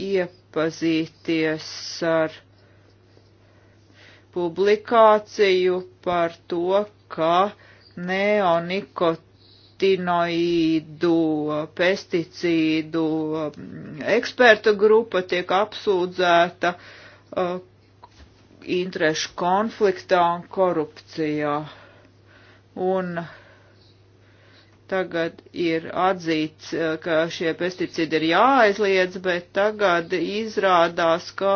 B: iepazīties ar publikāciju par to, ka neonikotinoīdu pesticīdu mm, eksperta grupa tiek apsūdzēta uh, interešu konfliktā un korupcijā. Un uh, tagad ir atzīts, eh, ka šie pesticīdi ir jāaizliedz, bet tagad izrādās, ka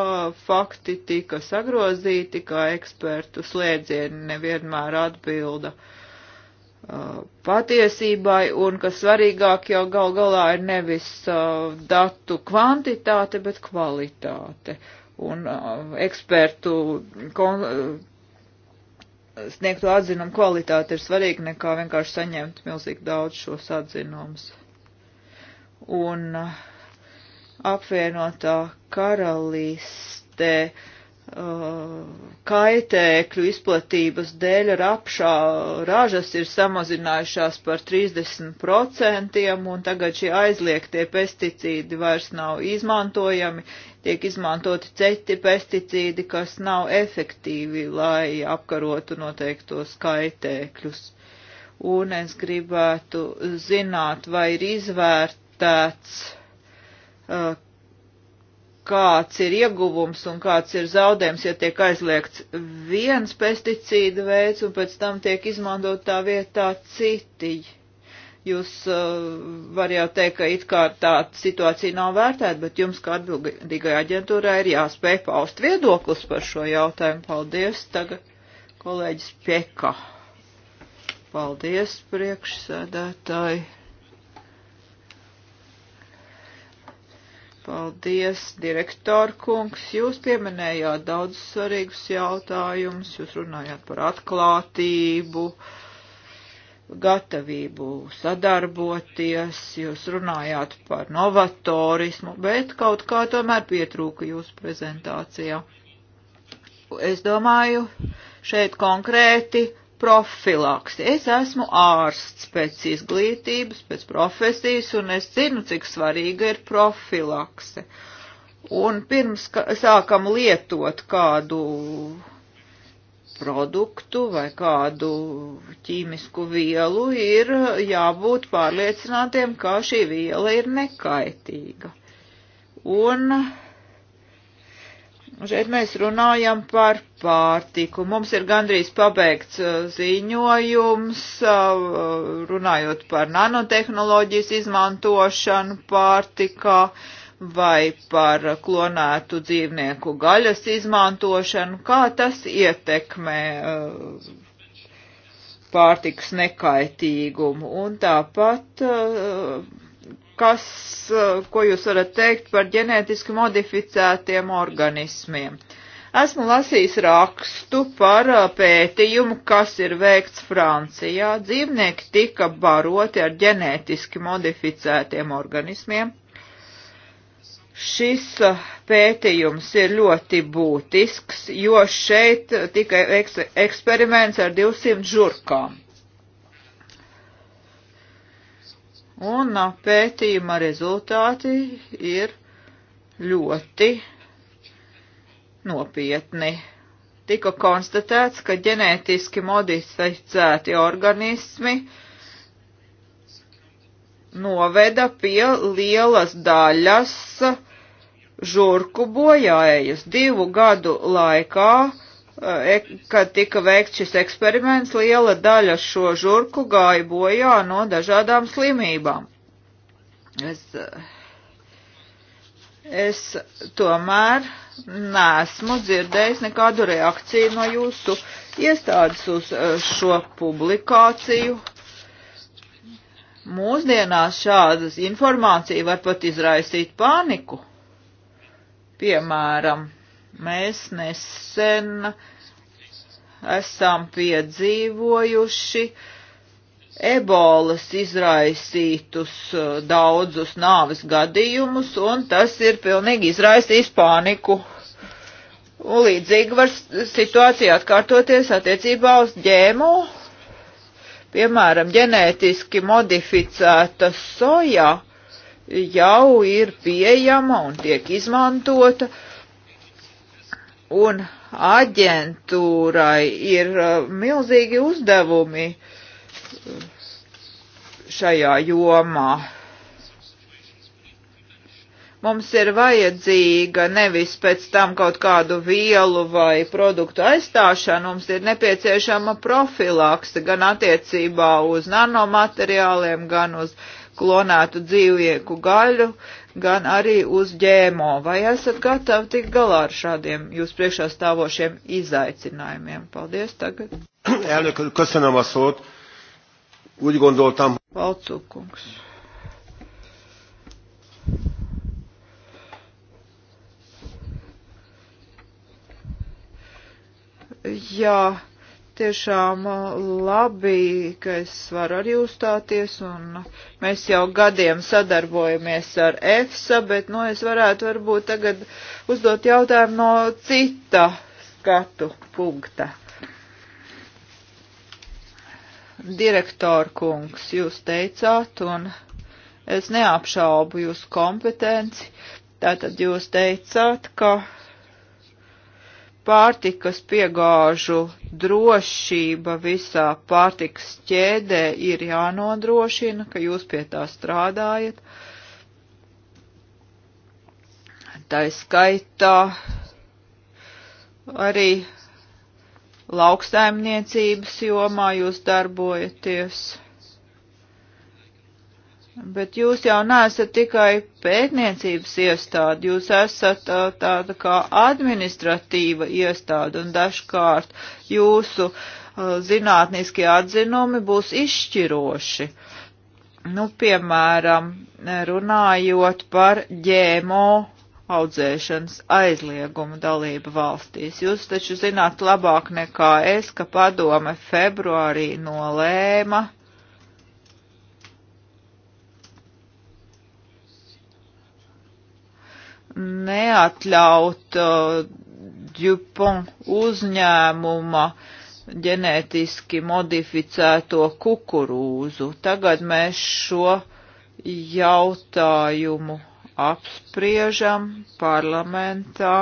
B: fakti tika sagrozīti, ka ekspertu slēdzieni nevienmēr atbilda uh, patiesībai, un, kas svarīgāk, jau gal galā ir nevis uh, datu kvantitāte, bet kvalitāte. Un uh, ekspertu kon sniegto atzinumu kvalitāte ir svarīga nekā vienkārši saņemt milzīgi daudz šos atzinumus. Un uh, apvienotā karalistē Uh, kaitēkļu izplatības dēļ rapšā ražas ir samazinājušās par 30% un tagad šie aizliegtie pesticīdi vairs nav izmantojami, tiek izmantoti citi pesticīdi, kas nav efektīvi, lai apkarotu noteiktos kaitēkļus. Un es gribētu zināt, vai ir izvērtēts, uh, kāds ir ieguvums un kāds ir zaudējums, ja tiek aizliegts viens pesticīdu veids un pēc tam tiek izmantot tā vietā citi. Jūs uh, var jau teikt, ka it kā tā situācija nav vērtēta, bet jums kā atbildīgai aģentūrai ir jāspēj paust viedoklis par šo jautājumu. Paldies, tagad kolēģis Pieka. Paldies, priekšsēdētāji. Paldies, direktor kungs. Jūs pieminējāt daudz svarīgus jautājumus, jūs runājāt par atklātību, gatavību sadarboties, jūs runājāt par novatorismu, bet kaut kā tomēr pietrūka jūsu prezentācijā. Es domāju, šeit konkrēti profilaksi. Es esmu ārsts pēc izglītības, pēc profesijas, un es zinu, cik svarīga ir profilakse. Un pirms sākam lietot kādu produktu vai kādu ķīmisku vielu, ir jābūt pārliecinātiem, ka šī viela ir nekaitīga. Un uh, Šeit mēs runājam par pārtiku. Mums ir gandrīz pabeigts uh, ziņojums, uh, runājot par nanotehnoloģijas izmantošanu pārtikā vai par klonētu dzīvnieku gaļas izmantošanu. Kā tas ietekmē uh, pārtikas nekaitīgumu? Un tāpat kas, eh, ko jūs varat teikt par ģenētiski modificētiem organismiem. Esmu lasījis rakstu par eh, pētījumu, kas ir veikts Francijā. Dzīvnieki tika baroti ar ģenētiski modificētiem organismiem. Šis eh, pētījums ir ļoti būtisks, jo šeit tika eksperiments ar 200 žurkām Un uh, pētījuma rezultāti ir ļoti nopietni. Tika konstatēts, ka ģenētiski modificēti organismi noveda pie lielas daļas žurku bojāējas. Divu gadu laikā Eh, e, kad tika veikts šis eksperiments, liela daļa šo žurku gāja bojā no dažādām slimībām. Es, es tomēr nesmu dzirdējis nekādu reakciju no jūsu iestādes uz eh, šo publikāciju. Mūsdienās šādas informācija var pat izraisīt paniku. Piemēram, Mēs nesen esam piedzīvojuši ebolas izraisītus uh, daudzus nāves gadījumus, un tas ir pilnīgi izraisījis paniku Un līdzīgi var situācija atkārtoties attiecībā uz ģēmo, piemēram, ģenētiski modificēta soja jau ir pieejama un tiek izmantota, un aģentūrai ir uh, milzīgi uzdevumi šajā jomā. Mums ir vajadzīga nevis pēc tam kaut kādu vielu vai produktu aizstāšanu, mums ir nepieciešama profilakse gan attiecībā uz nanomateriāliem, gan uz klonētu dzīvnieku gaļu, uh, gan arī uz ģēmo. Vai esat gatavi tikt galā ar šādiem jūs priekšā stāvošiem izaicinājumiem? Paldies tagad. Elnök úr, köszönöm a szót. Úgy gondoltam. Valcukungs. Jā. Ja tiešām uh, labi, ka es varu arī uzstāties, un mēs jau gadiem sadarbojamies ar EFSA, bet, nu, es varētu varbūt tagad uzdot jautājumu no cita skatu punkta. Direktor kungs, jūs teicāt, un es neapšaubu jūsu kompetenci, tātad jūs teicāt, ka pārtikas piegāžu drošība visā pārtikas ķēdē ir jānodrošina, ka jūs pie tā strādājat. Tā skaitā arī lauksaimniecības jomā jūs darbojaties. Bet jūs jau neesat tikai pētniecības iestāde, jūs esat tāda kā administratīva iestāde un dažkārt jūsu zinātniskie atzinumi būs izšķiroši. Nu, piemēram, runājot par ģēmo audzēšanas aizliegumu dalību valstīs. Jūs taču zināt labāk nekā es, ka padome februārī nolēma neatļaut uh, Dupont uzņēmuma ģenētiski modificēto kukurūzu. Tagad mēs šo jautājumu apspriežam parlamentā.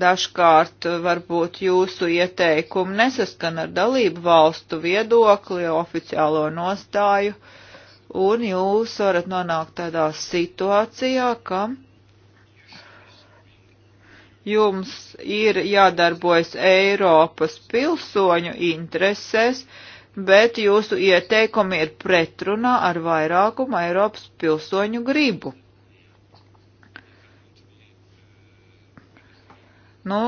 B: Dažkārt varbūt jūsu ieteikumi nesaskan ar dalību valstu viedokli, oficiālo nostāju. Uh, un jūs varat nonākt tādā situācijā, ka jums ir jādarbojas Eiropas pilsoņu interesēs, bet jūsu ieteikumi ir pretrunā ar vairākumu Eiropas pilsoņu gribu. Nu,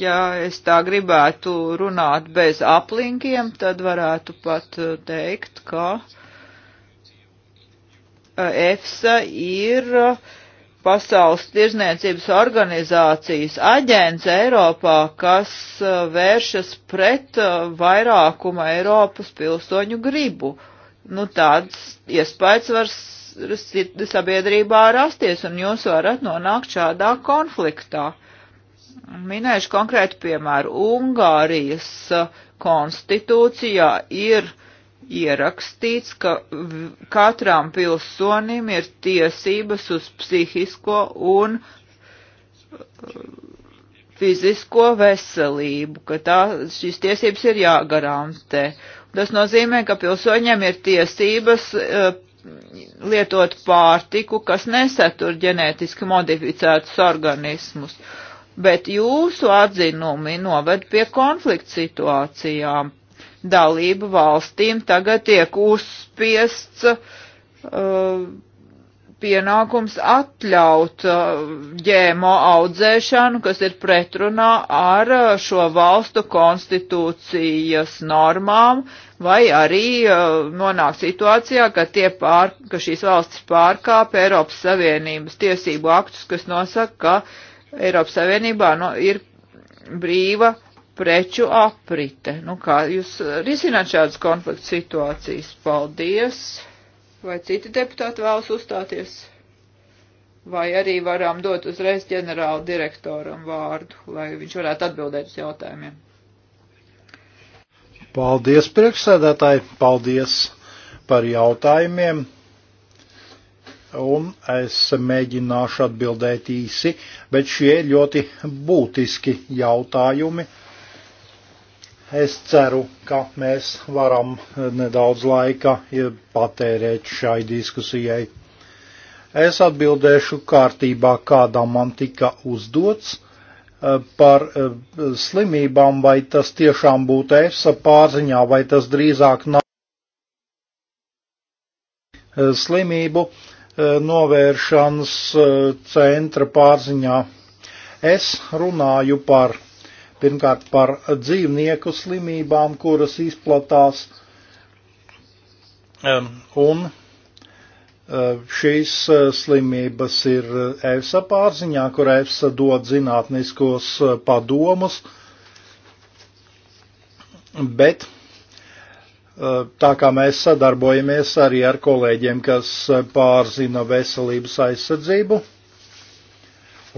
B: ja es tā gribētu runāt bez aplinkiem, tad varētu pat teikt, ka uh, EFSA ir uh, Pasaules tirzniecības organizācijas aģents Eiropā, kas uh, vēršas pret uh, vairākuma Eiropas pilsoņu gribu. Nu, tāds iespējas var sabiedrībā rasties, un jūs varat nonākt šādā konfliktā. Minēšu konkrētu piemēru. Ungārijas konstitūcijā ir ierakstīts, ka katram pilsonim ir tiesības uz psihisko un uh, fizisko veselību, ka tā, šīs tiesības ir jāgarantē. Tas nozīmē, ka pilsoņiem ir tiesības uh, lietot pārtiku, kas nesatur ģenētiski modificētus organismus. Bet jūsu atzinumi noved pie konflikts situācijām dalību valstīm tagad tiek uzspiests uh, pienākums atļaut uh, ģēmo audzēšanu, kas ir pretrunā ar uh, šo valstu konstitūcijas normām, vai arī uh, nonāk situācijā, ka, pār, ka šīs valstis pārkāpa Eiropas Savienības tiesību aktus, kas nosaka, ka Eiropas Savienībā no, nu, ir brīva uh, preču aprite. Nu kā jūs risināt šādas konflikta situācijas? Paldies! Vai citi deputāti vēlas uzstāties? Vai arī varam dot uzreiz ģenerāla direktoram vārdu, lai viņš varētu atbildēt uz jautājumiem?
A: Paldies, priekšsēdētāji! Paldies par jautājumiem! Un es mēģināšu atbildēt īsi, bet šie ļoti būtiski jautājumi. Es ceru, ka mēs varam nedaudz laika patērēt šai diskusijai. Es atbildēšu kārtībā, kādā man tika uzdots eh, par eh, slimībām, vai tas tiešām būtu EFSA pārziņā, vai tas drīzāk nav eh, slimību novēršanas centra pārziņā. Es runāju par Pirmkārt par dzīvnieku slimībām, kuras izplatās. Un e, šīs e, slimības ir e, EFSA pārziņā, kur EFSA dod zinātniskos padomus, bet tā kā mēs sadarbojamies arī ar kolēģiem, kas pārzina veselības aizsardzību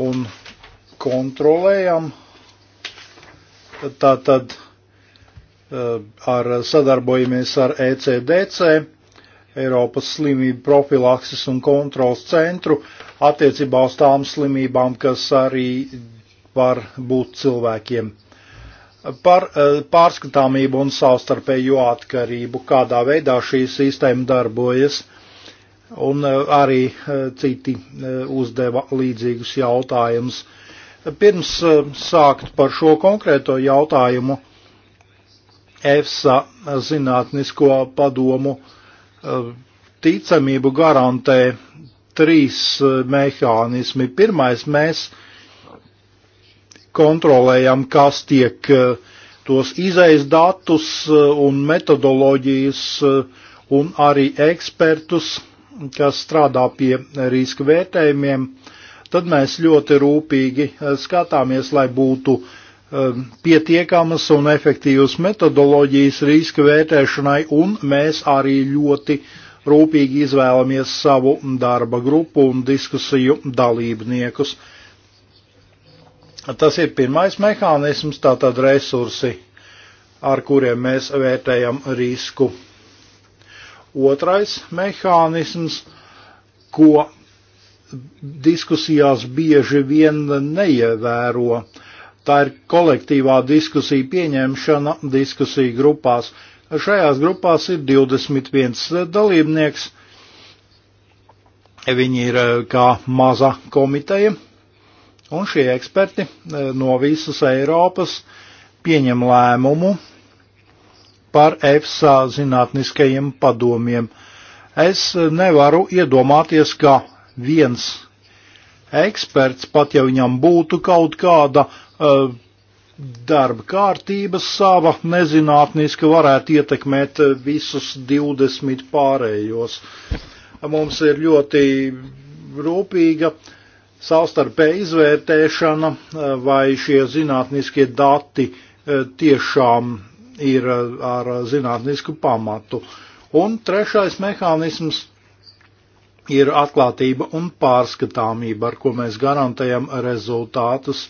A: un kontrolējam Tā tad eh, ar, sadarbojamies ar ECDC, Eiropas slimību profilakses un kontrols centru, attiecībā uz tām slimībām, kas arī var būt cilvēkiem. Par eh, pārskatāmību un savstarpējo atkarību, kādā veidā šī sistēma darbojas, un eh, arī citi uzdeva līdzīgus jautājumus Pirms eh, sākt par šo konkrēto jautājumu, EFSA zinātnisko padomu eh, ticamību garantē trīs eh, mehānismi. Pirmais, mēs kontrolējam, kas tiek tos izejas datus un metodoloģijas un arī ekspertus, kas strādā pie riska vērtējumiem tad mēs ļoti rūpīgi eh, skatāmies, lai būtu eh, pietiekamas un efektīvas metodoloģijas riska vērtēšanai, un mēs arī ļoti rūpīgi izvēlamies savu darba grupu un diskusiju dalībniekus. Tas ir pirmais mehānisms, tātad resursi, ar kuriem mēs vērtējam risku. Otrais mehānisms, ko diskusijās bieži vien neievēro. Tā ir kolektīvā diskusija pieņemšana diskusiju grupās. Šajās grupās ir 21 dalībnieks. Viņi ir eh, kā maza komiteja, un šie eksperti eh, no visas Eiropas pieņem lēmumu par EFSA zinātniskajiem padomiem. Es nevaru iedomāties, ka viens eksperts, pat ja viņam būtu kaut kāda uh, darba kārtība sava nezinātniska, varētu ietekmēt eh, visus 20 pārējos. Mums ir ļoti rūpīga savstarpēja izvērtēšana, eh, vai šie zinātniskie dati tiešām ir ar zinātnisku pamatu. Un trešais mehānisms ir atklātība un pārskatāmība, ar ko mēs garantējam rezultātus.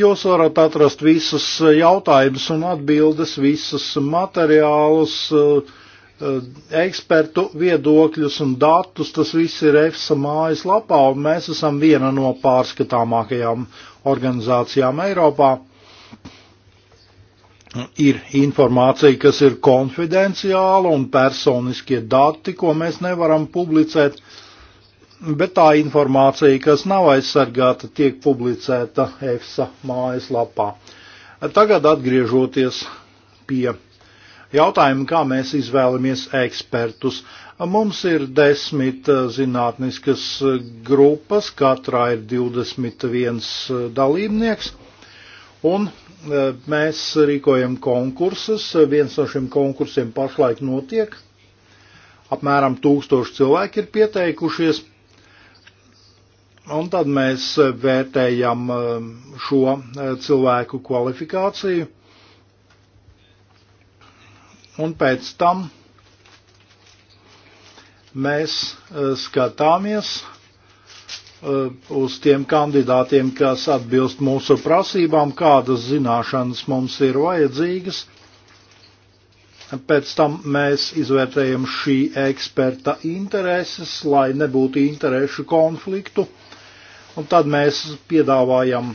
A: Jūs varat atrast visus jautājumus un atbildes, visus materiālus, eh, ekspertu viedokļus un datus. Tas viss ir EFSA mājas lapā, un mēs esam viena no pārskatāmākajām organizācijām Eiropā ir informācija, kas ir konfidenciāla un personiskie dati, ko mēs nevaram publicēt, bet tā informācija, kas nav aizsargāta, tiek publicēta EFSA mājaslapā. Tagad atgriežoties pie jautājuma, kā mēs izvēlamies ekspertus. Mums ir desmit zinātniskas grupas, katrā ir 21 dalībnieks, un Eh, mēs rīkojam konkursus. Eh, viens no šiem konkursiem pašlaik notiek. Apmēram tūkstoši cilvēki ir pieteikušies. Un tad mēs eh, vērtējam šo cilvēku kvalifikāciju. Un pēc tam mēs skatāmies, Uh, uz tiem kandidātiem, kas atbilst mūsu prasībām, kādas zināšanas mums ir vajadzīgas. Pēc tam mēs izvērtējam šī eksperta intereses, lai nebūtu interešu konfliktu. Un tad mēs piedāvājam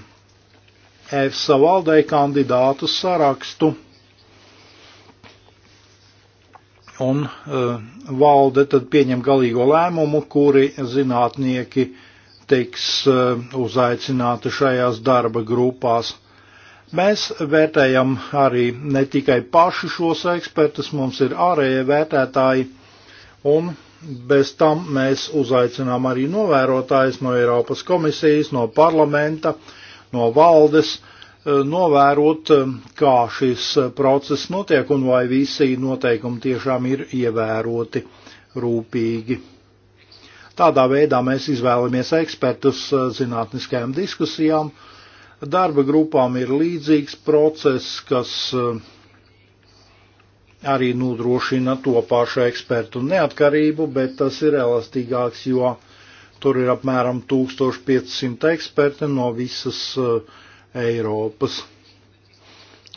A: EFSA valdei kandidātu sarakstu. Un uh, valde tad pieņem galīgo lēmumu, kuri zinātnieki uh, tiks e, uzaicināti šajās darba grupās. Mēs vērtējam arī ne tikai paši šos ekspertus, mums ir ārējie vērtētāji, un bez tam mēs uzaicinām arī novērotājus no Eiropas komisijas, no parlamenta, no valdes, e, novērot, e, kā šis process notiek un vai visi noteikumi tiešām ir ievēroti rūpīgi. Tādā veidā mēs izvēlamies ekspertus eh, zinātniskajām diskusijām. Darba grupām ir līdzīgs process, kas eh, arī nodrošina to pašu ekspertu neatkarību, bet tas ir elastīgāks, jo tur ir apmēram 1500 eksperti no visas eh, Eiropas.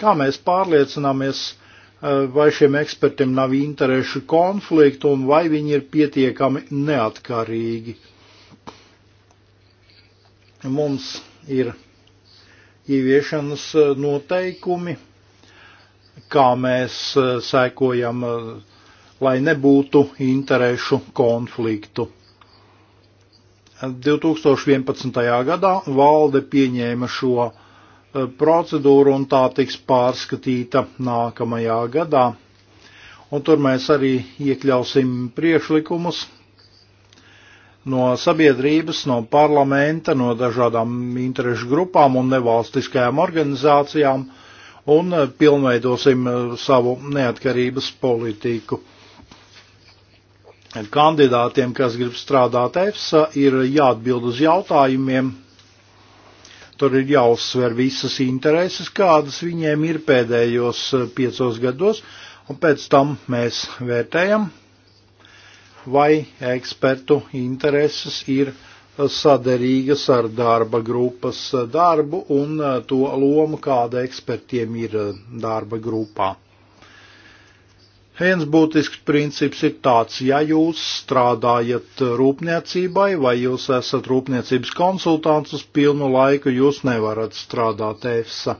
A: Kā mēs pārliecināmies, Eh, vai šiem ekspertiem nav interešu konfliktu un vai viņi ir pietiekami neatkarīgi. Mums ir ieviešanas eh, noteikumi, kā mēs eh, sekojam, lai nebūtu interešu konfliktu. 2011. gadā valde pieņēma šo Eh, procedūra un tā tiks pārskatīta nākamajā gadā. Un tur mēs arī iekļausim priekšlikumus no sabiedrības, no parlamenta, no dažādām interešu grupām un nevalstiskajām organizācijām un eh, pilnveidosim eh, savu neatkarības politiku. Kandidātiem, kas grib strādāt EFSA, ir jāatbild uz jautājumiem, Tur ir jāuzsver visas intereses, kādas viņiem ir pēdējos eh, piecos gados, un pēc tam mēs vērtējam, vai ekspertu intereses ir eh, saderīgas ar darba grupas eh, darbu un to lomu, kāda ekspertiem ir darba grupā. Viens būtisks princips ir tāds, ja jūs strādājat rūpniecībai vai jūs esat rūpniecības konsultants uz pilnu laiku, jūs nevarat strādāt EFSA.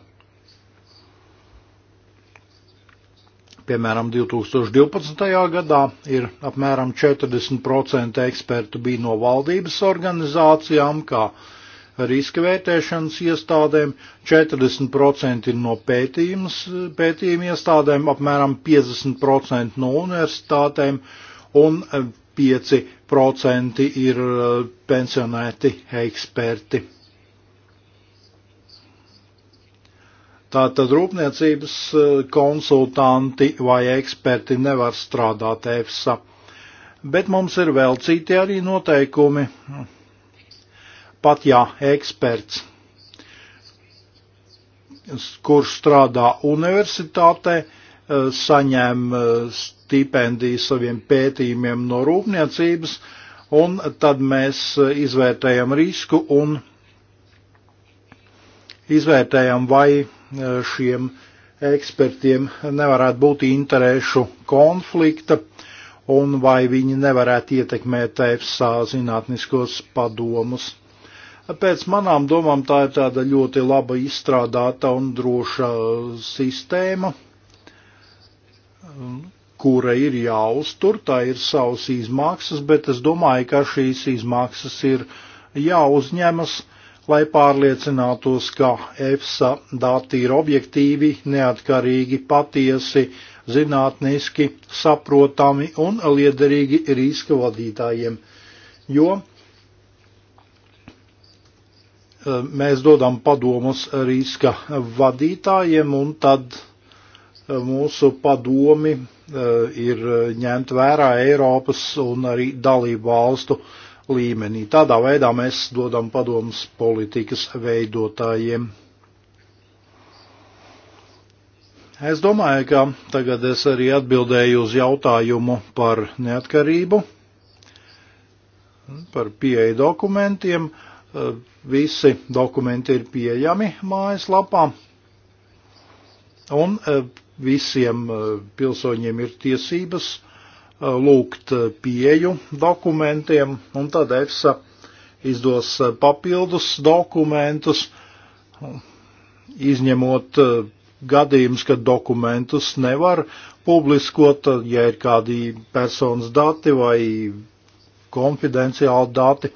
A: Piemēram, 2012. gadā ir apmēram 40% ekspertu bija no valdības organizācijām, kā riska vērtēšanas iestādēm, 40% ir no pētījuma iestādēm, apmēram 50% no universitātēm un 5% ir eh, pensionēti eksperti. Tātad rūpniecības eh, konsultanti vai eksperti nevar strādāt EFSA. Bet mums ir vēl citi arī noteikumi pat ja eksperts, kurš strādā universitātē, eh, saņem eh, stipendiju saviem pētījumiem no rūpniecības, un tad mēs eh, izvērtējam risku un izvērtējam, vai šiem ekspertiem nevarētu būt interešu konflikta un vai viņi nevarētu ietekmēt EFSA zinātniskos padomus. Pēc manām domām tā ir tāda ļoti laba izstrādāta un droša sistēma, um, kura ir jāuztur, tā ir savas izmaksas, bet es domāju, ka šīs izmaksas ir jāuzņemas, lai pārliecinātos, ka EFSA dati ir objektīvi, neatkarīgi, patiesi, zinātniski, saprotami un liederīgi riska vadītājiem. Jo mēs dodam padomus riska vadītājiem, un tad eh, mūsu padomi eh, ir ņemt vērā Eiropas un arī dalību valstu līmenī. Tādā veidā mēs dodam padomus politikas veidotājiem. Es domāju, ka tagad es arī atbildēju uz jautājumu par neatkarību, par pieeja dokumentiem. Uh, Eh, visi dokumenti ir pieejami mājaslapā. Un eh, visiem eh, pilsoņiem ir tiesības lūgt pieju dokumentiem, un tad EFSA izdos papildus dokumentus, izņemot gadījums, kad dokumentus nevar publiskot, ja ir kādi personas dati vai konfidenciāli dati.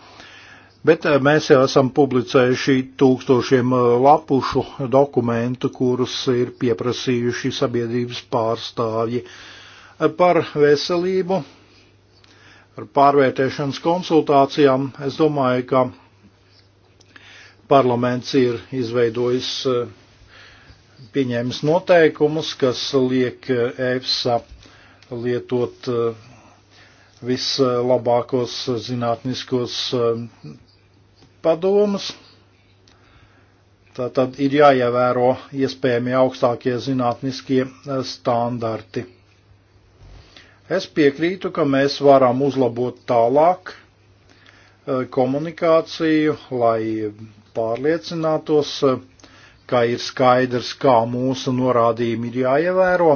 A: Bet eh, mēs jau esam publicējuši tūkstošiem eh, lapušu dokumentu, kurus ir pieprasījuši sabiedrības pārstāvji eh, par veselību, par pārvērtēšanas konsultācijām. Es domāju, ka parlaments ir izveidojis pieņēmis noteikumus, kas liek EFSA lietot vislabākos zinātniskos padomus. Tātad ir jāievēro iespējami augstākie zinātniskie e, standarti. Es piekrītu, ka mēs varam uzlabot tālāk e, komunikāciju, lai pārliecinātos, e, ka ir skaidrs, kā mūsu norādījumi ir jāievēro.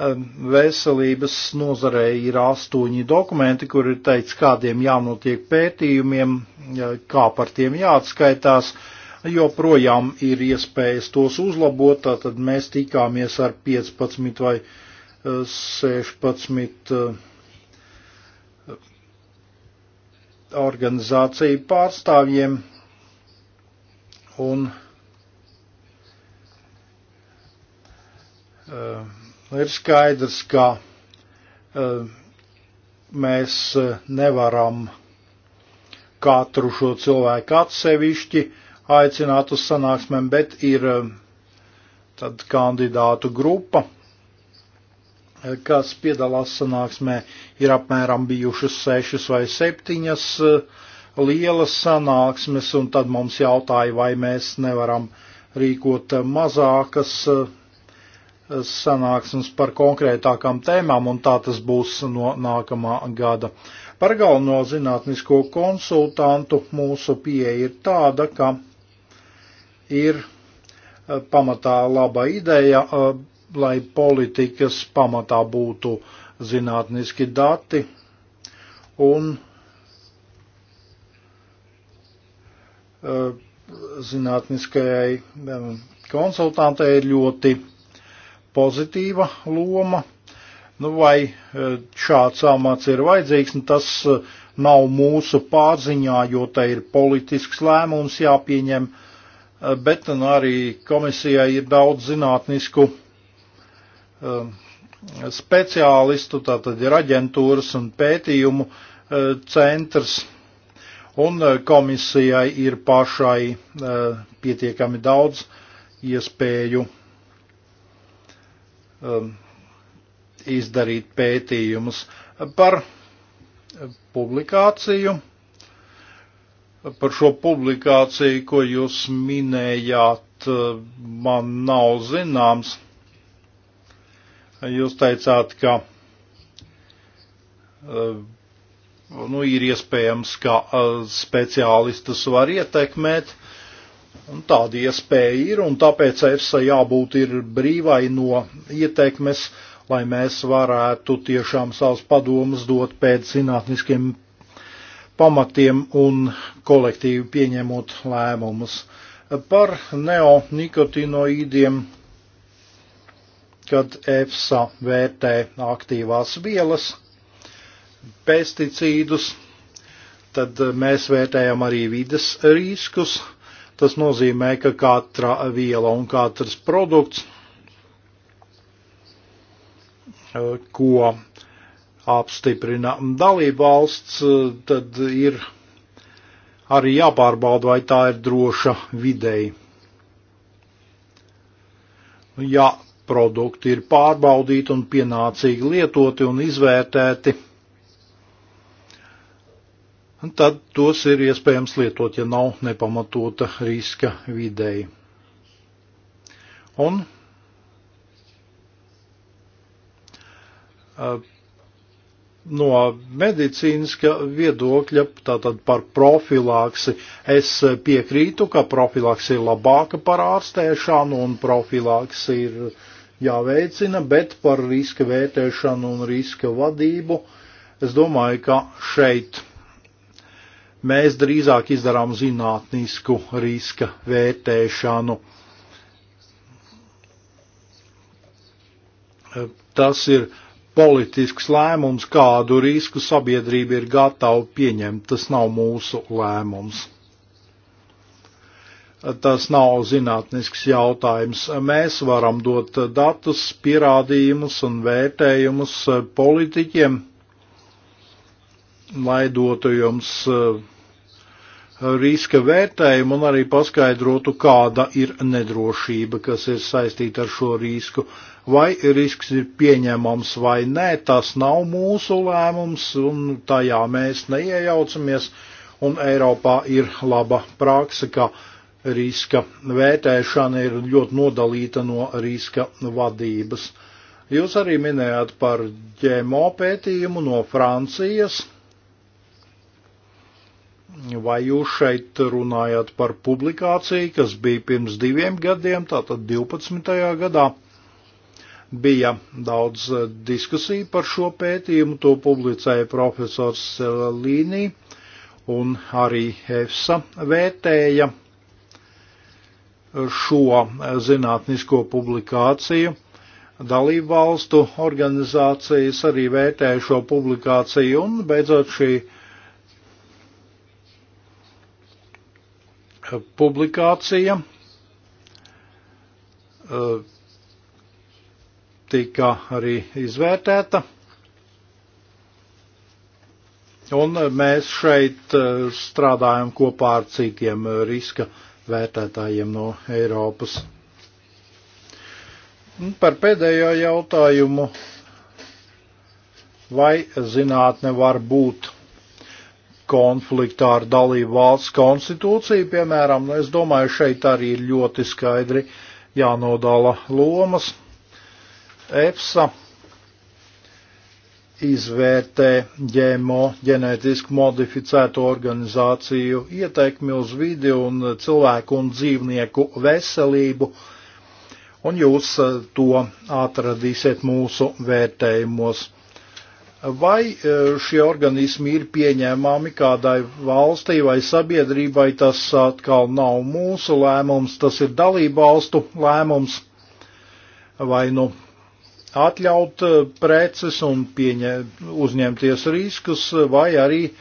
A: Um, veselības nozarē ir astoņi dokumenti, kur ir teikts, kādiem jānotiek pētījumiem, kā par tiem jāatskaitās, jo projām ir iespējas tos uzlabot, tātad mēs tikāmies ar 15 vai 16 uh, uh, organizāciju pārstāvjiem un uh, Ir skaidrs, ka e, mēs e, nevaram katru šo cilvēku atsevišķi aicināt uz sanāksmēm, bet ir e, tad kandidātu grupa, kas piedalās sanāksmē, ir apmēram bijušas sešas vai septiņas lielas sanāksmes, un tad mums jautāja, vai mēs nevaram rīkot mazākas sanāksmes par konkrētākām tēmām, un tā tas būs no nākamā gada. Par galveno zinātnisko konsultantu mūsu pieeja ir tāda, ka ir eh, pamatā laba ideja, eh, lai politikas pamatā būtu zinātniski dati un eh, zinātniskajai konsultantei ir ļoti pozitīva loma. Nu, vai e, šāds amats ir vajadzīgs, nu, tas e, nav mūsu pārziņā, jo te ir politisks lēmums jāpieņem, e, bet nu, arī komisijai ir daudz zinātnisku um, speciālistu, tātad ir aģentūras un pētījumu uh, centrs, un komisijai ir pašai uh, pietiekami daudz iespēju Um, izdarīt pētījumus par publikāciju, par šo publikāciju, ko jūs minējāt, man nav zināms. Jūs teicāt, ka uh, nu, ir iespējams, ka uh, speciālistus var ietekmēt Un tāda iespēja ir, un tāpēc EFSA jābūt ir brīvai no ietekmes, lai mēs varētu tiešām savus padomus dot pēc zinātniskiem pamatiem un kolektīvi pieņemot lēmumus. Par neonikotinoīdiem, kad EFSA vērtē aktīvās vielas, pesticīdus, tad mēs vērtējam arī vides riskus Tas nozīmē, ka katra viela un katrs produkts, eh, ko apstiprina dalībvalsts, eh, tad ir arī jāpārbauda, vai tā ir droša videi. Ja produkti ir pārbaudīti un pienācīgi lietoti un izvērtēti, tad tos ir iespējams lietot, ja nav nepamatota riska videi. Un no medicīniska viedokļa, tātad par profilaksi, es piekrītu, ka profilaksi ir labāka par ārstēšanu un profilaksi ir jāveicina, bet par riska vērtēšanu un riska vadību es domāju, ka šeit mēs drīzāk izdarām zinātnisku riska vērtēšanu. Tas ir politisks lēmums, kādu risku sabiedrība ir gatava pieņemt. Tas nav mūsu lēmums. Tas nav zinātnisks jautājums. Mēs varam dot datus, pierādījumus un vērtējumus politiķiem, lai dotu jums uh, riska vērtējumu un arī paskaidrotu, kāda ir nedrošība, kas ir saistīta ar šo risku. Vai risks ir pieņemams vai nē, tas nav mūsu lēmums un tajā mēs neiejaucamies. Un Eiropā ir laba praksa, ka riska vērtēšana ir ļoti nodalīta no riska vadības. Jūs arī minējāt par ģēmo pētījumu no Francijas vai jūs šeit runājat par publikāciju, kas bija pirms diviem gadiem, tātad 12. gadā. Bija daudz eh, diskusiju par šo pētījumu, to publicēja profesors eh, Līnī un arī EFSA vērtēja eh, šo zinātnisko publikāciju. Dalībvalstu organizācijas arī vērtēja šo publikāciju un beidzot šī publikācija e, tika arī izvērtēta. Un mēs šeit e, strādājam kopā ar citiem riska vērtētājiem no Eiropas. Un par pēdējo jautājumu. Vai zinātne var būt konfliktā ar dalību valsts konstitūciju, piemēram, nu, es domāju, šeit arī ir ļoti skaidri jānodala lomas. EFSA izvērtē ģēmo ģenētiski modificēto organizāciju ieteikmi uz vidi un cilvēku un dzīvnieku veselību, un jūs to atradīsiet mūsu vērtējumos. Vai e, šie organismi ir pieņēmami kādai valstī vai sabiedrībai, tas atkal nav mūsu lēmums, tas ir dalību valstu lēmums. Vai nu atļaut e, preces un pieņē, uzņemties riskus, vai arī e,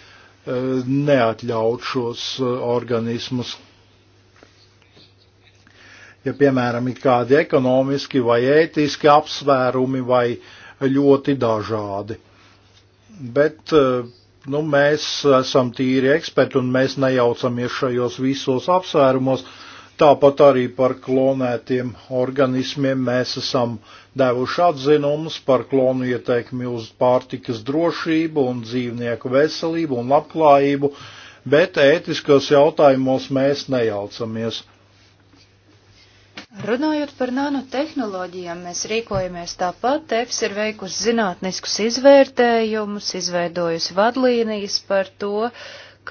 A: neatļaut šos organismus. Ja, piemēram, ir kādi ekonomiski vai ētiski apsvērumi vai ļoti dažādi bet eh, nu, mēs esam tīri eksperti un mēs nejaucamies šajos visos apsvērumos. Tāpat arī par klonētiem organismiem mēs esam devuši atzinumus par klonu ieteikmi uz pārtikas drošību un dzīvnieku veselību un labklājību, bet ētiskos jautājumos mēs nejaucamies.
C: Runājot par nanotehnoloģijām, mēs rīkojamies tāpat. EFS ir veikusi zinātniskus izvērtējumus, izveidojusi vadlīnijas par to,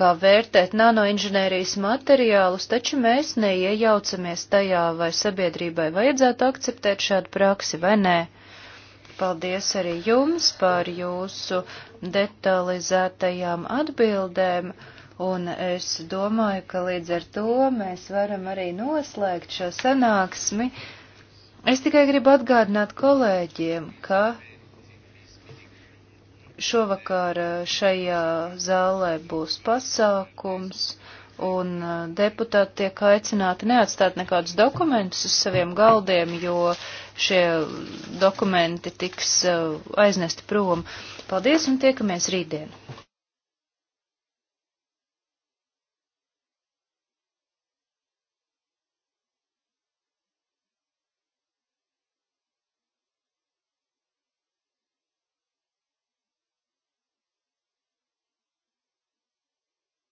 C: kā vērtēt nanoinženērijas materiālus, taču mēs neiejaucamies tajā, vai sabiedrībai vajadzētu akceptēt šādu praksi vai nē. Paldies arī jums par jūsu detalizētajām atbildēm. Un es domāju, ka līdz ar to mēs varam arī noslēgt šo sanāksmi. Es tikai gribu atgādināt kolēģiem, ka šovakar uh, šajā zālē būs pasākums, un uh, deputāti tiek aicināti neatstāt nekādus dokumentus uz saviem galdiem, jo šie dokumenti tiks uh, aiznesti prom. Paldies un tiekamies rītdien!